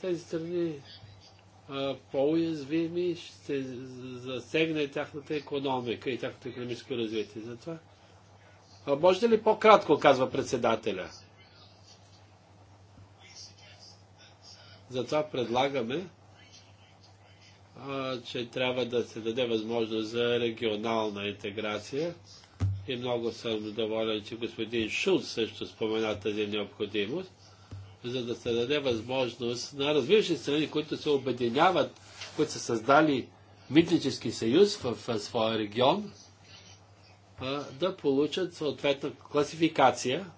тези страни по-уязвими, ще засегне тяхната економика и тяхното економическо развитие. Затова. А може ли по-кратко, казва председателя? Затова предлагаме, а, че трябва да се даде възможност за регионална интеграция. И много съм доволен, че господин Шулц също спомена тази необходимост за да се даде възможност на развиващи страни, които се обединяват, които са създали митнически съюз в, своя регион, да получат съответна класификация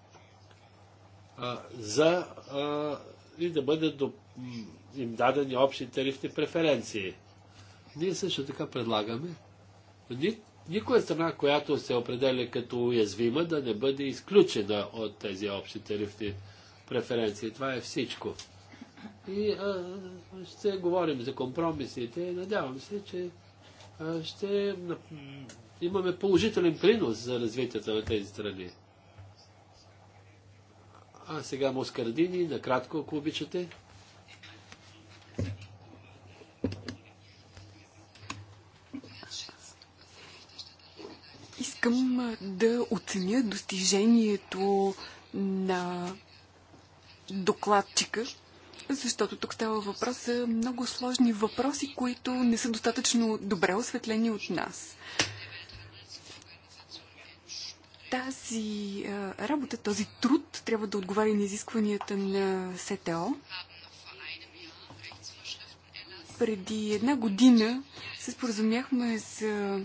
за и да бъдат им дадени общи тарифни преференции. Ние също така предлагаме никоя страна, която се определя като уязвима, да не бъде изключена от тези общи тарифни преференции преференции. Това е всичко. И а, ще говорим за компромисите. Надявам се, че а, ще имаме положителен принос за развитието на тези страни. А сега Москардини, накратко, ако обичате.
Искам да оценя достижението на докладчика, защото тук става въпрос за много сложни въпроси, които не са достатъчно добре осветлени от нас. Тази работа, този труд трябва да отговаря на изискванията на СТО. Преди една година се споразумяхме за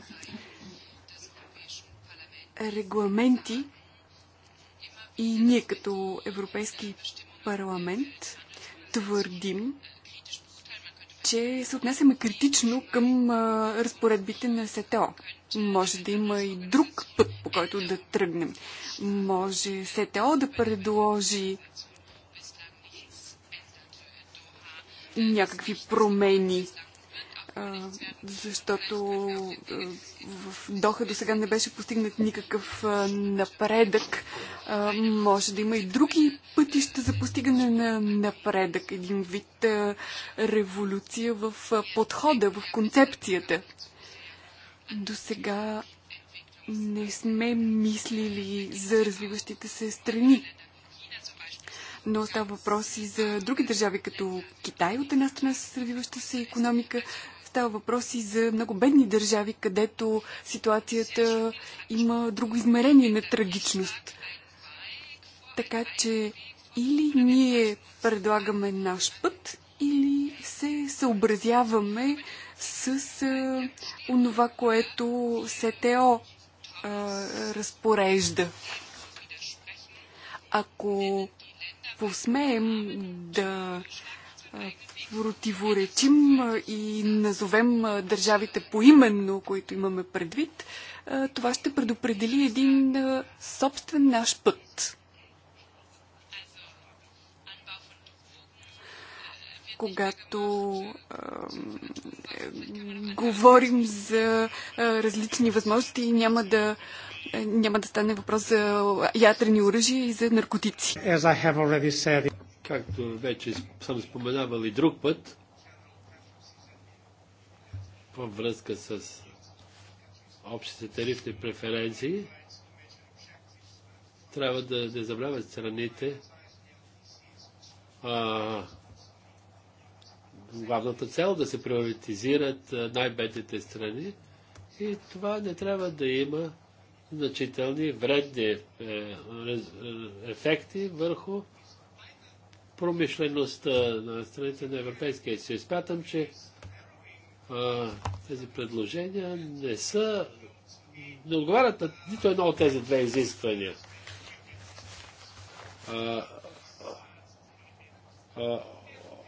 регламенти и ние като Европейски парламент твърдим, че се отнесеме критично към а, разпоредбите на СТО. Може да има и друг път, по който да тръгнем. Може СТО да предложи някакви промени защото в Доха до сега не беше постигнат никакъв напредък. Може да има и други пътища за постигане на напредък. Един вид революция в подхода, в концепцията. До сега не сме мислили за развиващите се страни но става въпрос и за други държави, като Китай от една страна с развиваща се економика, Става въпроси за много бедни държави, където ситуацията има друго измерение на трагичност. Така че или ние предлагаме наш път, или се съобразяваме с а, онова, което СТО а, разпорежда. Ако посмеем да противоречим и назовем държавите поименно, които имаме предвид, това ще предопредели един собствен наш път. когато е, говорим за е, различни възможности, няма да, е, няма да стане въпрос за ядрени оръжия и за наркотици.
Както вече съм споменавал и друг път, във връзка с общите тарифни преференции, трябва да не забравят страните а, главната цел да се приоритизират най-бедните страни и това не трябва да има значителни вредни е, е, ефекти върху промишлеността на страните на Европейския съюз. Смятам, че а, тези предложения не са, не отговарят на нито едно от тези две изисквания. А, а,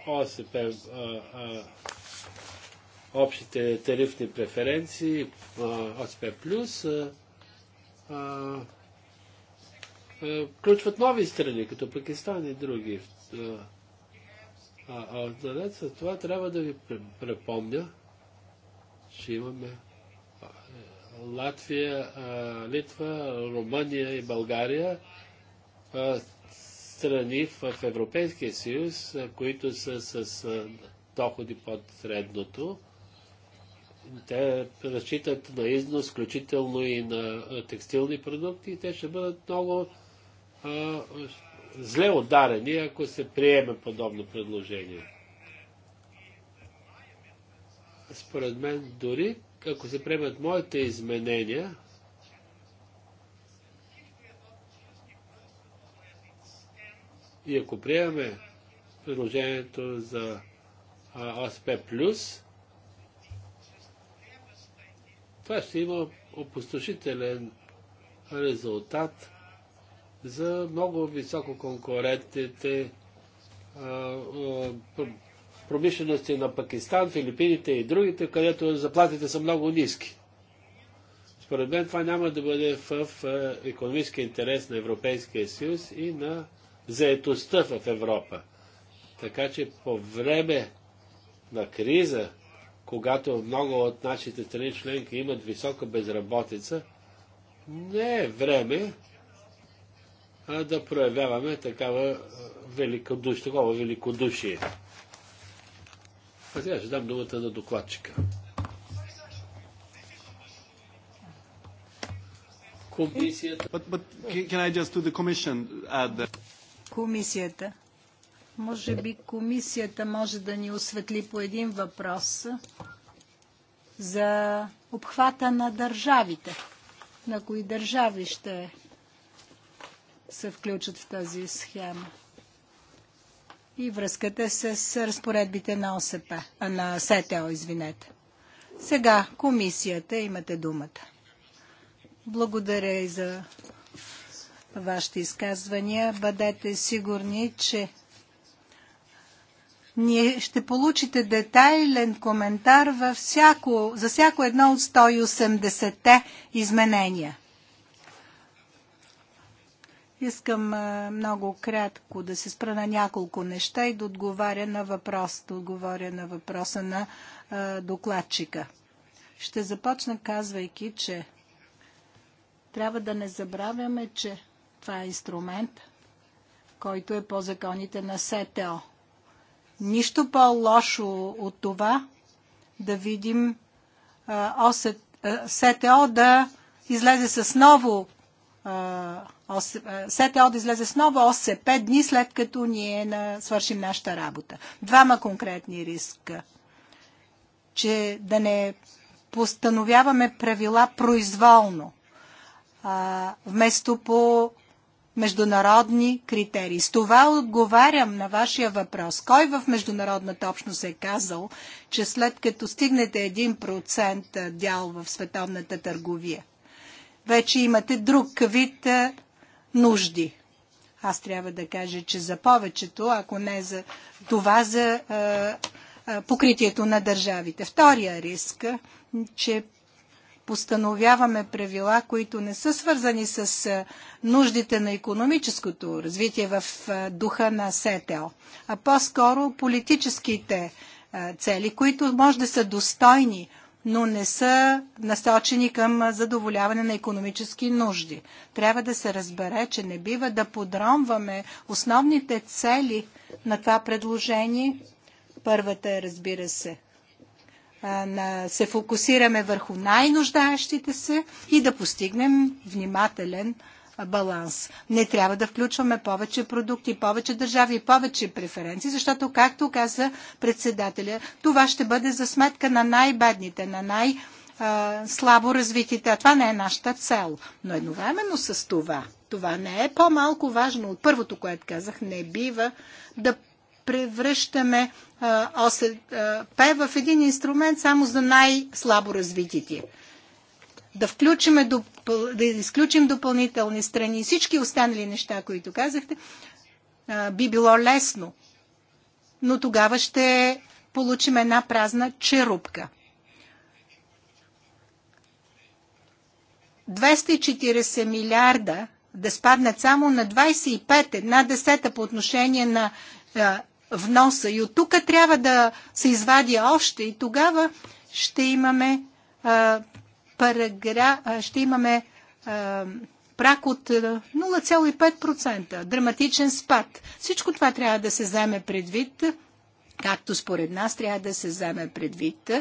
ОСП, а, а, общите тарифни преференции, а, ОСП плюс, а, а, включват нови страни, като Пакистан и други а, а наред с това трябва да ви препомня, че имаме Латвия, Литва, Румъния и България, страни в Европейския съюз, които са с доходи под средното. Те разчитат на износ, включително и на текстилни продукти, и те ще бъдат много зле ударени, ако се приеме подобно предложение. Според мен, дори ако се приемат моите изменения, и ако приемаме предложението за ОСП+, това ще има опустошителен резултат за много високо конкурентните промишлености на Пакистан, Филипините и другите, където заплатите са много ниски. Според мен това няма да бъде в, в економически интерес на Европейския съюз и на заетостта в Европа. Така че по време на криза, когато много от нашите страни членки имат висока безработица, не е време да проявяваме такава великодуш, такова великодушие. А сега ще дам думата на докладчика. Комисията.
Комисията. Може би комисията може да ни осветли по един въпрос за обхвата на държавите. На кои държави ще се включат в тази схема. И връзката с разпоредбите на ОСП, а на СТО, извинете. Сега комисията, имате думата. Благодаря и за вашите изказвания. Бъдете сигурни, че ние ще получите детайлен коментар във всяко, за всяко едно от 180-те изменения. Искам е, много кратко да се спра на няколко неща и да отговаря на въпроса да отговоря на въпроса на е, докладчика. Ще започна казвайки, че трябва да не забравяме, че това е инструмент, който е по законите на СТО. Нищо по-лошо от това да видим е, СТО да излезе с ново СТО да излезе с нова пет дни след като ние на, свършим нашата работа. Двама конкретни риска. Че да не постановяваме правила произволно, а, вместо по международни критерии. С това отговарям на вашия въпрос. Кой в международната общност е казал, че след като стигнете 1% дял в световната търговия – вече имате друг вид нужди. Аз трябва да кажа, че за повечето, ако не за това, за покритието на държавите. Втория риск, че постановяваме правила, които не са свързани с нуждите на економическото развитие в духа на СЕТЕЛ, а по-скоро политическите цели, които може да са достойни но не са насочени към задоволяване на економически нужди. Трябва да се разбере, че не бива да подромваме основните цели на това предложение. Първата е, разбира се, на, се фокусираме върху най-нуждаещите се и да постигнем внимателен баланс. Не трябва да включваме повече продукти, повече държави, повече преференции, защото, както каза председателя, това ще бъде за сметка на най-бедните, на най- слабо развитите. А това не е нашата цел. Но едновременно с това, това не е по-малко важно от първото, което казах, не бива да превръщаме ОСП в един инструмент само за най-слабо развитите да, включим, да изключим допълнителни страни и всички останали неща, които казахте, би било лесно. Но тогава ще получим една празна черупка. 240 милиарда да спаднат само на 25, една десета по отношение на вноса. И от тук трябва да се извади още и тогава ще имаме е, парагра... ще имаме а, прак от 0,5%, драматичен спад. Всичко това трябва да се вземе предвид, както според нас трябва да се вземе предвид.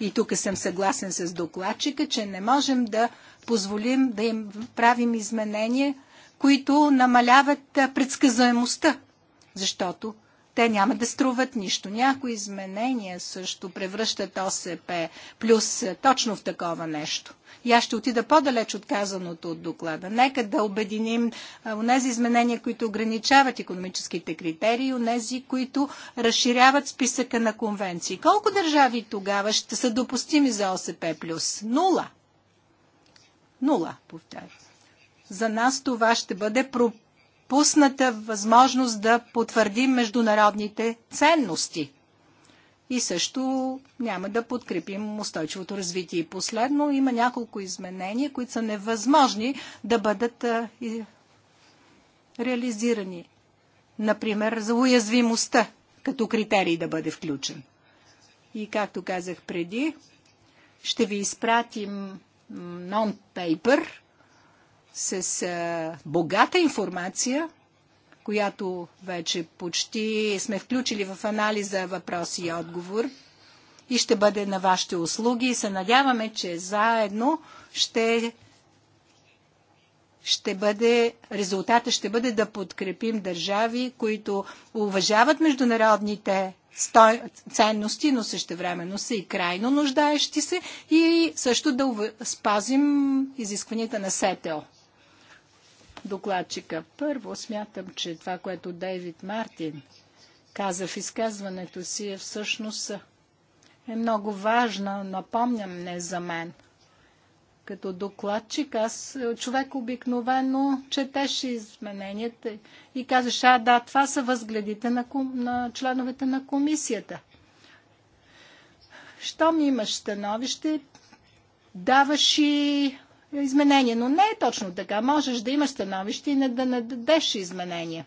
И тук съм съгласен с докладчика, че не можем да позволим да им правим изменения, които намаляват предсказуемостта, защото те няма да струват нищо. Някои изменения също превръщат ОСП плюс е, точно в такова нещо. И аз ще отида по-далеч от казаното от доклада. Нека да обединим е, онези изменения, които ограничават економическите критерии, онези, които разширяват списъка на конвенции. Колко държави тогава ще са допустими за ОСП плюс? Нула. Нула, повтарям. За нас това ще бъде пропуск пусната възможност да потвърдим международните ценности. И също няма да подкрепим устойчивото развитие. И последно има няколко изменения, които са невъзможни да бъдат а, и, реализирани. Например, за уязвимостта като критерий да бъде включен. И както казах преди, ще ви изпратим нон-пейпер, с а, богата информация, която вече почти сме включили в анализа въпроси и отговор и ще бъде на вашите услуги и се надяваме, че заедно ще, ще бъде, резултата ще бъде да подкрепим държави, които уважават международните ценности, но същевременно са и крайно нуждаещи се и също да спазим изискванията на СЕТЕЛ докладчика. Първо, смятам, че това, което Дейвид Мартин каза в изказването си, е всъщност е много важно, напомням не за мен. Като докладчик, аз е, човек обикновено четеше измененията и казваше, а да, това са възгледите на, на членовете на комисията. Щом имаш становище, даваш и изменение. Но не е точно така. Можеш да имаш становище и не да не дадеш изменение.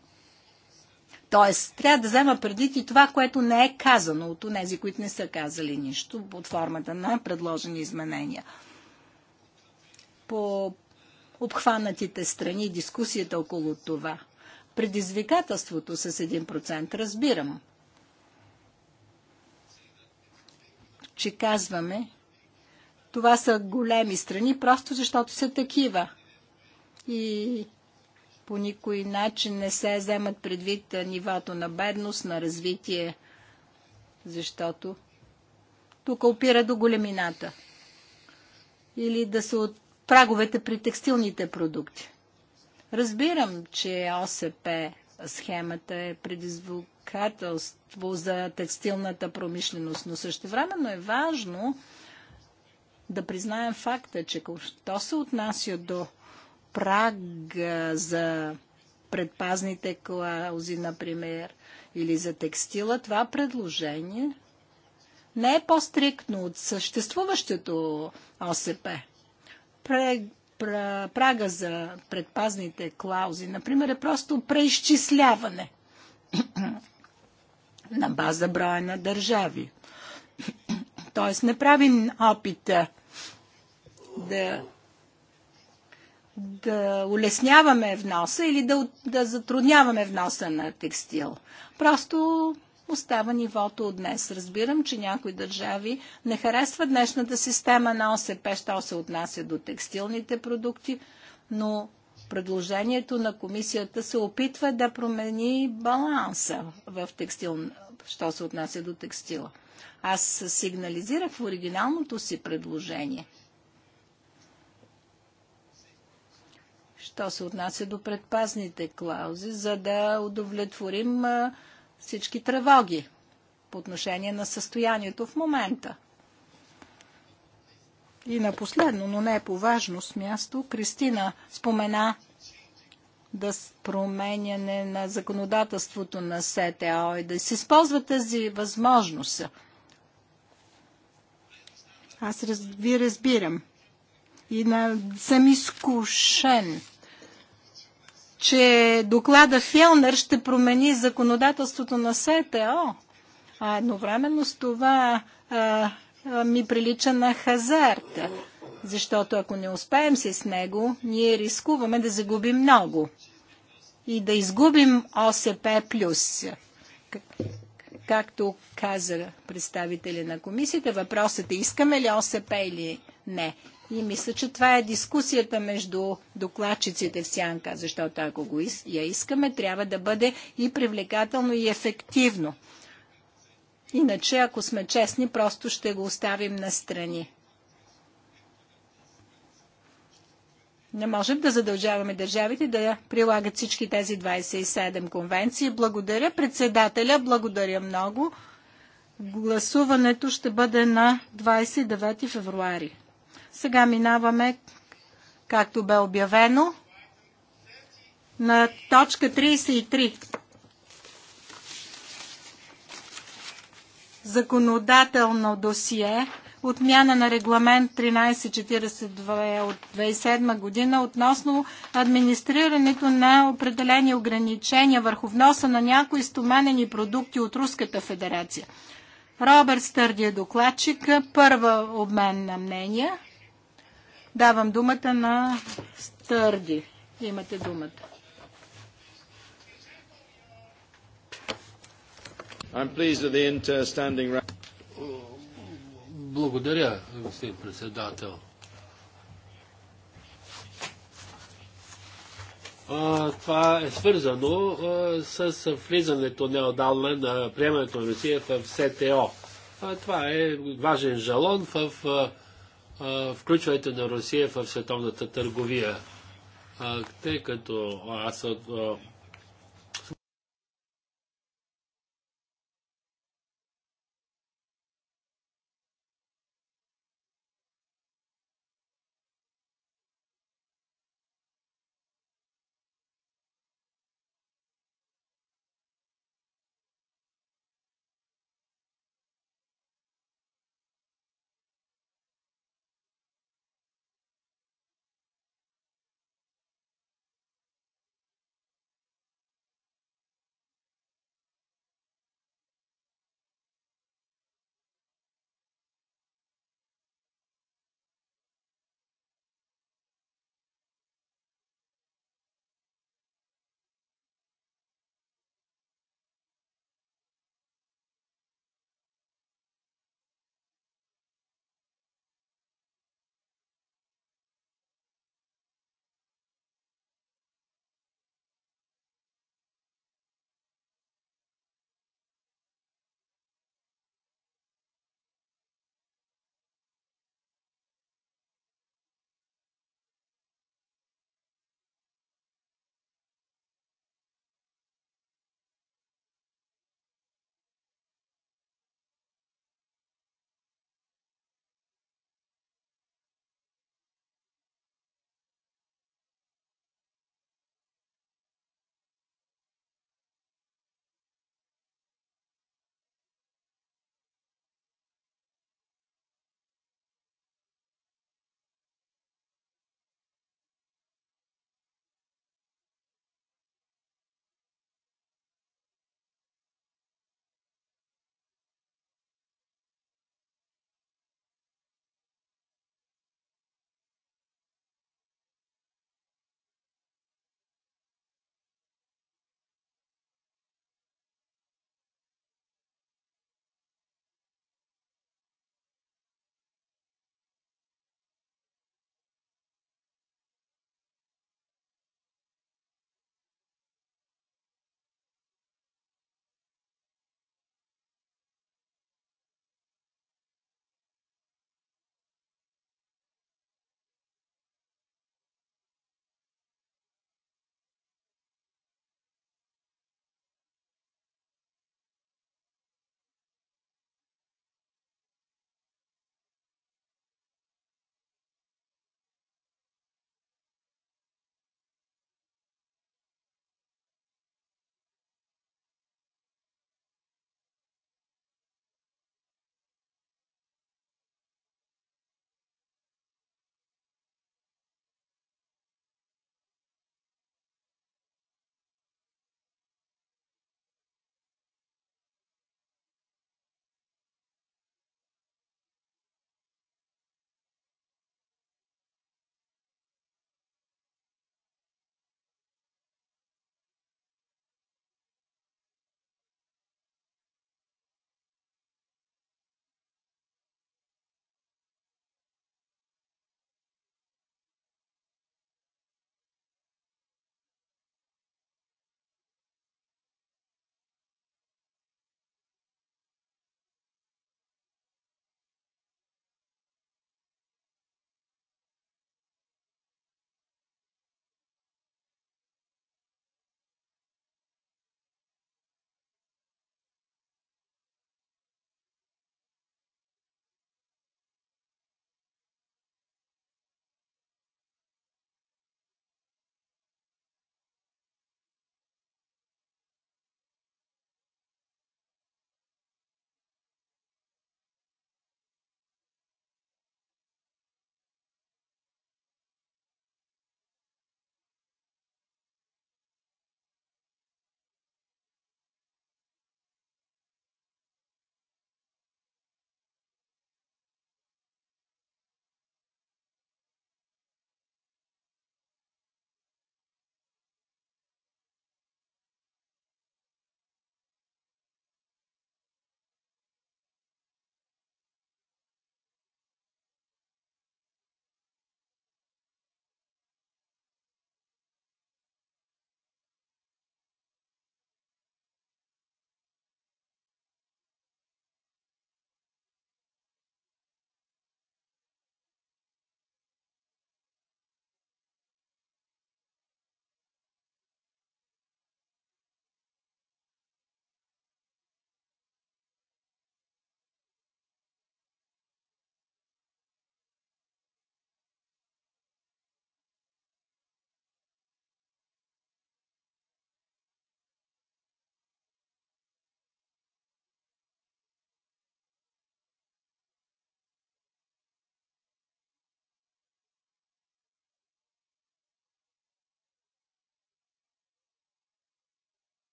Тоест, трябва да взема предвид и това, което не е казано от тези, които не са казали нищо под формата на предложени изменения. По обхванатите страни дискусията около това. Предизвикателството с 1% разбирам. Че казваме, това са големи страни, просто защото са такива. И по никой начин не се вземат предвид нивото на бедност, на развитие, защото тук опира до големината. Или да са от праговете при текстилните продукти. Разбирам, че ОСП схемата е предизвикателство за текстилната промишленост, но същевременно е важно да признаем факта, че когато се отнася до праг за предпазните клаузи, например, или за текстила, това предложение не е по-стриктно от съществуващото ОСП. Прага за предпазните клаузи, например, е просто преизчисляване *clears throat* на база броя на държави. *clears throat* Тоест, не правим опита да, да улесняваме вноса или да, да затрудняваме вноса на текстил. Просто остава нивото от днес. Разбирам, че някои държави не харесват днешната система на ОСП, що се отнася до текстилните продукти, но предложението на комисията се опитва да промени баланса в текстил, що се отнася до текстила. Аз сигнализирах в оригиналното си предложение – що се отнася до предпазните клаузи, за да удовлетворим всички тревоги по отношение на състоянието в момента. И на последно, но не по важност място, Кристина спомена да променяне на законодателството на СТО и да се използва тази възможност. Аз ви разбирам. И на, съм изкушен че доклада Фелнер ще промени законодателството на СТО. А едновременно с това а, а, ми прилича на хазарт, защото ако не успеем се с него, ние рискуваме да загубим много и да изгубим ОСП+. както каза представителя на комисията, въпросът е искаме ли ОСП или не. И мисля, че това е дискусията между докладчиците в сянка, защото ако го я искаме, трябва да бъде и привлекателно, и ефективно. Иначе, ако сме честни, просто ще го оставим настрани. Не можем да задължаваме държавите да прилагат всички тези 27 конвенции. Благодаря председателя, благодаря много. Гласуването ще бъде на 29 февруари. Сега минаваме, както бе обявено, на точка 33. Законодателно досие отмяна на регламент 1342 от 2007 година относно администрирането на определени ограничения върху вноса на някои стоманени продукти от Руската федерация. Робърт Стърди е докладчик. Първа обмен на мнения. Давам думата на Стърди. Имате думата.
Благодаря, господин председател. А, това е свързано а, с влизането неодална на приемането на Русия в СТО. А, това е важен жалон в включването на Русия в световната търговия. Тъй като аз